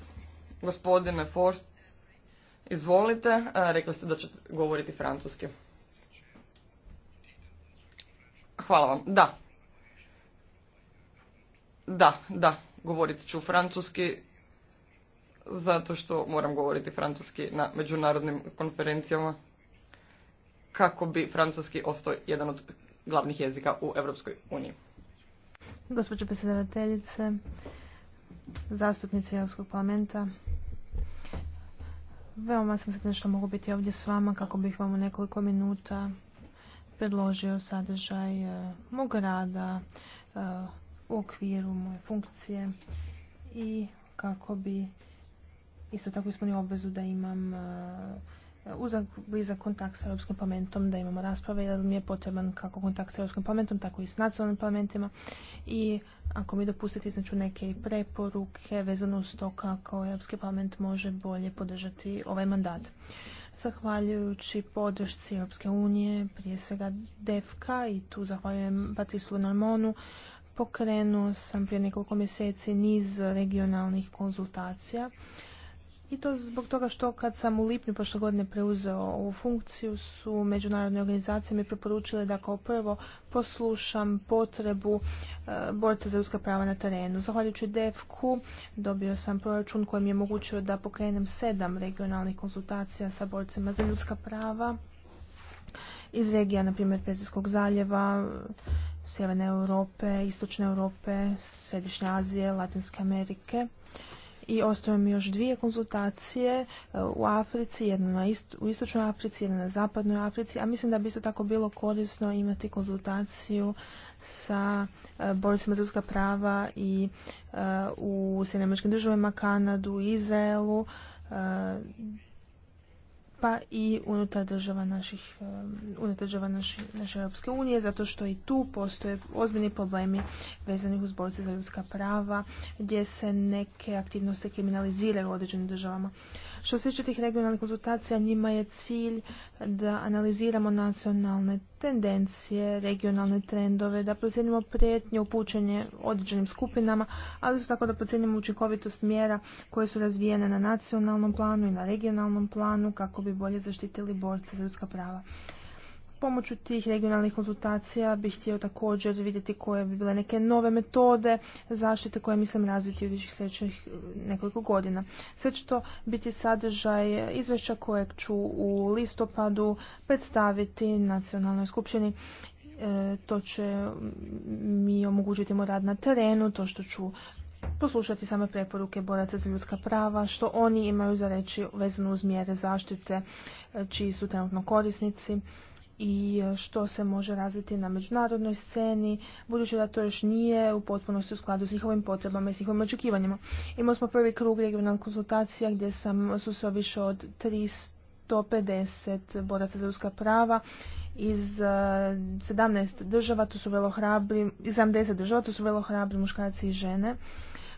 Gospodine Forst, Izvolite, rekli ste da ćete govoriti francuski. Hvala vam. Da. Da, da, govorit ću francuski zato što moram govoriti francuski na međunarodnim konferencijama kako bi francuski ostao jedan od glavnih jezika u Europskoj uniji. Gospođo predsjedavateljice, zastupnici Europskog parlamenta, Veoma sam sretna što mogu biti ovdje s vama kako bih vam u nekoliko minuta predložio sadržaj e, mog rada e, u okviru moje funkcije i kako bi isto tako ispunio obvezu da imam e, uzak blizak kontakt sa Europskim parlamentom, da imamo rasprave, jer mi je potreban kako kontakt s Europskim parlamentom, tako i s nacionalnim parlamentima. I ako mi dopustite, znači, neke preporuke vezano uz to kako Europski parlament može bolje podržati ovaj mandat. Zahvaljujući podršci Europske unije, prije svega DEFKA i tu zahvaljujem Patrisu Normonu, pokrenuo sam prije nekoliko mjeseci niz regionalnih konzultacija i to zbog toga što kad sam u lipnju prošle godine preuzeo ovu funkciju su međunarodne organizacije mi preporučile da kao prvo poslušam potrebu e, borca za ljudska prava na terenu. Zahvaljujući dfk dobio sam proračun koji mi je mogućio da pokrenem sedam regionalnih konsultacija sa borcima za ljudska prava iz regija, na primjer, pezijskog zaljeva, Sjeverne Europe, Istočne Europe, Središnje Azije, Latinske Amerike i ostaju mi još dvije konzultacije e, u Africi, jedna na u istočnoj Africi, jedna na zapadnoj Africi, a mislim da bi isto tako bilo korisno imati konzultaciju sa e, borcima za ljudska prava i e, u Sjedinjeničkim državama, Kanadu, Izraelu, pa i unutar država naših, unutar država naše Europske unije, zato što i tu postoje ozbiljni problemi vezani uz borce za ljudska prava, gdje se neke aktivnosti kriminaliziraju u određenim državama. Što se tiče tih regionalnih konzultacija, njima je cilj da analiziramo nacionalne tendencije, regionalne trendove, da procijenimo prijetnje, upućenje određenim skupinama, ali isto tako da procijenimo učinkovitost mjera koje su razvijene na nacionalnom planu i na regionalnom planu kako bi bolje zaštitili borce za ljudska prava. Pomoću tih regionalnih konzultacija bih htio također vidjeti koje bi bile neke nove metode zaštite koje mislim razviti u viših sljedećih e, nekoliko godina. Sve će to biti sadržaj izvješća kojeg ću u listopadu predstaviti nacionalnoj skupštini e, to će mi omogućiti moj rad na terenu, to što ću poslušati same preporuke boraca za ljudska prava, što oni imaju za reći vezano uz mjere zaštite e, čiji su trenutno korisnici i e, što se može razviti na međunarodnoj sceni, budući da to još nije u potpunosti u skladu s njihovim potrebama i s njihovim očekivanjima. Imali smo prvi krug regionalnih konsultacija gdje sam se više od 350 boraca za ljudska prava iz 17 e, država, to su velo hrabri, iz 70 država, to su velo hrabri muškarci i žene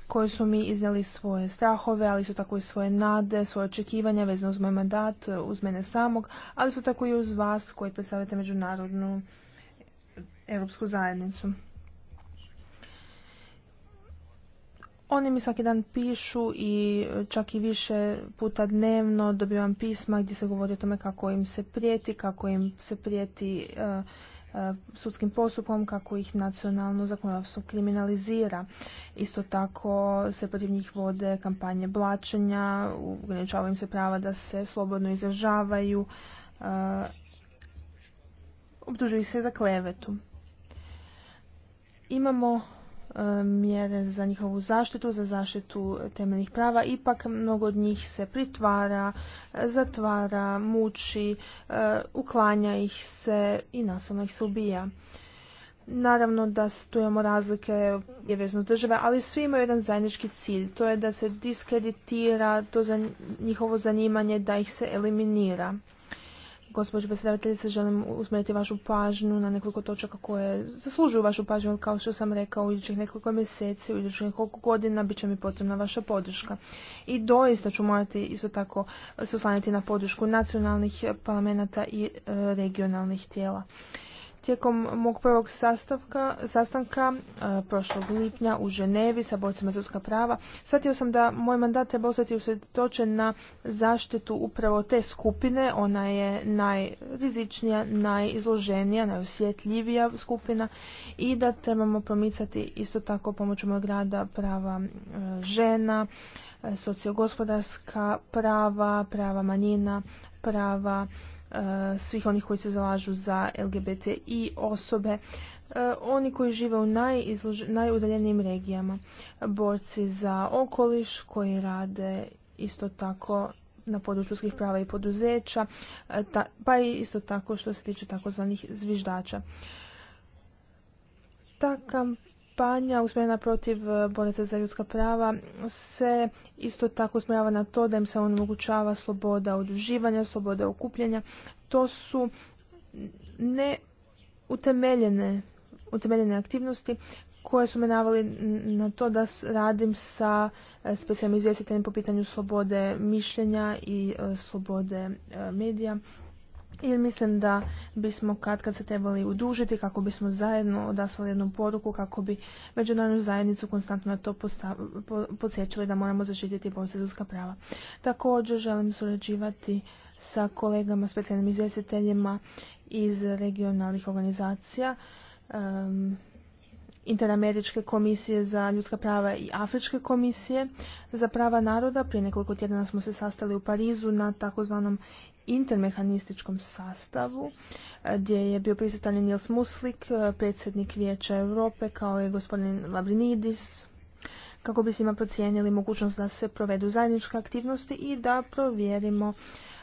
koji su mi iznijeli svoje strahove, ali su tako i svoje nade, svoje očekivanja vezano uz moj mandat, uz mene samog, ali su tako i uz vas koji predstavljate međunarodnu europsku zajednicu. Oni mi svaki dan pišu i čak i više puta dnevno dobivam pisma gdje se govori o tome kako im se prijeti, kako im se prijeti eh, E, sudskim postupom kako ih nacionalno zakonodavstvo kriminalizira. Isto tako se protiv njih vode kampanje blačenja, ograničavaju im se prava da se slobodno izražavaju, e, optužuju se za klevetu. Imamo mjere za njihovu zaštitu, za zaštitu temeljnih prava, ipak mnogo od njih se pritvara, zatvara, muči, e, uklanja ih se i nasilno ih se ubija. Naravno da tu imamo razlike je vezno države, ali svi imaju jedan zajednički cilj, to je da se diskreditira to za njihovo zanimanje, da ih se eliminira gospođo predsjedateljice, želim usmjeriti vašu pažnju na nekoliko točaka koje zaslužuju vašu pažnju, kao što sam rekao, u idućih nekoliko mjeseci, u idućih nekoliko godina bit će mi potrebna vaša podrška. I doista ću morati isto tako se oslanjati na podršku nacionalnih parlamenta i e, regionalnih tijela. Tijekom mog prvog sastavka, sastanka e, prošlog lipnja u Ženevi sa borcima za ljudska prava, shvatio sam da moj mandat treba ostati usredotočen na zaštitu upravo te skupine. Ona je najrizičnija, najizloženija, najosjetljivija skupina i da trebamo promicati isto tako pomoću mojeg rada prava e, žena, e, sociogospodarska prava, prava manjina, prava Eh, svih onih koji se zalažu za LGBT i osobe, eh, oni koji žive u najudaljenijim regijama, borci za okoliš koji rade isto tako na području ljudskih prava i poduzeća, eh, pa i isto tako što se tiče takozvanih zviždača. Ta kampanja usmjerena protiv e, boraca za ljudska prava se isto tako usmjerava na to da im se onemogućava sloboda udruživanja, sloboda okupljanja. To su ne utemeljene, utemeljene aktivnosti koje su me navali na to da radim sa e, specijalnim izvjestiteljem po pitanju slobode mišljenja i e, slobode medija jer mislim da bismo kad kad se trebali udužiti kako bismo zajedno odaslali jednu poruku kako bi međunarodnu zajednicu konstantno na to podsjećali da moramo zaštititi borce ljudska prava. Također želim surađivati sa kolegama, specijalnim izvjestiteljima iz regionalnih organizacija, Interameričke komisije za ljudska prava i Afričke komisije za prava naroda. Prije nekoliko tjedana smo se sastali u Parizu na takozvanom intermehanističkom sastavu e, gdje je bio prisutan Nils Muslik, e, predsjednik Vijeća Europe kao i gospodin Lavrinidis kako bi s procijenili mogućnost da se provedu zajedničke aktivnosti i da provjerimo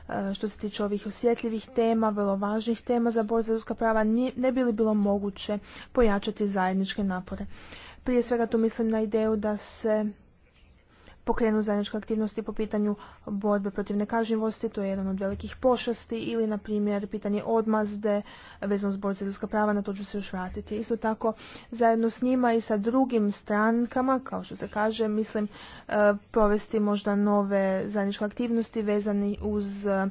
e, što se tiče ovih osjetljivih tema, vrlo važnih tema za bor za prava, ne bi li bilo moguće pojačati zajedničke napore. Prije svega tu mislim na ideju da se pokrenu zajedničke aktivnosti po pitanju borbe protiv nekažnjivosti, to je jedan od velikih pošasti, ili na primjer pitanje odmazde vezano s borce ljudska prava, na to ću se još vratiti. Isto tako zajedno s njima i sa drugim strankama, kao što se kaže, mislim e, provesti možda nove zajedničke aktivnosti vezani uz e,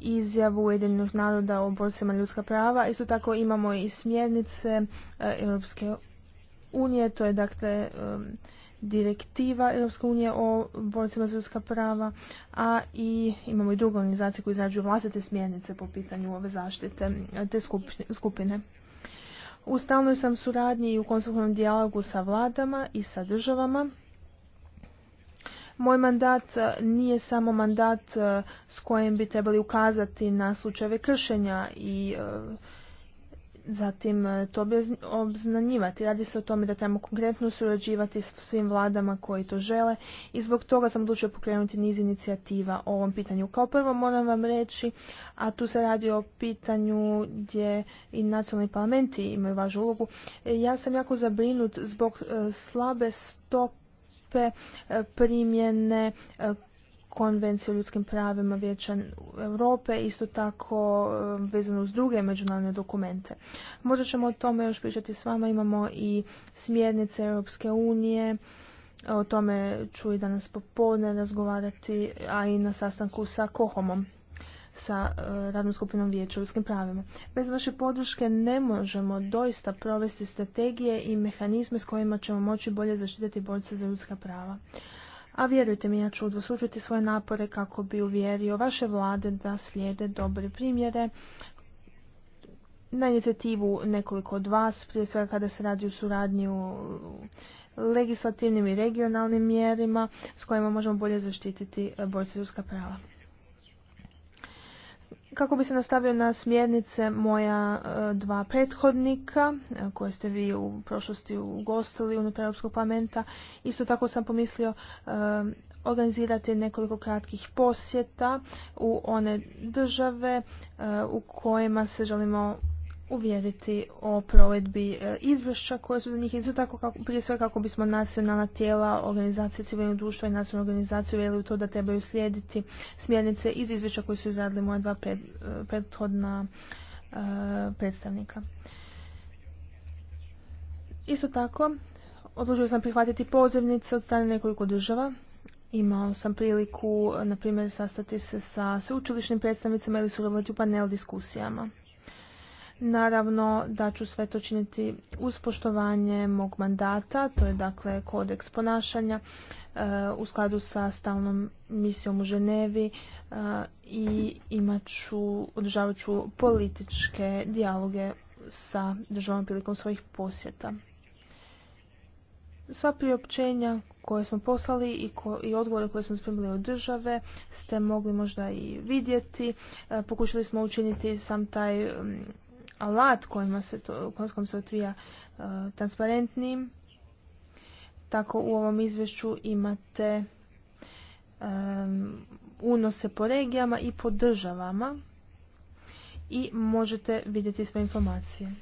izjavu Ujedinjenih naroda o borcima ljudska prava. Isto tako imamo i smjernice e, Europske unije, to je dakle direktiva Europske unije o borcima za ljudska prava, a i imamo i druge organizacije koje izrađuju vlastite smjernice po pitanju ove zaštite e, te skupine. U stalnoj sam suradnji i u konstruktivnom dijalogu sa vladama i sa državama. Moj mandat e, nije samo mandat e, s kojim bi trebali ukazati na slučajeve kršenja i zatim e, to obznanjivati. Radi se o tome da trebamo konkretno surađivati s svim vladama koji to žele i zbog toga sam odlučio pokrenuti niz inicijativa o ovom pitanju. Kao prvo moram vam reći, a tu se radi o pitanju gdje i nacionalni parlamenti imaju važu ulogu, e, ja sam jako zabrinut zbog e, slabe stope primjene konvencije o ljudskim pravima Vijeća Europe, isto tako e, vezano uz druge međunarodne dokumente. Možda ćemo o tome još pričati s vama, imamo i smjernice Europske unije, e, o tome ću i danas popodne razgovarati, a i na sastanku sa Kohomom sa e, radnom skupinom vijeća ljudskim pravima. Bez vaše podrške ne možemo doista provesti strategije i mehanizme s kojima ćemo moći bolje zaštititi borce za ljudska prava a vjerujte mi, ja ću udvostručiti svoje napore kako bi uvjerio vaše vlade da slijede dobre primjere na inicijativu nekoliko od vas, prije svega kada se radi o suradnju legislativnim i regionalnim mjerima s kojima možemo bolje zaštititi borce ljudska prava. Kako bi se nastavio na smjernice moja e, dva prethodnika, e, koje ste vi u prošlosti ugostili unutar Europskog parlamenta, isto tako sam pomislio e, organizirati nekoliko kratkih posjeta u one države u kojima se želimo uvjeriti o provedbi e, izvješća koje su za njih isto tako kako, prije sve kako bismo nacionalna tijela, organizacije civilnog društva i nacionalnu organizaciju uvjerili u to da trebaju slijediti smjernice iz izvješća koji su izradili moja dva pred, e, prethodna e, predstavnika. Isto tako, odlučio sam prihvatiti pozivnice od strane nekoliko država. Imao sam priliku, na primjer, sastati se sa sveučilišnim predstavnicama ili sudjelovati u panel diskusijama. Naravno da ću sve to činiti uz poštovanje mog mandata, to je dakle kodeks ponašanja e, u skladu sa stalnom misijom u Ženevi e, i imat ću, održavat ću političke dijaloge sa državom prilikom svojih posjeta. Sva priopćenja koje smo poslali i, i odgovore koje smo spremili od države ste mogli možda i vidjeti. E, pokušali smo učiniti sam taj alat kojima se to, kojom se otvija e, transparentnim. Tako u ovom izvješću imate unose po regijama i po državama i možete vidjeti sve informacije.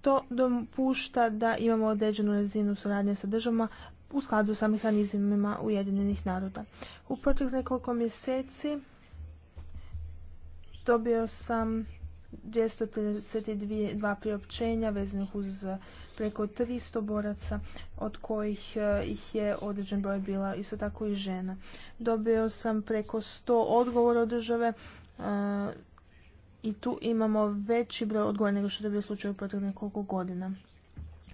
To dopušta da imamo određenu razinu suradnje sa državama u skladu sa mehanizmima Ujedinjenih naroda. U proteklih nekoliko mjeseci dobio sam 232 priopćenja vezanih uz eh, preko 300 boraca, od kojih eh, ih je određen broj bila isto tako i žena. Dobio sam preko 100 odgovora od države eh, i tu imamo veći broj odgovora nego što je bilo slučaj u proteklih nekoliko godina.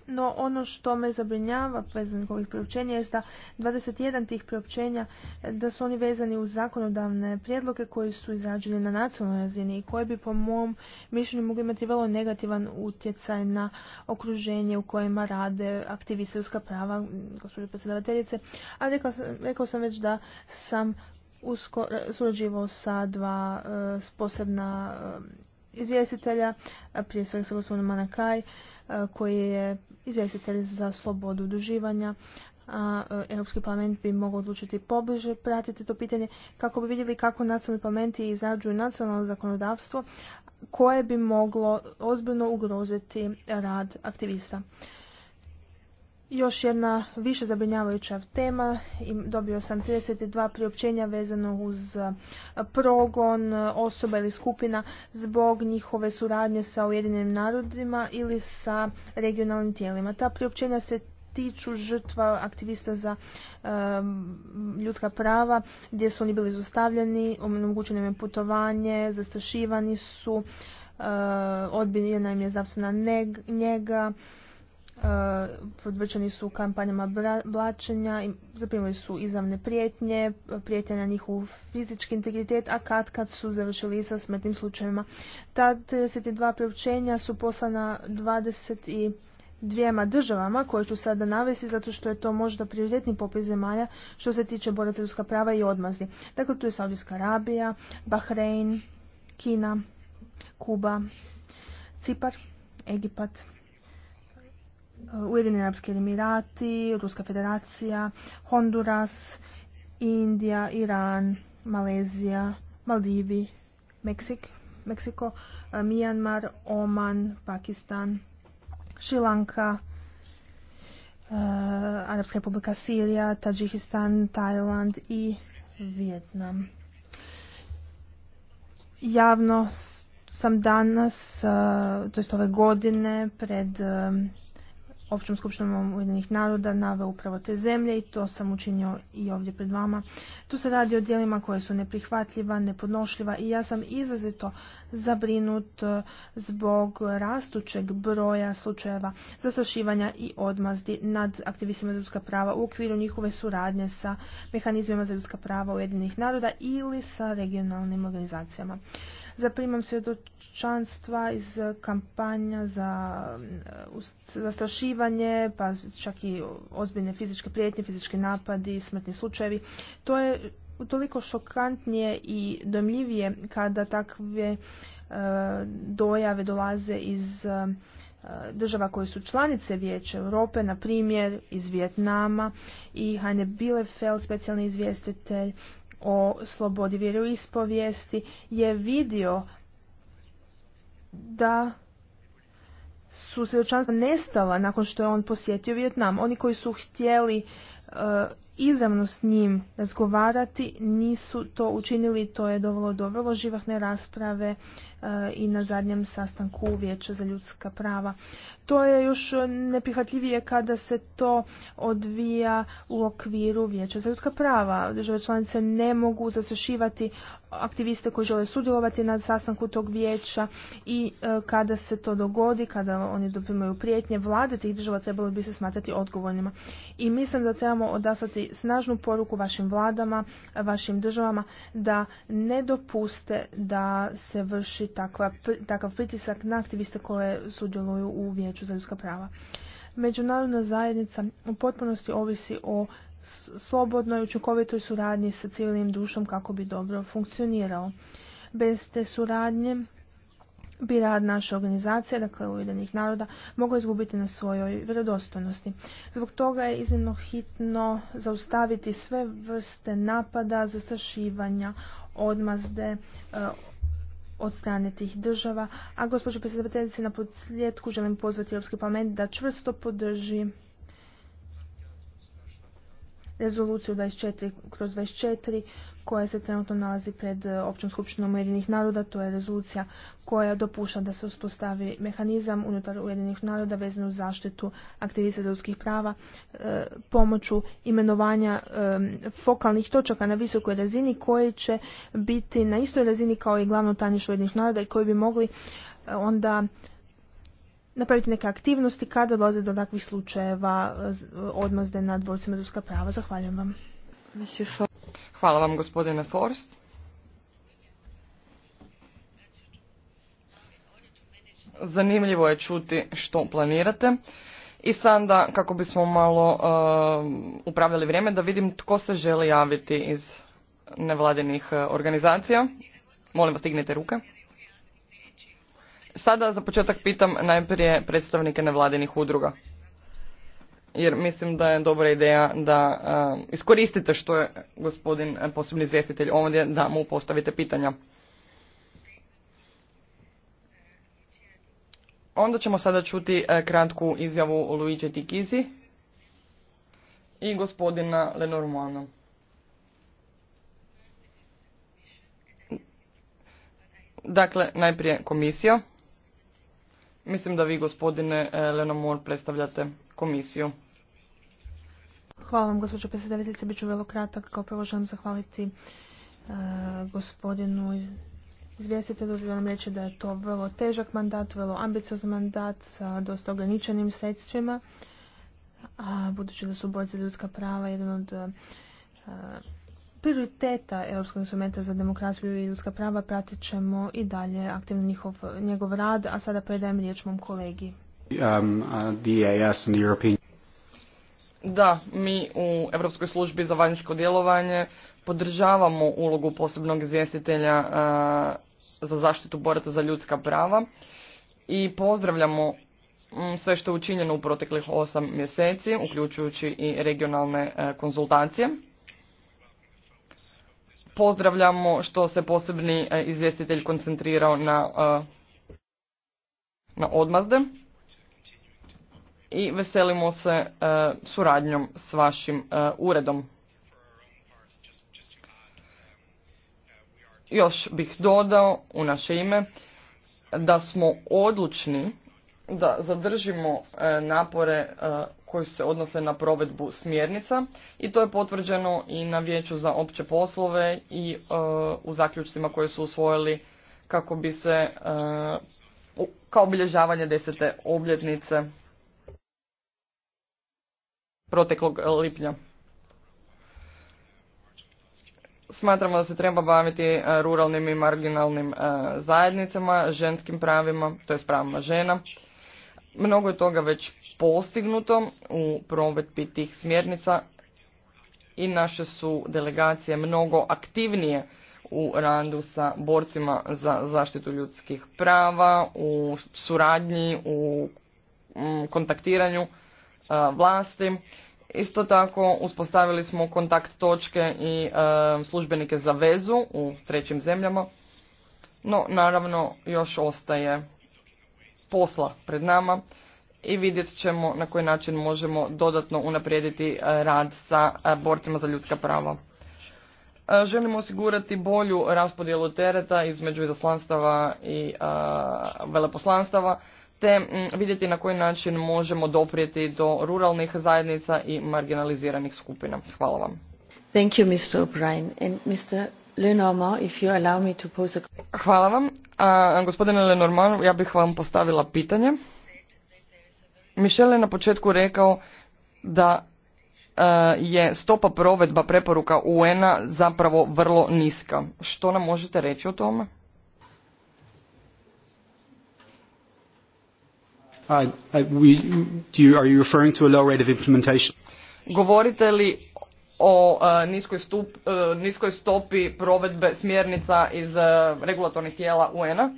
No ono što me zabrinjava vezanih ovih priopćenja je da 21 tih priopćenja da su oni vezani uz zakonodavne prijedloge koji su izrađeni na nacionalnoj razini i koji bi po mom mišljenju mogli imati vrlo negativan utjecaj na okruženje u kojima rade aktivisti prava, gospođo predsjedavateljice, a rekao sam, rekao sam već da sam usko, surađivao sa dva e, posebna izvjestitelja, prije svega sa gospodinom Manakaj, koji je izvjestitelj za slobodu uduživanja, a e, Europski parlament bi mogao odlučiti pobliže pratiti to pitanje kako bi vidjeli kako nacionalni parlamenti izrađuju nacionalno zakonodavstvo koje bi moglo ozbiljno ugroziti rad aktivista. Još jedna više zabrinjavajuća tema. Dobio sam 32 priopćenja vezano uz e, progon e, osoba ili skupina zbog njihove suradnje sa Ujedinjenim narodima ili sa regionalnim tijelima. Ta priopćenja se tiču žrtva aktivista za e, ljudska prava gdje su oni bili izostavljeni, omogućeno im je putovanje, zastrašivani su, odbijena im je zdravstvena njega, Eh, podvrčeni su kampanjama blačenja, zaprimili su izavne prijetnje, prijetnje na njihov fizički integritet, a kad kad su završili sa smrtnim slučajevima. Ta 32 priopćenja su poslana 20 dvijema državama koje ću sada navesti zato što je to možda prioritetni popis zemalja što se tiče boraca prava i odmazni. Dakle, tu je Saudijska Arabija, Bahrein, Kina, Kuba, Cipar, Egipat, Ujedinjeni Arabski Emirati, Ruska Federacija, Honduras, Indija, Iran, Malezija, Maldivi, Meksik, Meksiko, eh, Mijanmar, Oman, Pakistan, Šilanka, eh, Arabska republika Sirija, Tadžikistan, Tajland i Vjetnam. Javno sam danas, eh, to jest ove godine, pred općom skupštinom Ujedinih naroda nave upravo te zemlje i to sam učinio i ovdje pred vama. Tu se radi o dijelima koje su neprihvatljiva, nepodnošljiva i ja sam izrazito zabrinut e, zbog rastućeg broja slučajeva zastrašivanja i odmazdi nad aktivistima za ljudska prava u okviru njihove suradnje sa mehanizmima za ljudska prava Ujedinih naroda ili sa regionalnim organizacijama. Zaprimam svjedočanstva iz kampanja za mm, zastrašivanje, pa čak i ozbiljne fizičke prijetnje, fizički napadi, smrtni slučajevi. To je toliko šokantnije i domljivije kada takve e, dojave dolaze iz e, država koje su članice Vijeća Europe, na primjer iz Vijetnama i Heine Bielefeld, specijalni izvjestitelj o slobodi vjeroispovijesti je vidio da su svjedočanstva nestala nakon što je on posjetio Vjetnam. Oni koji su htjeli uh, izravno s njim razgovarati nisu to učinili, to je dovelo do vrlo živahne rasprave E, i na zadnjem sastanku Vijeća za ljudska prava. To je još neprihvatljivije kada se to odvija u okviru Vijeća za ljudska prava. Države članice ne mogu zasešivati aktiviste koji žele sudjelovati na sastanku tog vijeća i e, kada se to dogodi, kada oni doprimaju prijetnje, vlade tih država trebalo bi se smatrati odgovornima. I mislim da trebamo odaslati snažnu poruku vašim vladama, vašim državama da ne dopuste da se vrši takva, takav pritisak na aktiviste koje sudjeluju u Vijeću za ljudska prava. Međunarodna zajednica u potpunosti ovisi o slobodnoj, učinkovitoj suradnji sa civilnim dušom kako bi dobro funkcionirao. Bez te suradnje bi rad naše organizacije, dakle Ujedinih naroda, mogao izgubiti na svojoj vjerodostojnosti. Zbog toga je iznimno hitno zaustaviti sve vrste napada, zastrašivanja, odmazde, e, od strane tih država. A gospođo predsjedateljice, na podsljetku želim pozvati Europski parlament da čvrsto podrži rezoluciju 24 kroz 24 koja se trenutno nalazi pred e, Općom skupštinom Ujedinih naroda. To je rezolucija koja dopušta da se uspostavi mehanizam unutar Ujedinih naroda vezan uz zaštitu aktivista ljudskih prava e, pomoću imenovanja e, fokalnih točaka na visokoj razini koji će biti na istoj razini kao i glavno tajništvo Ujedinih naroda i koji bi mogli onda napraviti neke aktivnosti kada dolaze do takvih slučajeva odmazde nad borcima ljudska prava. Zahvaljujem vam. Hvala vam gospodine Forst. Zanimljivo je čuti što planirate. I sada, kako bismo malo uh, upravljali vrijeme, da vidim tko se želi javiti iz nevladinih eh, organizacija. Molim vas, stignite ruke. Sada za početak pitam najprije predstavnike nevladinih udruga jer mislim da je dobra ideja da iskoristite što je gospodin posebni izvjestitelj ovdje da mu postavite pitanja. Onda ćemo sada čuti kratku izjavu Luigi Tikizi i gospodina Lenormana. Dakle, najprije komisija. Mislim da vi, gospodine Lenomor, predstavljate komisiju. Hvala vam, gospođo Bit ću vrlo kratak. Kao prvo želim zahvaliti e, gospodinu izvjestitelju. Želim reći da je to vrlo težak mandat, vrlo ambiciozan mandat sa dosta ograničenim sredstvima. A budući da su borci za ljudska prava jedan od e, prioriteta Europskog instrumenta za demokraciju i ljudska prava pratit ćemo i dalje aktivno njegov rad, a sada predajem riječ mom kolegi. Um, uh, the European da, mi u Europskoj službi za vanjsko djelovanje podržavamo ulogu posebnog izvjestitelja e, za zaštitu borata za ljudska prava i pozdravljamo mm, sve što je učinjeno u proteklih osam mjeseci, uključujući i regionalne e, konzultacije. Pozdravljamo što se posebni e, izvjestitelj koncentrirao na odmazde i veselimo se e, suradnjom s vašim e, uredom. Još bih dodao u naše ime da smo odlučni da zadržimo e, napore koji se odnose na provedbu smjernica i to je potvrđeno i na Vijeću za opće poslove i u zaključcima koje su usvojili kako bi se kao obilježavanje desete obljetnice proteklog eh, lipnja. Smatramo da se treba baviti eh, ruralnim i marginalnim eh, zajednicama, ženskim pravima, to je pravima žena. Mnogo je toga već postignuto u provedbi tih smjernica i naše su delegacije mnogo aktivnije u radu sa borcima za zaštitu ljudskih prava, u suradnji, u mm, kontaktiranju E, vlasti. Isto tako uspostavili smo kontakt točke i e, službenike za vezu u trećim zemljama. No, naravno, još ostaje posla pred nama i vidjet ćemo na koji način možemo dodatno unaprijediti e, rad sa borcima za ljudska prava. Želimo osigurati bolju raspodjelu tereta između izaslanstava i veleposlanstava te mm, vidjeti na koji način možemo doprijeti do ruralnih zajednica i marginaliziranih skupina. Hvala vam. Thank Hvala vam. gospodine Lenormand, ja bih vam postavila pitanje. Mišel je na početku rekao da e, je stopa provedba preporuka UN-a zapravo vrlo niska. Što nam možete reći o tome? Govorite li o e, e, niskoj, stopi provedbe smjernica iz e, regulatornih tijela UN-a?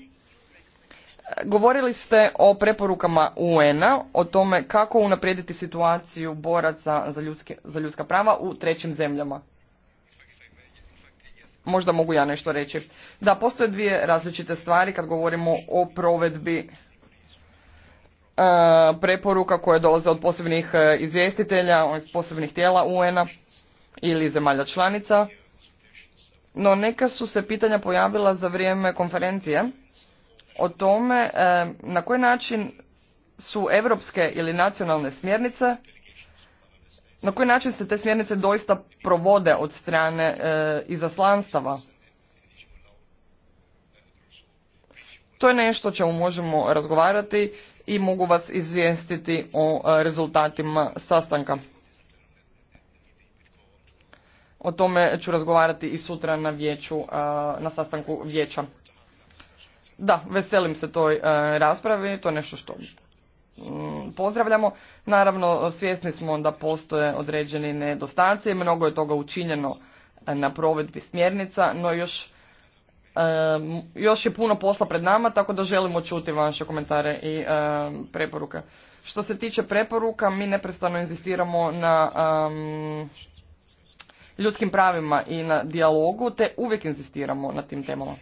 Govorili ste o preporukama UN-a, o tome kako unaprijediti situaciju boraca za, za ljudska prava u trećim zemljama. Možda mogu ja nešto reći. Da, postoje dvije različite stvari kad govorimo o provedbi E, preporuka koje dolaze od posebnih e, izvjestitelja, od posebnih tijela UN-a ili zemalja članica. No neka su se pitanja pojavila za vrijeme konferencije o tome e, na koji način su europske ili nacionalne smjernice, na koji način se te smjernice doista provode od strane izaslanstava. To je nešto o čemu možemo razgovarati i mogu vas izvijestiti o e, rezultatima sastanka. O tome ću razgovarati i sutra na, vijeću, e, na sastanku vijeća. Da, veselim se toj e, raspravi, to je nešto što mm, pozdravljamo. Naravno, svjesni smo da postoje određeni nedostaci, mnogo je toga učinjeno na provedbi smjernica, no još još je puno posla pred nama, tako da želimo čuti vaše komentare i preporuke. Što se tiče preporuka, mi neprestano inzistiramo na ljudskim pravima i na dijalogu, te uvijek inzistiramo na tim temama.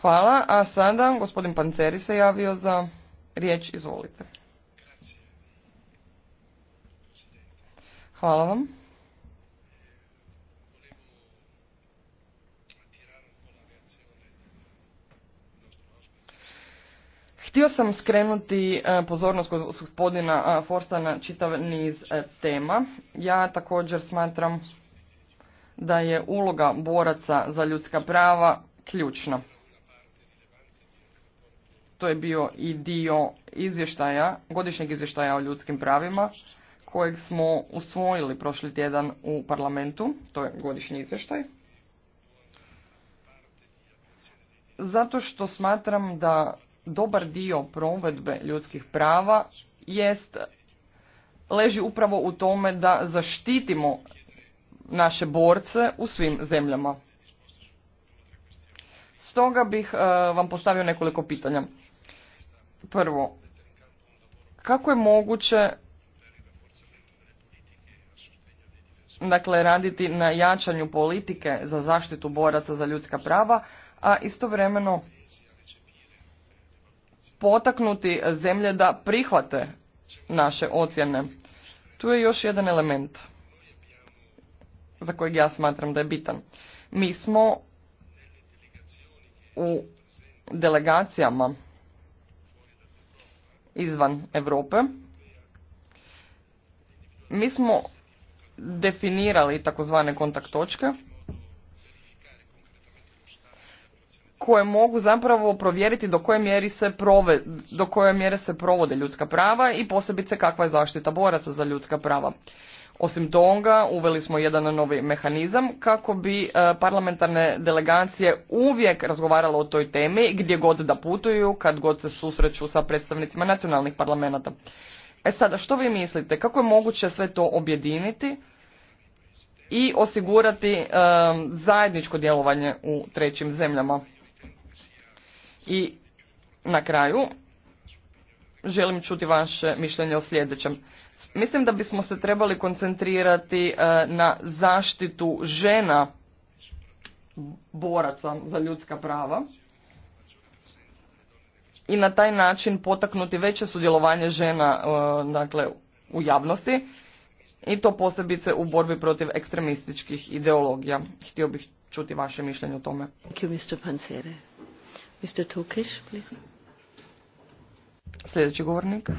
Hvala, a sada gospodin Panceri se javio za riječ, izvolite. Hvala vam. Htio sam skrenuti e, pozornost kod gospodina e, Forsta na čitav niz e, tema. Ja također smatram da je uloga boraca za ljudska prava ključna. To je bio i dio izvještaja, godišnjeg izvještaja o ljudskim pravima kojeg smo usvojili prošli tjedan u parlamentu, to je godišnji izvještaj. Zato što smatram da dobar dio provedbe ljudskih prava jest leži upravo u tome da zaštitimo naše borce u svim zemljama. Stoga bih e, vam postavio nekoliko pitanja. Prvo, kako je moguće dakle raditi na jačanju politike za zaštitu boraca za ljudska prava, a istovremeno potaknuti zemlje da prihvate naše ocjene. Tu je još jedan element za kojeg ja smatram da je bitan. Mi smo u delegacijama izvan Europe. Mi smo definirali takozvane kontakt točke koje mogu zapravo provjeriti do koje, mjeri se prove, do koje mjere se provode ljudska prava i posebice kakva je zaštita boraca za ljudska prava. Osim toga, uveli smo jedan novi mehanizam kako bi e, parlamentarne delegacije uvijek razgovarale o toj temi gdje god da putuju, kad god se susreću sa predstavnicima nacionalnih parlamenta. E sada, što vi mislite, kako je moguće sve to objediniti i osigurati e, zajedničko djelovanje u trećim zemljama? I na kraju želim čuti vaše mišljenje o sljedećem. Mislim da bismo se trebali koncentrirati e, na zaštitu žena boraca za ljudska prava i na taj način potaknuti veće sudjelovanje žena e, dakle, u javnosti i to posebice u borbi protiv ekstremističkih ideologija. Htio bih čuti vaše mišljenje o tome. Mr. Tukish, please. Sljedeći govornik.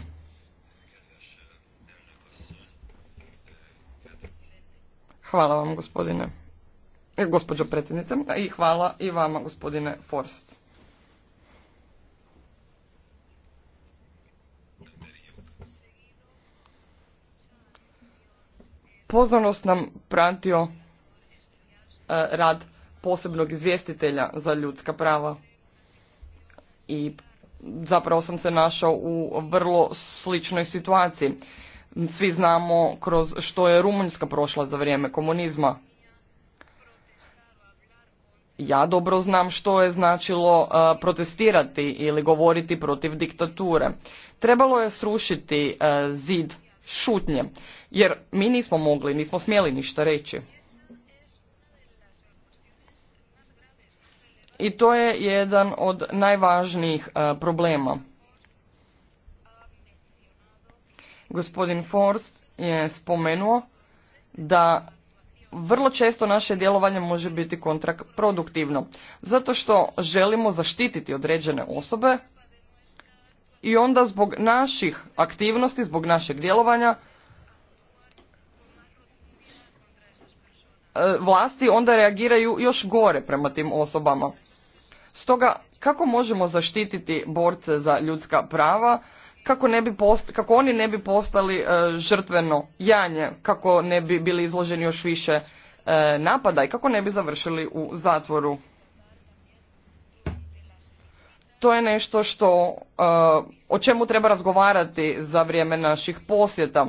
Hvala vam, gospodine, e, gospođo predsjednice, i hvala i vama, gospodine Forst. Poznanost nam pratio e, rad posebnog izvjestitelja za ljudska prava i zapravo sam se našao u vrlo sličnoj situaciji. Svi znamo kroz što je Rumunjska prošla za vrijeme komunizma. Ja dobro znam što je značilo uh, protestirati ili govoriti protiv diktature. Trebalo je srušiti uh, zid šutnje, jer mi nismo mogli, nismo smjeli ništa reći. i to je jedan od najvažnijih e, problema. Gospodin Forst je spomenuo da vrlo često naše djelovanje može biti kontraproduktivno, zato što želimo zaštititi određene osobe i onda zbog naših aktivnosti, zbog našeg djelovanja, e, vlasti onda reagiraju još gore prema tim osobama. Stoga, kako možemo zaštititi borce za ljudska prava, kako, ne bi post, kako oni ne bi postali e, žrtveno janje, kako ne bi bili izloženi još više e, napada i kako ne bi završili u zatvoru. To je nešto što, e, o čemu treba razgovarati za vrijeme naših posjeta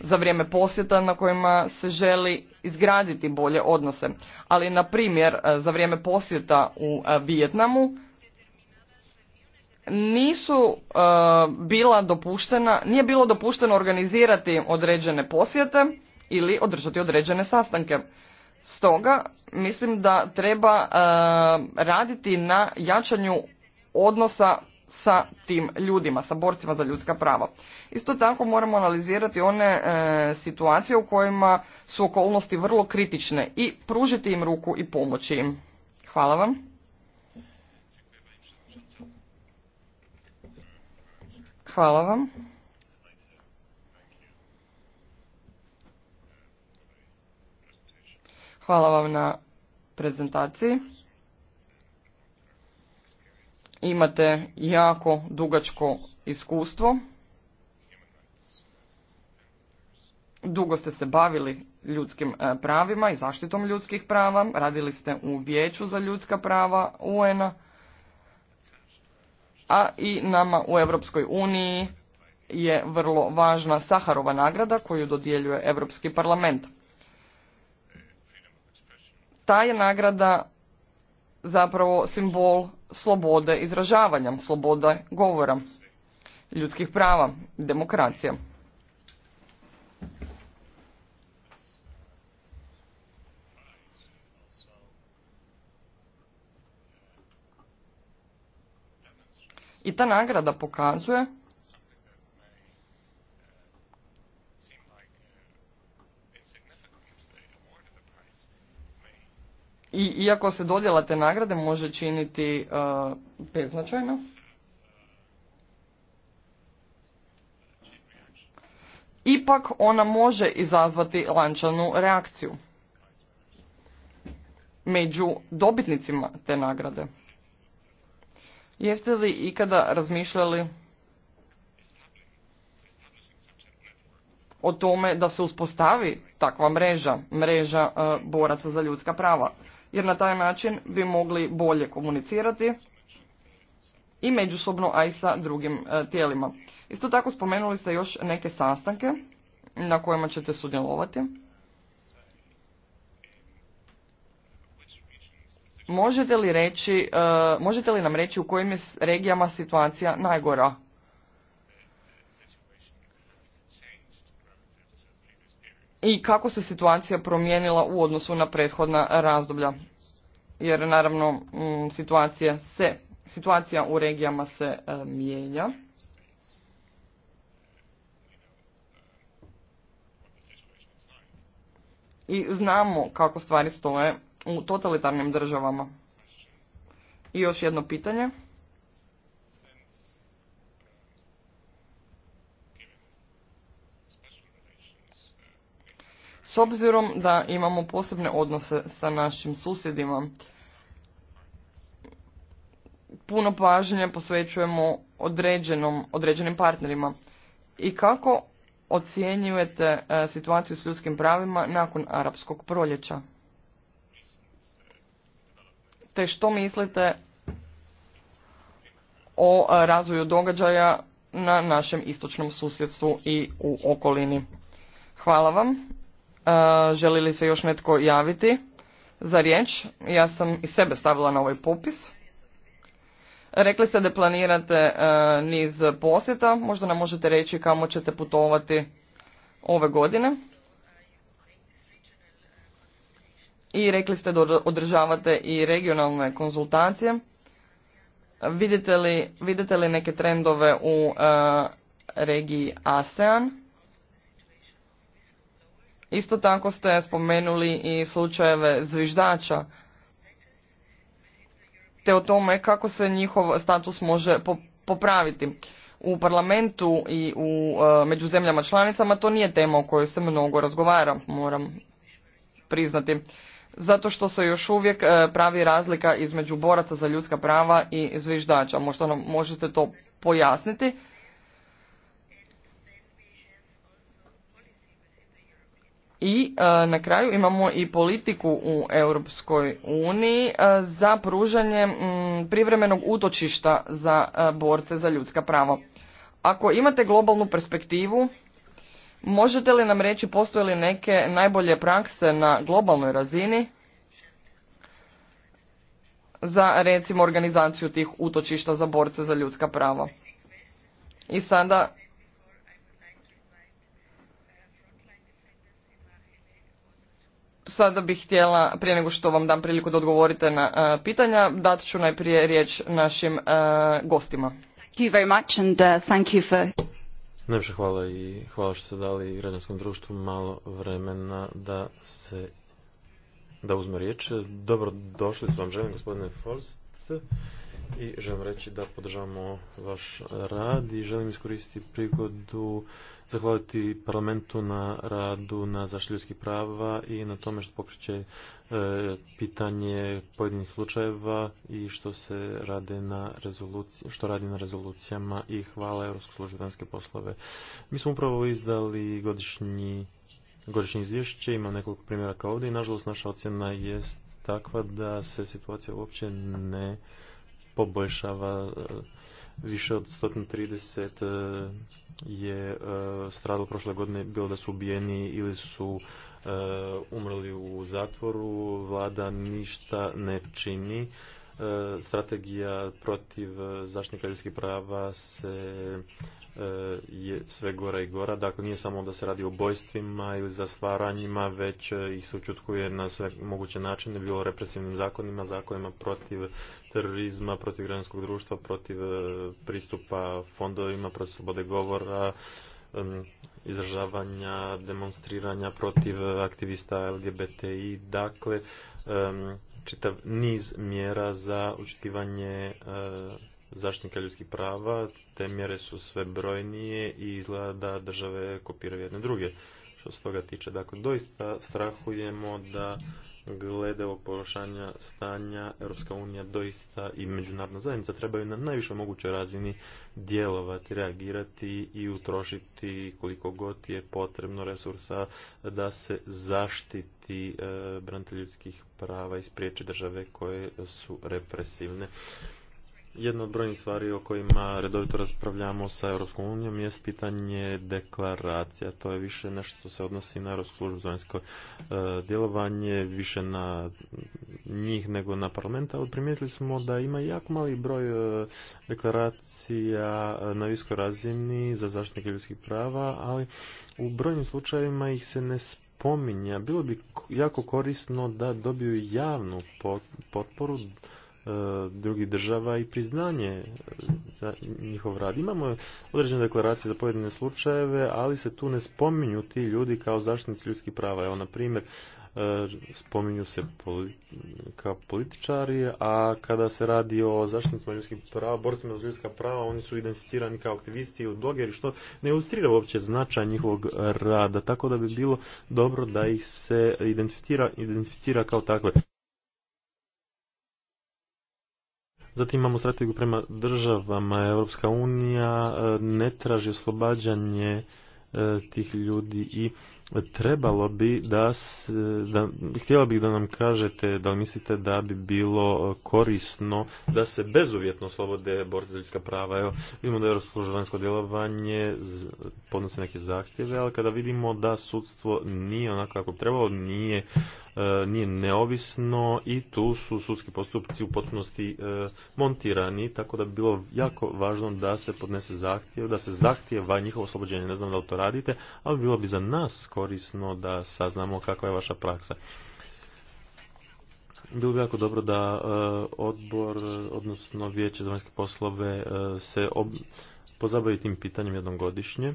za vrijeme posjeta na kojima se želi izgraditi bolje odnose. Ali, na primjer, e, za vrijeme posjeta u e, Vijetnamu nisu e, bila dopuštena, nije bilo dopušteno organizirati određene posjete ili održati određene sastanke. Stoga mislim da treba raditi na jačanju odnosa sa tim ljudima, sa borcima za ljudska prava. Isto tako moramo analizirati one e, situacije u kojima su okolnosti vrlo kritične i pružiti im ruku i pomoći im. Hvala vam. Hvala vam. Hvala vam na prezentaciji imate jako dugačko iskustvo. Dugo ste se bavili ljudskim e, pravima i zaštitom ljudskih prava. Radili ste u Vijeću za ljudska prava UN-a, a i nama u Europskoj uniji je vrlo važna Saharova nagrada koju dodjeljuje Europski parlament. Ta je nagrada zapravo simbol slobode izražavanja, slobode govora, ljudskih prava, demokracija. I ta nagrada pokazuje i iako se dodjela te nagrade može činiti uh, beznačajno, ipak ona može izazvati lančanu reakciju među dobitnicima te nagrade. Jeste li ikada razmišljali o tome da se uspostavi takva mreža, mreža uh, boraca za ljudska prava? jer na taj način bi mogli bolje komunicirati i međusobno, a i sa drugim e, tijelima. Isto tako spomenuli ste još neke sastanke na kojima ćete sudjelovati. Možete li, e, nam reći u kojim regijama situacija najgora? i kako se situacija promijenila u odnosu na prethodna razdoblja. Jer naravno mm, situacija se, situacija u regijama se e, mijenja. I znamo kako stvari stoje u totalitarnim državama. I još jedno pitanje. S obzirom da imamo posebne odnose sa našim susjedima, puno pažnje posvećujemo određenom, određenim partnerima. I kako ocjenjujete e, situaciju s ljudskim pravima nakon arapskog proljeća? Te što mislite o e, razvoju događaja na našem istočnom susjedstvu i u okolini? Hvala vam. E, želi li se još netko javiti za riječ? Ja sam i sebe stavila na ovaj popis. Rekli ste da planirate e, niz posjeta. Možda nam možete reći kamo ćete putovati ove godine. I rekli ste da održavate i regionalne konzultacije. Vidite li, vidite li neke trendove u e, regiji ASEAN? Isto tako ste spomenuli i slučajeve zviždača, te o tome kako se njihov status može popraviti. U parlamentu i u, e, među zemljama članicama to nije tema o kojoj se mnogo razgovara, moram priznati. Zato što se još uvijek e, pravi razlika između boraca za ljudska prava i zviždača. Možda nam možete to pojasniti i e, na kraju imamo i politiku u Europskoj uniji e, za pružanje privremenog utočišta za e, borce za ljudska prava. Ako imate globalnu perspektivu, možete li nam reći postoje li neke najbolje prakse na globalnoj razini za recimo organizaciju tih utočišta za borce za ljudska prava? I sada Sada bih htjela, prije nego što vam dam priliku da odgovorite na uh, pitanja, dat ću najprije riječ našim e, uh, gostima. Najviše hvala i hvala što ste dali građanskom društvu malo vremena da se da uzme riječ. Dobro došli su vam želim gospodine Forst. I želim reći da podržavamo vaš rad i želim iskoristiti prigodu zahvaliti parlamentu na radu na zaštitu ljudskih prava i na tome što pokreće e, pitanje pojedinih slučajeva i što se rade na rezoluciji, što radi na rezolucijama i hvala Europskoj službi poslove. Mi smo upravo izdali godišnji godišnje izvješće, ima nekoliko primjera kao ovdje i nažalost naša ocjena jest takva da se situacija uopće ne poboljšava e, više od 130 e, je e, stradalo prošle godine bilo da su ubijeni ili su umrli u zatvoru vlada ništa ne čini E, strategija protiv e, zaštitnika ljudskih prava se e, je sve gora i gora. Dakle, nije samo da se radi o bojstvima ili zasvaranjima, već ih se učutkuje na sve moguće načine, bilo represivnim zakonima, zakonima protiv terorizma, protiv građanskog društva, protiv pristupa fondovima, protiv slobode govora, izražavanja, demonstriranja protiv aktivista LGBTI. Dakle, čitav niz mjera za učitivanje e, zaštitnika ljudskih prava. Te mjere su sve brojnije i izgleda da države kopiraju jedne druge. Što se toga tiče, dakle, doista strahujemo da glede ovog poboljšanja stanja Europska unija doista i međunarodna zajednica trebaju na najvišoj mogućoj razini djelovati, reagirati i utrošiti koliko god je potrebno resursa da se zaštiti e, branitelj ljudskih prava i spriječi države koje su represivne. Jedna od brojnih stvari o kojima redovito raspravljamo sa Europskom unijom je pitanje deklaracija. To je više nešto što se odnosi na Europsku službu za e, djelovanje, više na njih nego na parlamenta, ali primijetili smo da ima jako mali broj e, deklaracija e, na viskoj razini za zaštitnike ljudskih prava, ali u brojnim slučajevima ih se ne spominja. Bilo bi jako korisno da dobiju javnu potporu E, drugih država i priznanje e, za njihov rad. Imamo određene deklaracije za pojedine slučajeve, ali se tu ne spominju ti ljudi kao zaštitnici ljudskih prava. Evo, na primjer, e, spominju se kao političari, a kada se radi o zaštitnicima ljudskih prava, borcima za ljudska prava, oni su identificirani kao aktivisti ili blogeri, što ne ilustrira uopće značaj njihovog rada, tako da bi bilo dobro da ih se identificira, identificira kao takve. Zatim imamo strategiju prema državama. Europska unija e, ne traži oslobađanje e, tih ljudi i trebalo bi da, da htjela bih da nam kažete da li mislite da bi bilo korisno da se bezuvjetno slobode borci za ljudska prava. Evo, vidimo da je služba djelovanje podnosi neke zahtjeve, ali kada vidimo da sudstvo nije onako kako trebalo, nije, e, nije neovisno i tu su sudski postupci u potpunosti e, montirani, tako da bi bilo jako važno da se podnese zahtjev, da se zahtjeva njihovo oslobođenje. Ne znam da li to radite, ali bilo bi za nas korisno da saznamo kakva je vaša praksa. Bilo bi jako dobro da e, odbor, odnosno vijeće za vanjske poslove e, se ob... pozabavi tim pitanjem jednom godišnje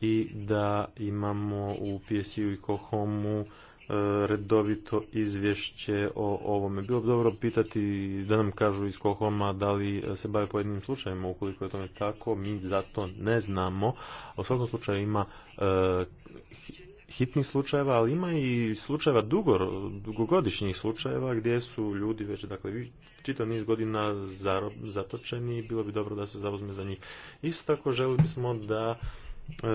i da imamo u PSU i Kohomu E, redovito izvješće o ovome. Bilo bi dobro pitati da nam kažu iz Kohoma da li se bave pojedinim slučajima, ukoliko je tome tako, mi zato ne znamo. U svakom slučaju ima e, hitnih slučajeva, ali ima i slučajeva dugor, dugogodišnjih slučajeva gdje su ljudi već dakle, čitav niz godina zatočeni bilo bi dobro da se zauzme za njih. Isto tako želi bismo da E,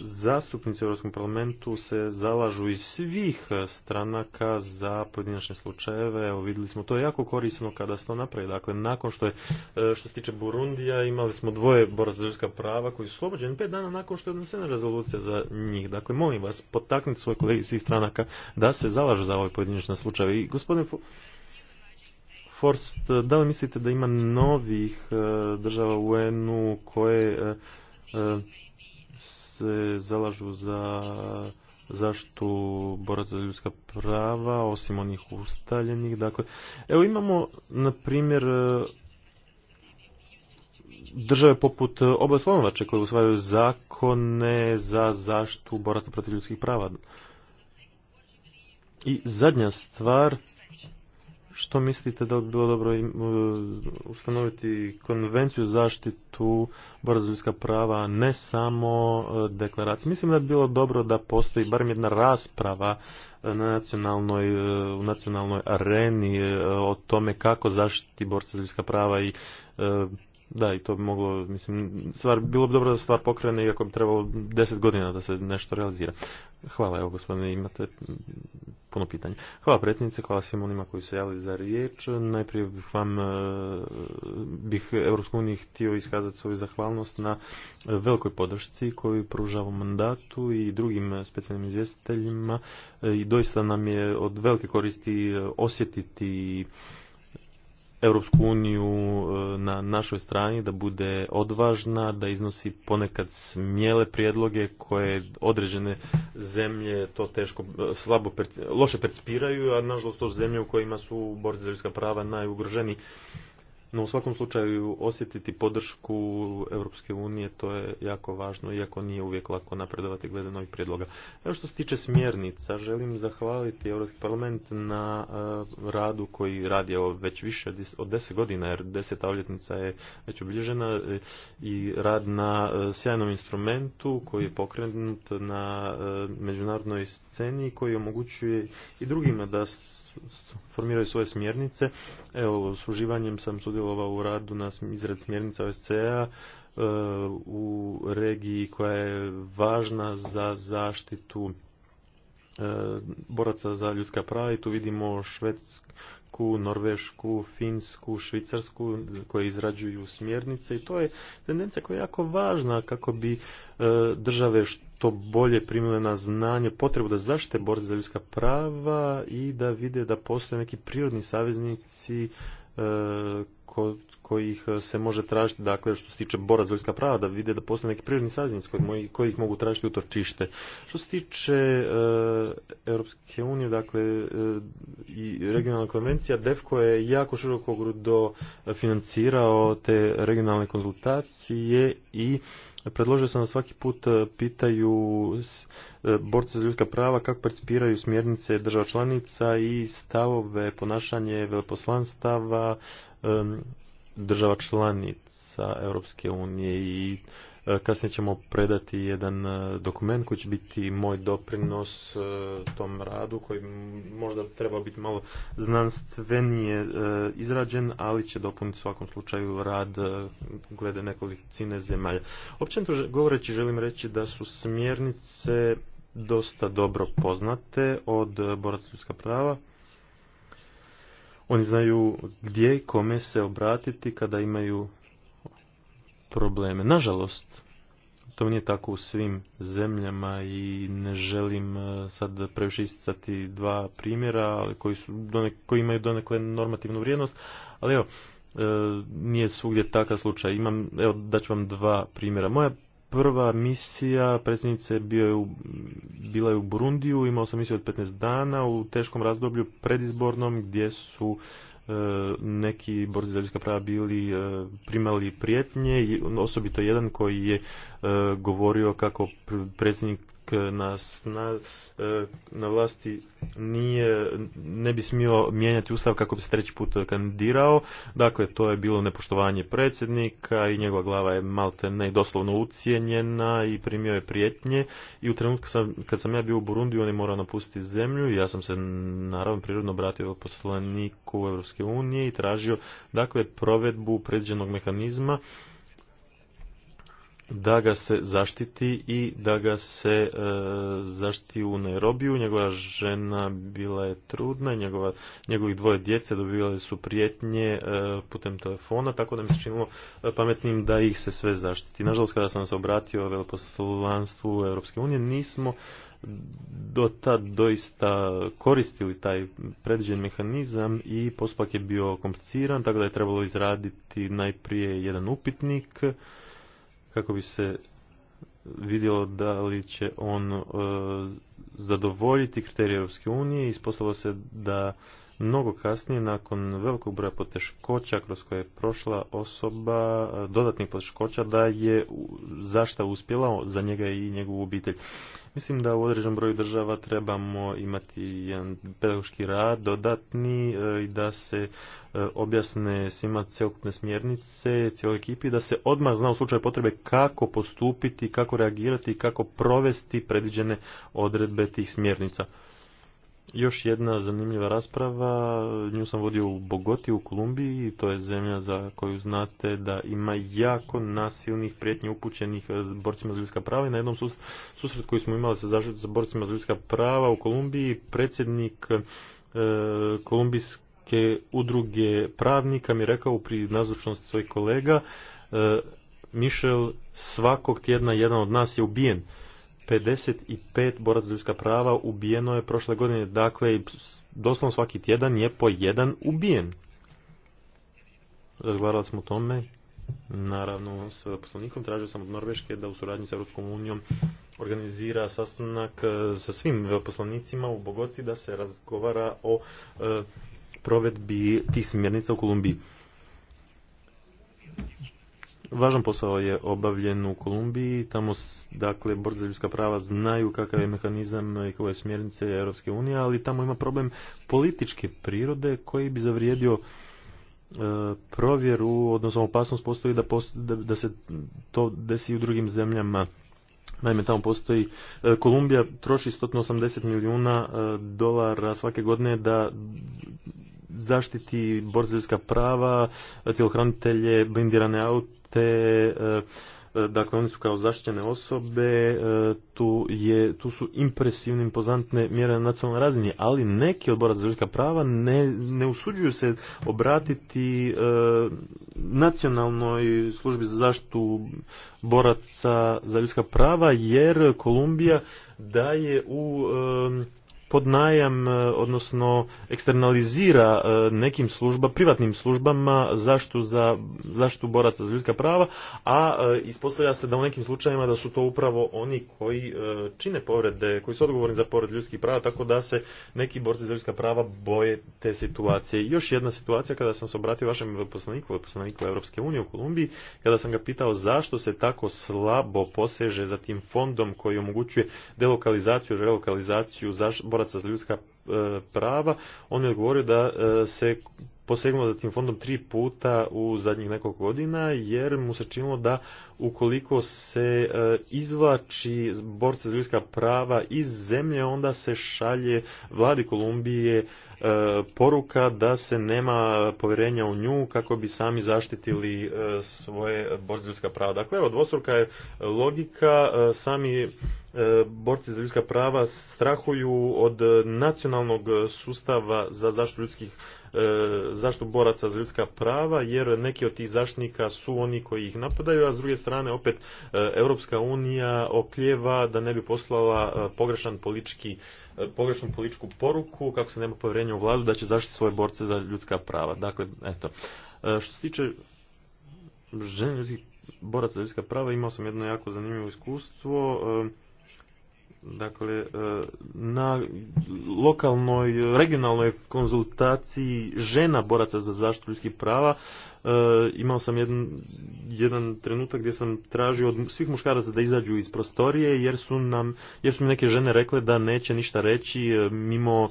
zastupnici u Europskom parlamentu se zalažu iz svih stranaka za pojedinačne slučajeve. Evo vidjeli smo to je jako korisno kada se to napravi. Dakle, nakon što je, e, što se tiče Burundija, imali smo dvoje boraca za ljudska prava koji su slobođeni pet dana nakon što je odnesena rezolucija za njih. Dakle, molim vas, potaknite svoje kolege iz svih stranaka da se zalažu za ove pojedinačne slučajeve. I gospodine Forst, da li mislite da ima novih e, država UN-u koje se zalažu za zaštitu boraca za ljudska prava, osim onih ustaljenih. Dakle, evo imamo, na primjer, države poput oba Slonovače koje usvajaju zakone za zaštitu boraca protiv ljudskih prava. I zadnja stvar, što mislite da bi bilo dobro e, ustanoviti konvenciju zaštitu borazovinska prava, ne samo e, deklaracije? Mislim da bi bilo dobro da postoji barem jedna rasprava e, na nacionalnoj, u nacionalnoj areni o tome kako zaštiti borca prava i da, i to bi moglo, mislim, stvar, bilo bi dobro da stvar pokrene, iako bi trebalo deset godina da se nešto realizira. Hvala, evo gospodine, imate puno pitanja. Hvala predsjednice, hvala svim onima koji se javili za riječ. Najprije bih vam, eh, bih Europsku uniju htio iskazati svoju zahvalnost na velikoj podršci koju pružava mandatu i drugim specijalnim izvjestiteljima i doista nam je od velike koristi eh, osjetiti Europsku uniju e, na našoj strani, da bude odvažna, da iznosi ponekad smjele prijedloge koje određene zemlje to teško, e, slabo, loše percipiraju, a nažalost to zemlje u kojima su borci za ljudska prava najugroženiji no u svakom slučaju osjetiti podršku Europske unije to je jako važno, iako nije uvijek lako napredovati glede novih prijedloga. Evo što se tiče smjernica, želim zahvaliti Europski parlament na eh, radu koji radi već više od deset godina, jer deseta oljetnica je već obilježena eh, i rad na eh, sjajnom instrumentu koji je pokrenut na međunarodnoj sceni koji omogućuje i drugima da formiraju svoje smjernice. Evo, s uživanjem sam sudjelovao u radu na izred smjernica OSCE-a e, u regiji koja je važna za zaštitu e, boraca za ljudska prava i tu vidimo Švedsku Švedsku, Norvešku, Finsku, Švicarsku koje izrađuju smjernice i to je tendencija koja je jako važna kako bi e, države što bolje primile na znanje potrebu da zaštite borce za ljudska prava i da vide da postoje neki prirodni saveznici e, kod kojih e, se može tražiti, dakle što se tiče bora za ljudska prava, da vide da postoje neki prirodni saznici koji, ih mogu tražiti u torčište. Što se tiče e, Europske unije, dakle e, i regionalna konvencija, DEFCO je jako široko grudo financirao te regionalne konzultacije i predložio sam da svaki put e, pitaju e, borce za ljudska prava kako participiraju smjernice država članica i stavove, ponašanje veleposlanstava država članica Europske unije i E, kasnije ćemo predati jedan e, dokument koji će biti moj doprinos e, tom radu koji možda treba biti malo znanstvenije izrađen, ali će dopuniti u svakom slučaju rad glede nekolicine zemalja. Općenito govoreći želim reći da su smjernice dosta dobro poznate od Borac ljudska prava. Oni znaju gdje i kome se obratiti kada imaju probleme. Nažalost, to nije tako u svim zemljama i ne želim e, sad previše isticati dva primjera ali koji, su, koji imaju donekle normativnu vrijednost, ali evo, e, nije svugdje takav slučaj. Imam, evo, daću vam dva primjera. Moja prva misija predsjednice bio je u, bila je u Burundiju, imao sam misiju od 15 dana u teškom razdoblju predizbornom gdje su E, neki borci za ljudska prava bili e, primali prijetnje, osobito jedan koji je e, govorio kako predsjednik na, na, e, na vlasti nije, ne bi smio mijenjati ustav kako bi se treći put kandidirao. Dakle, to je bilo nepoštovanje predsjednika i njegova glava je malte ne doslovno ucijenjena i primio je prijetnje. I u trenutku sam, kad sam ja bio u Burundi on je morao napustiti zemlju i ja sam se naravno prirodno obratio poslaniku Europske unije i tražio dakle provedbu predviđenog mehanizma da ga se zaštiti i da ga se e, zaštiti u Nairobiju. Njegova žena bila je trudna, njegova, njegovih dvoje djece dobivali su prijetnje e, putem telefona, tako da mi se činilo e, pametnim da ih se sve zaštiti. Nažalost, kada sam se obratio veleposlanstvu Europske unije, nismo do tad doista koristili taj predviđen mehanizam i postupak je bio kompliciran, tako da je trebalo izraditi najprije jedan upitnik, kako bi se vidjelo da li će on e, zadovoljiti kriterije Europske unije i ispostavilo se da mnogo kasnije, nakon velikog broja poteškoća kroz koje je prošla osoba, dodatnih poteškoća, da je zašta uspjela za njega i njegovu obitelj. Mislim da u određenom broju država trebamo imati jedan pedagoški rad dodatni e, i da se e, objasne svima cijelokupne smjernice, cijeloj ekipi, da se odmah zna u slučaju potrebe kako postupiti, kako reagirati i kako provesti predviđene odredbe tih smjernica. Još jedna zanimljiva rasprava, nju sam vodio u Bogoti u Kolumbiji, to je zemlja za koju znate da ima jako nasilnih prijetnji upućenih eh, borcima za ljudska prava i na jednom susret koji smo imali sa zaštitu za borcima za ljudska prava u Kolumbiji, predsjednik eh, kolumbijske udruge pravnika mi rekao pri nazočnosti svojih kolega, e, eh, Mišel svakog tjedna jedan od nas je ubijen. 55 boraca za ljudska prava ubijeno je prošle godine, dakle doslovno svaki tjedan je po jedan ubijen. Razgovarali smo o tome, naravno s poslanikom, tražio sam od Norveške da u suradnji sa Europskom unijom organizira sastanak e, sa svim poslanicima u Bogoti da se razgovara o e, provedbi tih smjernica u Kolumbiji. Važan posao je obavljen u Kolumbiji, tamo dakle borci za ljudska prava znaju kakav je mehanizam i koje smjernice Europske unije, ali tamo ima problem političke prirode koji bi zavrijedio e, provjeru, odnosno opasnost postoji da, da, da se to desi i u drugim zemljama. Naime, tamo postoji, e, Kolumbija troši 180 milijuna e, dolara svake godine da zaštiti za ljudska prava, tjelohranitelje, blindirane aute, e, e, dakle oni su kao zaštićene osobe, e, tu, je, tu su impresivne, impozantne mjere na nacionalnoj razini, ali neki od boraca za ljudska prava ne, ne usuđuju se obratiti nacionalnoj službi za zaštitu boraca za ljudska prava, jer Kolumbija daje u pod e, odnosno eksternalizira e, nekim službama, privatnim službama zaštitu za, zaštu boraca za ljudska prava, a e, ispostavlja se da u nekim slučajevima da su to upravo oni koji čine povrede, koji su odgovorni za povred ljudskih prava, tako da se neki borci za ljudska prava boje te situacije. Još jedna situacija kada sam se obratio vašem poslaniku, poslaniku Europske unije u Kolumbiji, kada sam ga pitao zašto se tako slabo poseže za tim fondom koji omogućuje delokalizaciju, relokalizaciju zaš, za ljudska e, prava, on je odgovorio da e, se posegnuo za tim fondom tri puta u zadnjih nekoliko godina, jer mu se činilo da ukoliko se e, izvlači borce za ljudska prava iz zemlje, onda se šalje vladi Kolumbije poruka da se nema povjerenja u nju kako bi sami zaštitili svoje borce za ljudska prava. Dakle, evo, dvostruka je logika, sami E, borci za ljudska prava strahuju od nacionalnog sustava za zaštitu ljudskih e, zaštitu boraca za ljudska prava jer neki od tih zaštitnika su oni koji ih napadaju, a s druge strane opet e, Europska unija okljeva da ne bi poslala pogrešan politički, pogrešnu političku poruku kako se nema povjerenja u vladu da će zaštiti svoje borce za ljudska prava. Dakle, eto. Što se tiče žene ljudskih boraca za ljudska prava imao sam jedno jako zanimljivo iskustvo dakle, e, na lokalnoj, regionalnoj konzultaciji žena boraca za zaštitu ljudskih prava e, imao sam jedan, jedan trenutak gdje sam tražio od svih muškaraca da izađu iz prostorije jer su nam jer su mi neke žene rekle da neće ništa reći e, mimo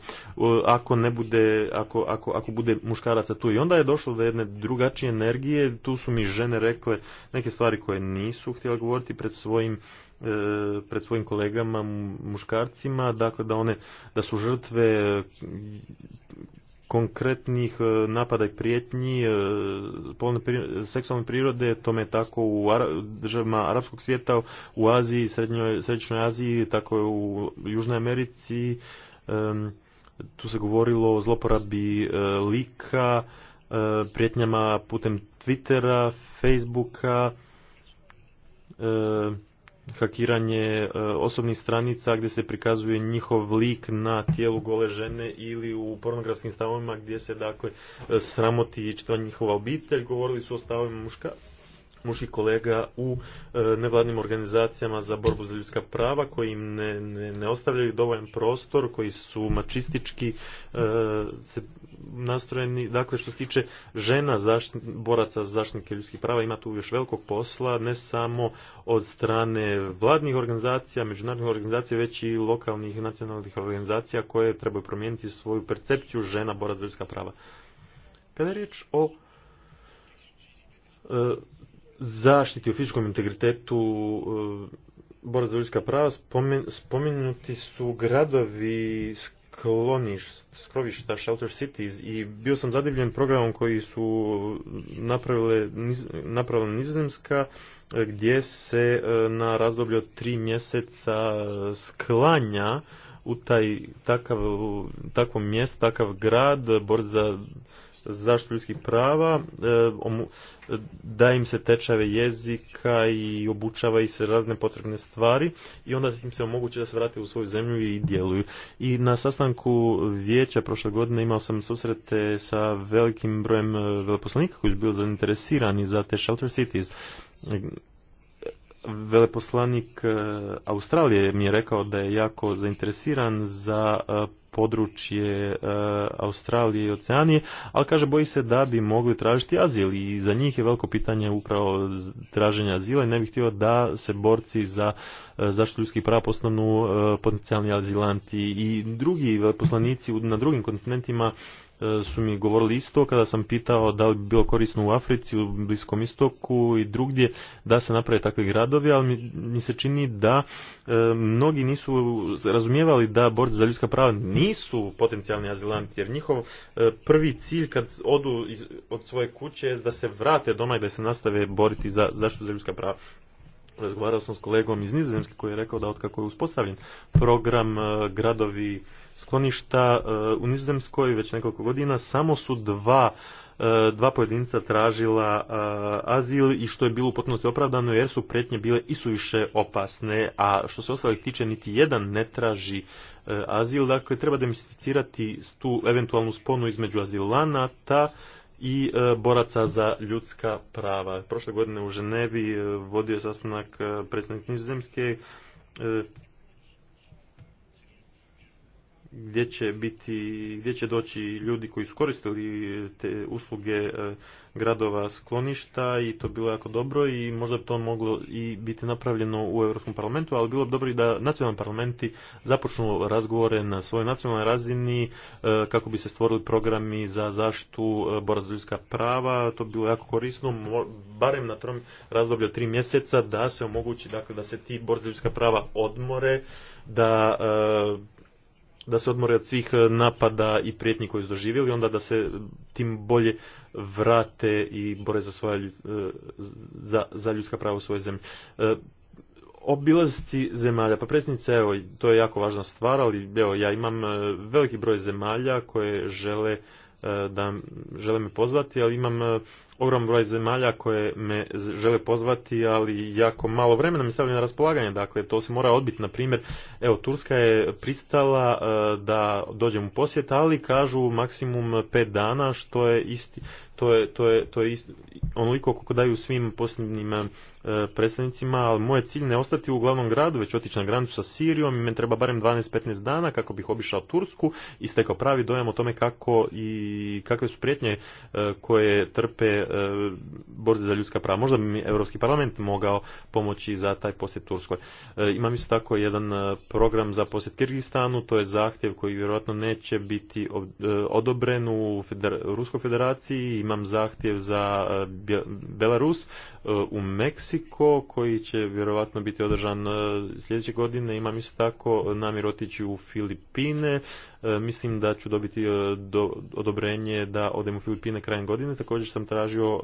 ako ne bude ako, ako, ako bude muškaraca tu i onda je došlo do jedne drugačije energije tu su mi žene rekle neke stvari koje nisu htjele govoriti pred svojim E, pred svojim kolegama muškarcima, dakle da one da su žrtve konkretnih e, napada i prijetnji e, seksualne prirode, tome je tako u državama arapskog svijeta, u Aziji, Srednjoj, Središnjoj Aziji, tako je u Južnoj Americi. tu se govorilo o zloporabi lika, prijetnjama putem Twittera, Facebooka, hakiranje e, osobnih stranica gdje se prikazuje njihov lik na tijelu gole žene ili u pornografskim stavovima gdje se dakle e, sramoti i njihova obitelj. Govorili su o stavovima muška, muških kolega u e, nevladnim organizacijama za borbu za ljudska prava koji im ne, ne, ostavljaju dovoljan prostor, koji su mačistički e, se nastrojeni. Dakle, što se tiče žena boraca za zaštitnike ljudskih prava, ima tu još velikog posla, ne samo od strane vladnih organizacija, međunarodnih organizacija, već i lokalnih i nacionalnih organizacija koje trebaju promijeniti svoju percepciju žena boraca za ljudska prava. Kada je riječ o e, zaštiti u fizičkom integritetu e, bora za ljudska prava spomenuti su gradovi skloniš, skrovišta, shelter cities i bio sam zadivljen programom koji su napravile, napravila Nizozemska e, gdje se e, na razdoblju od tri mjeseca sklanja u taj takav, takvo mjesto, takav grad, bor za zaštitu ljudskih prava, e, da im se tečave jezika i obučava i se razne potrebne stvari i onda im se omogući da se vrate u svoju zemlju i djeluju. I na sastanku vijeća prošle godine imao sam susrete sa velikim brojem e, veleposlanika koji su bili zainteresirani za te shelter cities veleposlanik e, Australije mi je rekao da je jako zainteresiran za područje e, Australije i Oceanije, ali kaže boji se da bi mogli tražiti azil i za njih je veliko pitanje upravo traženja azila i ne bih htio da se borci za e, zaštitu ljudskih prava postanu e, potencijalni azilanti i drugi poslanici na drugim kontinentima E, su mi govorili isto kada sam pitao da li bi bilo korisno u Africi, u Bliskom istoku i drugdje da se naprave takvi gradovi, ali mi, se čini da e, mnogi nisu razumijevali da borci za ljudska prava nisu potencijalni azilanti, jer njihov e, prvi cilj kad odu od svoje kuće je da se vrate doma i da se nastave boriti za zaštitu za ljudska prava razgovarao sam s kolegom iz Nizozemske koji je rekao da otkako je uspostavljen program gradovi skloništa e, u Nizozemskoj već nekoliko godina samo su dva e, dva pojedinca tražila e, azil i što je bilo u potpunosti opravdano jer su pretnje bile i suviše opasne, a što se ostalih tiče niti jedan ne traži azil, dakle treba demistificirati tu eventualnu sponu između azilanata i boraca za ljudska prava. Prošle godine u Ženevi vodio je sastanak predsjednik Nizozemske gdje će biti, gdje će doći ljudi koji su koristili te usluge e, gradova skloništa i to bilo jako dobro i možda bi to moglo i biti napravljeno u Europskom parlamentu, ali bilo bi dobro i da nacionalni parlamenti započnu razgovore na svojoj nacionalnoj razini e, kako bi se stvorili programi za zaštitu e, borazilska prava, to bi bilo jako korisno, barem na trom razdoblju tri mjeseca da se omogući dakle, da se ti bor prava odmore, da da se odmore od svih eh, napada i prijetnji koji su doživjeli, onda da se tim bolje vrate i bore za, svoja, eh, za, za ljudska prava u svojoj zemlji. Eh, zemalja, pa predsjednica, evo, to je jako važna stvar, ali evo, ja imam veliki broj zemalja koje žele E, da žele me pozvati, ali imam e, ogrom broj zemalja koje me žele pozvati, ali jako malo vremena mi stavljaju na raspolaganje, dakle to se mora odbiti. Na primjer, evo, Turska je pristala e, da dođem u posjet, ali kažu maksimum pet dana, što je isti, to je, to je, to je onoliko koliko daju svim posljednjim eh, predstavnicima, ali moje cilj ne ostati u glavnom gradu, već otići na granicu sa Sirijom i meni treba barem 12-15 dana kako bih obišao Tursku i stekao pravi dojam o tome kako i kakve su prijetnje eh, koje trpe e, eh, borze za ljudska prava. Možda bi mi Europski parlament mogao pomoći za taj posjet Turskoj. imam isto tako jedan program za posjet Kirgistanu, to je zahtjev koji vjerojatno neće biti odobren u Ruskoj federaciji, imam zahtjev za e, Belarus e, u Meksiko koji će vjerojatno biti održan e, sljedeće godine. Imam isto tako namjer otići u Filipine. Mislim da ću dobiti odobrenje da odem u Filipine krajem godine. Također sam tražio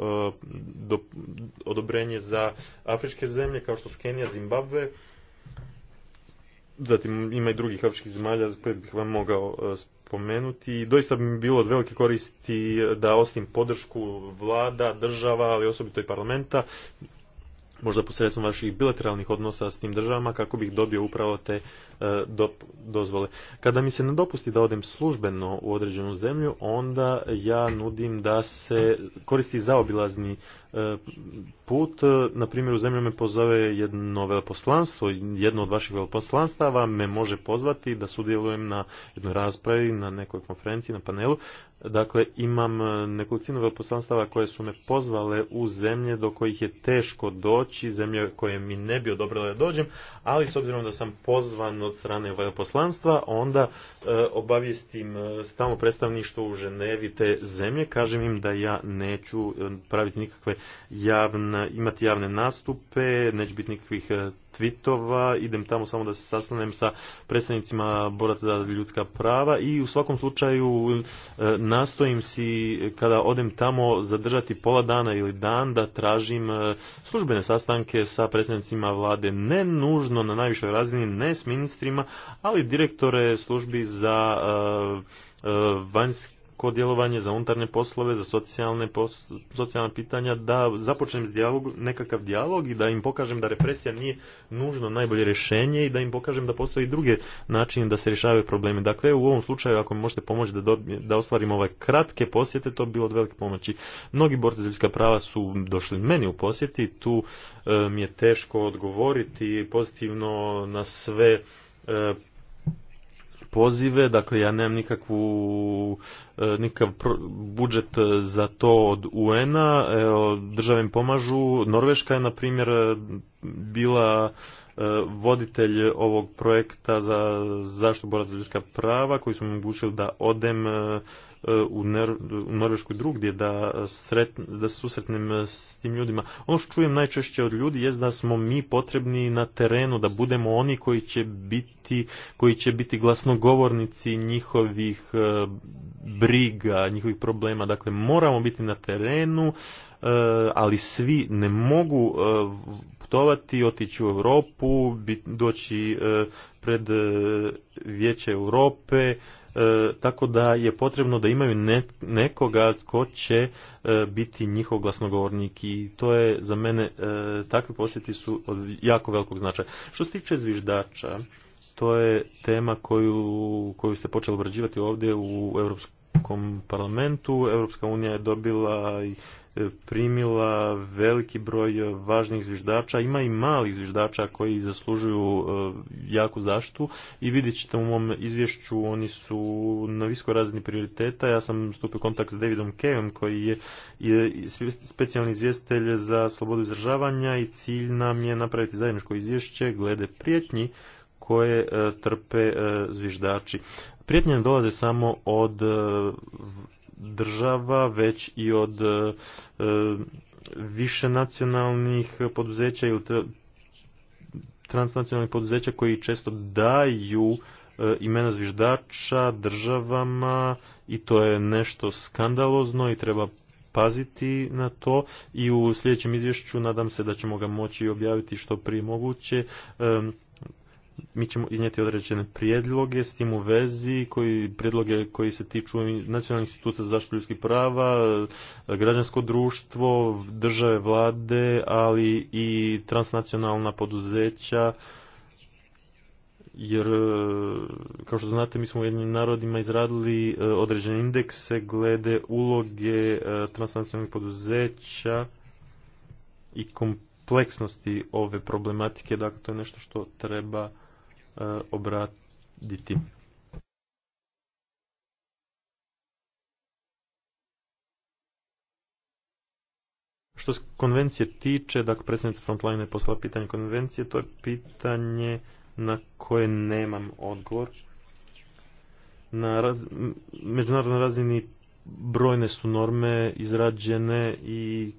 odobrenje za afričke zemlje kao što su Kenija, Zimbabwe. Zatim ima i drugih afričkih zemalja koje bih vam mogao spomenuti. Doista bi mi bilo od velike koristi da osim podršku vlada, država, ali osobito i parlamenta, možda posredstvom vaših bilateralnih odnosa s tim državama, kako bih dobio upravo te E, do, dozvole. Kada mi se ne dopusti da odem službeno u određenu zemlju, onda ja nudim da se koristi zaobilazni e, put. Na primjer, u zemlju me pozove jedno veleposlanstvo, jedno od vaših veleposlanstava me može pozvati da sudjelujem na jednoj raspravi, na nekoj konferenciji, na panelu. Dakle, imam e, nekolicinu veleposlanstava koje su me pozvale u zemlje do kojih je teško doći, zemlje koje mi ne bi odobrile da dođem, ali s obzirom da sam pozvan od strane veleposlanstva, onda e, obavijestim e, tamo predstavništvo u Ženevi te zemlje, kažem im da ja neću e, praviti nikakve javne, imati javne nastupe, neće biti nikakvih tvitova, idem tamo samo da se sastanem sa predstavnicima boraca za ljudska prava i u svakom slučaju e, nastojim si kada odem tamo zadržati pola dana ili dan da tražim e, službene sastanke sa predstavnicima vlade, ne nužno na najvišoj razini, ne s ministrima, ali direktore službi za e, vanjski kod djelovanje, za unutarnje poslove, za socijalne, socijalna pitanja, da započnem s dijalog, nekakav dijalog i da im pokažem da represija nije nužno najbolje rješenje i da im pokažem da postoji druge načine da se rješavaju problemi. Dakle, u ovom slučaju, ako mi možete pomoći da, da ostvarim ove kratke posjete, to bi bilo od velike pomoći. Mnogi borci za ljudska prava su došli meni u posjeti, tu e, mi je teško odgovoriti pozitivno na sve e, pozive, dakle ja nemam nikakvu, e, nikakav budžet za to od UN-a, države im pomažu, Norveška je na primjer bila e, voditelj ovog projekta za zaštitu boraca za ljudska prava koji su mi omogućili da odem e, Eh, u, u Norveškoj drugdje da, eh, sret, da se susretnem eh, s tim ljudima. Ono što čujem najčešće od ljudi je da smo mi potrebni na terenu, da budemo oni koji će biti, koji će biti glasnogovornici njihovih briga, njihovih problema. Dakle, moramo biti na terenu, ali svi ne mogu putovati, otići u Europu, doći pred Vijeće Europe, E, tako da je potrebno da imaju nekoga ko će e, biti njihov glasnogovornik i to je za mene, e, takvi posjeti su od jako velikog značaja. Što se tiče zviždača, to je tema koju, koju ste počeli obrađivati ovdje u Europskom parlamentu. Europska unija je dobila primila veliki broj važnih zviždača, ima i malih zviždača koji zaslužuju e, jaku zaštitu i vidjet ćete u mom izvješću, oni su na viskoj razini prioriteta, ja sam stupio kontakt s Davidom Kevom, koji je, je specijalni izvjestitelj za slobodu izražavanja i cilj nam je napraviti zajedničko izvješće glede prijetnji koje e, trpe e, zviždači. Prijetnje ne dolaze samo od država, već i od e, e, više nacionalnih poduzeća ili transnacionalnih poduzeća koji često daju e, imena zviždača državama i to je nešto skandalozno i treba paziti na to i u sljedećem izvješću nadam se da ćemo ga moći objaviti što prije moguće mi ćemo iznijeti određene prijedloge s tim u vezi, koji, prijedloge koji se tiču nacionalnih instituta za zaštitu ljudskih prava, građansko društvo, države vlade, ali i transnacionalna poduzeća, jer e, kao što znate mi smo u jednim narodima izradili e, određene indekse glede uloge e, transnacionalnih poduzeća i kompleksnosti ove problematike, dakle to je nešto što treba E, obraditi. Što se konvencije tiče, dakle predsjednica Frontline je poslala pitanje konvencije, to je pitanje na koje nemam odgovor. Na međunarodnoj razini brojne su norme izrađene i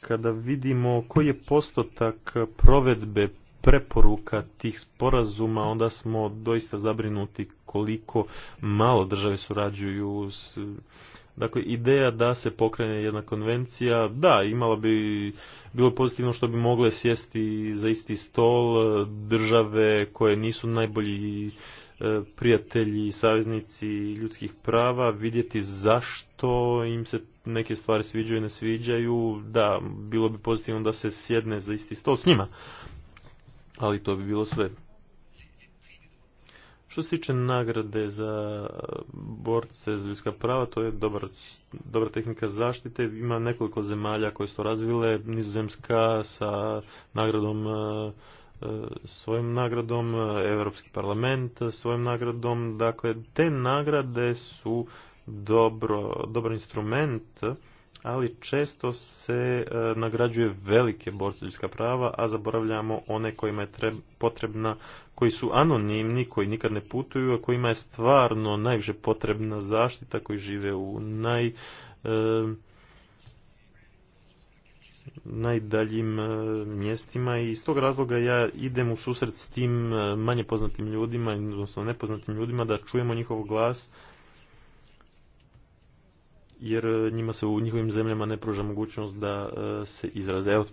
kada vidimo koji je postotak provedbe preporuka tih sporazuma, onda smo doista zabrinuti koliko malo države surađuju s Dakle, ideja da se pokrene jedna konvencija, da, imala bi, bilo pozitivno što bi mogle sjesti za isti stol države koje nisu najbolji e, prijatelji i saveznici ljudskih prava, vidjeti zašto im se neke stvari sviđaju i ne sviđaju, da, bilo bi pozitivno da se sjedne za isti stol s njima ali to bi bilo sve. Što se tiče nagrade za eh, borce za ljudska prava, to je dobar, dobra tehnika zaštite. Ima nekoliko zemalja koje su to razvile, nizozemska sa nagradom eh, eh, svojom nagradom, Europski parlament svojom nagradom. Dakle, te nagrade su dobro, dobar instrument ali često se e, nagrađuje velike borce ljudska prava, a zaboravljamo one kojima je potrebna, koji su anonimni, koji nikad ne putuju, a kojima je stvarno najviše potrebna zaštita, koji žive u naj... E, najdaljim e, mjestima i iz tog razloga ja idem u susret s tim manje poznatim ljudima, odnosno nepoznatim ljudima da čujemo njihov glas jer e, njima se u njihovim zemljama ne pruža mogućnost da e, se izraze. Evo,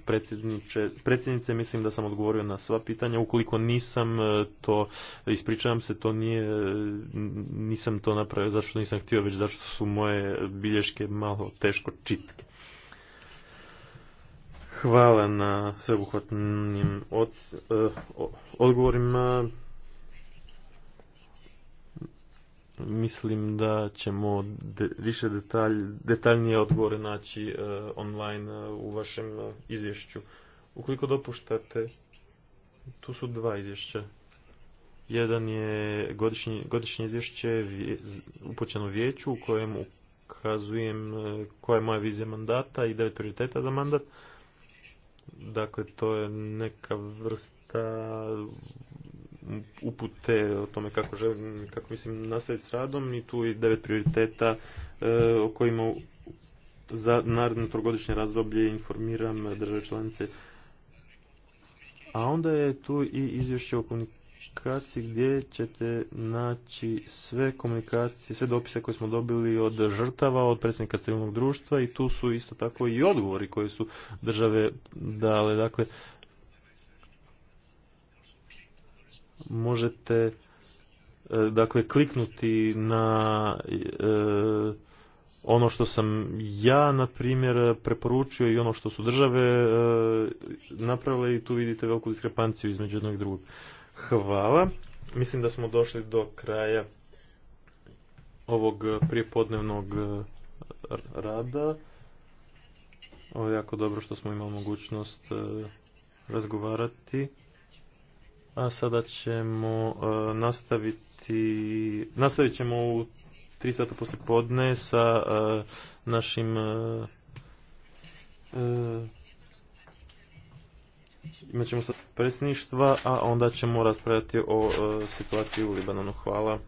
predsjednice, mislim da sam odgovorio na sva pitanja. Ukoliko nisam e, to, ispričavam se, to nije, nisam to napravio zašto nisam htio, već zašto su moje bilješke malo teško čitke. Hvala na sveobuhvatnim odgovorima. mislim da ćemo više detalj, detaljnije odgovore naći e, online e, u vašem e, izvješću. Ukoliko dopuštate, tu su dva izvješća. Jedan je godišnje, godišnje izvješće vje, upućeno vijeću u kojem ukazujem koja je moja vizija mandata i da je prioriteta za mandat. Dakle, to je neka vrsta upute o tome kako želim, kako mislim nastaviti s radom i tu je devet prioriteta e, o kojima za naredno trogodišnje razdoblje informiram države članice. A onda je tu i izvješće o komunikaciji gdje ćete naći sve komunikacije, sve dopise koje smo dobili od žrtava, od predsjednika civilnog društva i tu su isto tako i odgovori koje su države dale. Dakle, možete e, dakle kliknuti na e, ono što sam ja na primjer preporučio i ono što su države e, napravile i tu vidite veliku diskrepanciju između jednog i drugog. Hvala. Mislim da smo došli do kraja ovog prijepodnevnog rada. Ovo je jako dobro što smo imali mogućnost razgovarati. A sada ćemo e, nastaviti, nastavit ćemo u 3 sata poslije podne sa e, našim e, imat ćemo sa predsjedništva, a onda ćemo raspravljati o situaciji u Libanonu. Hvala.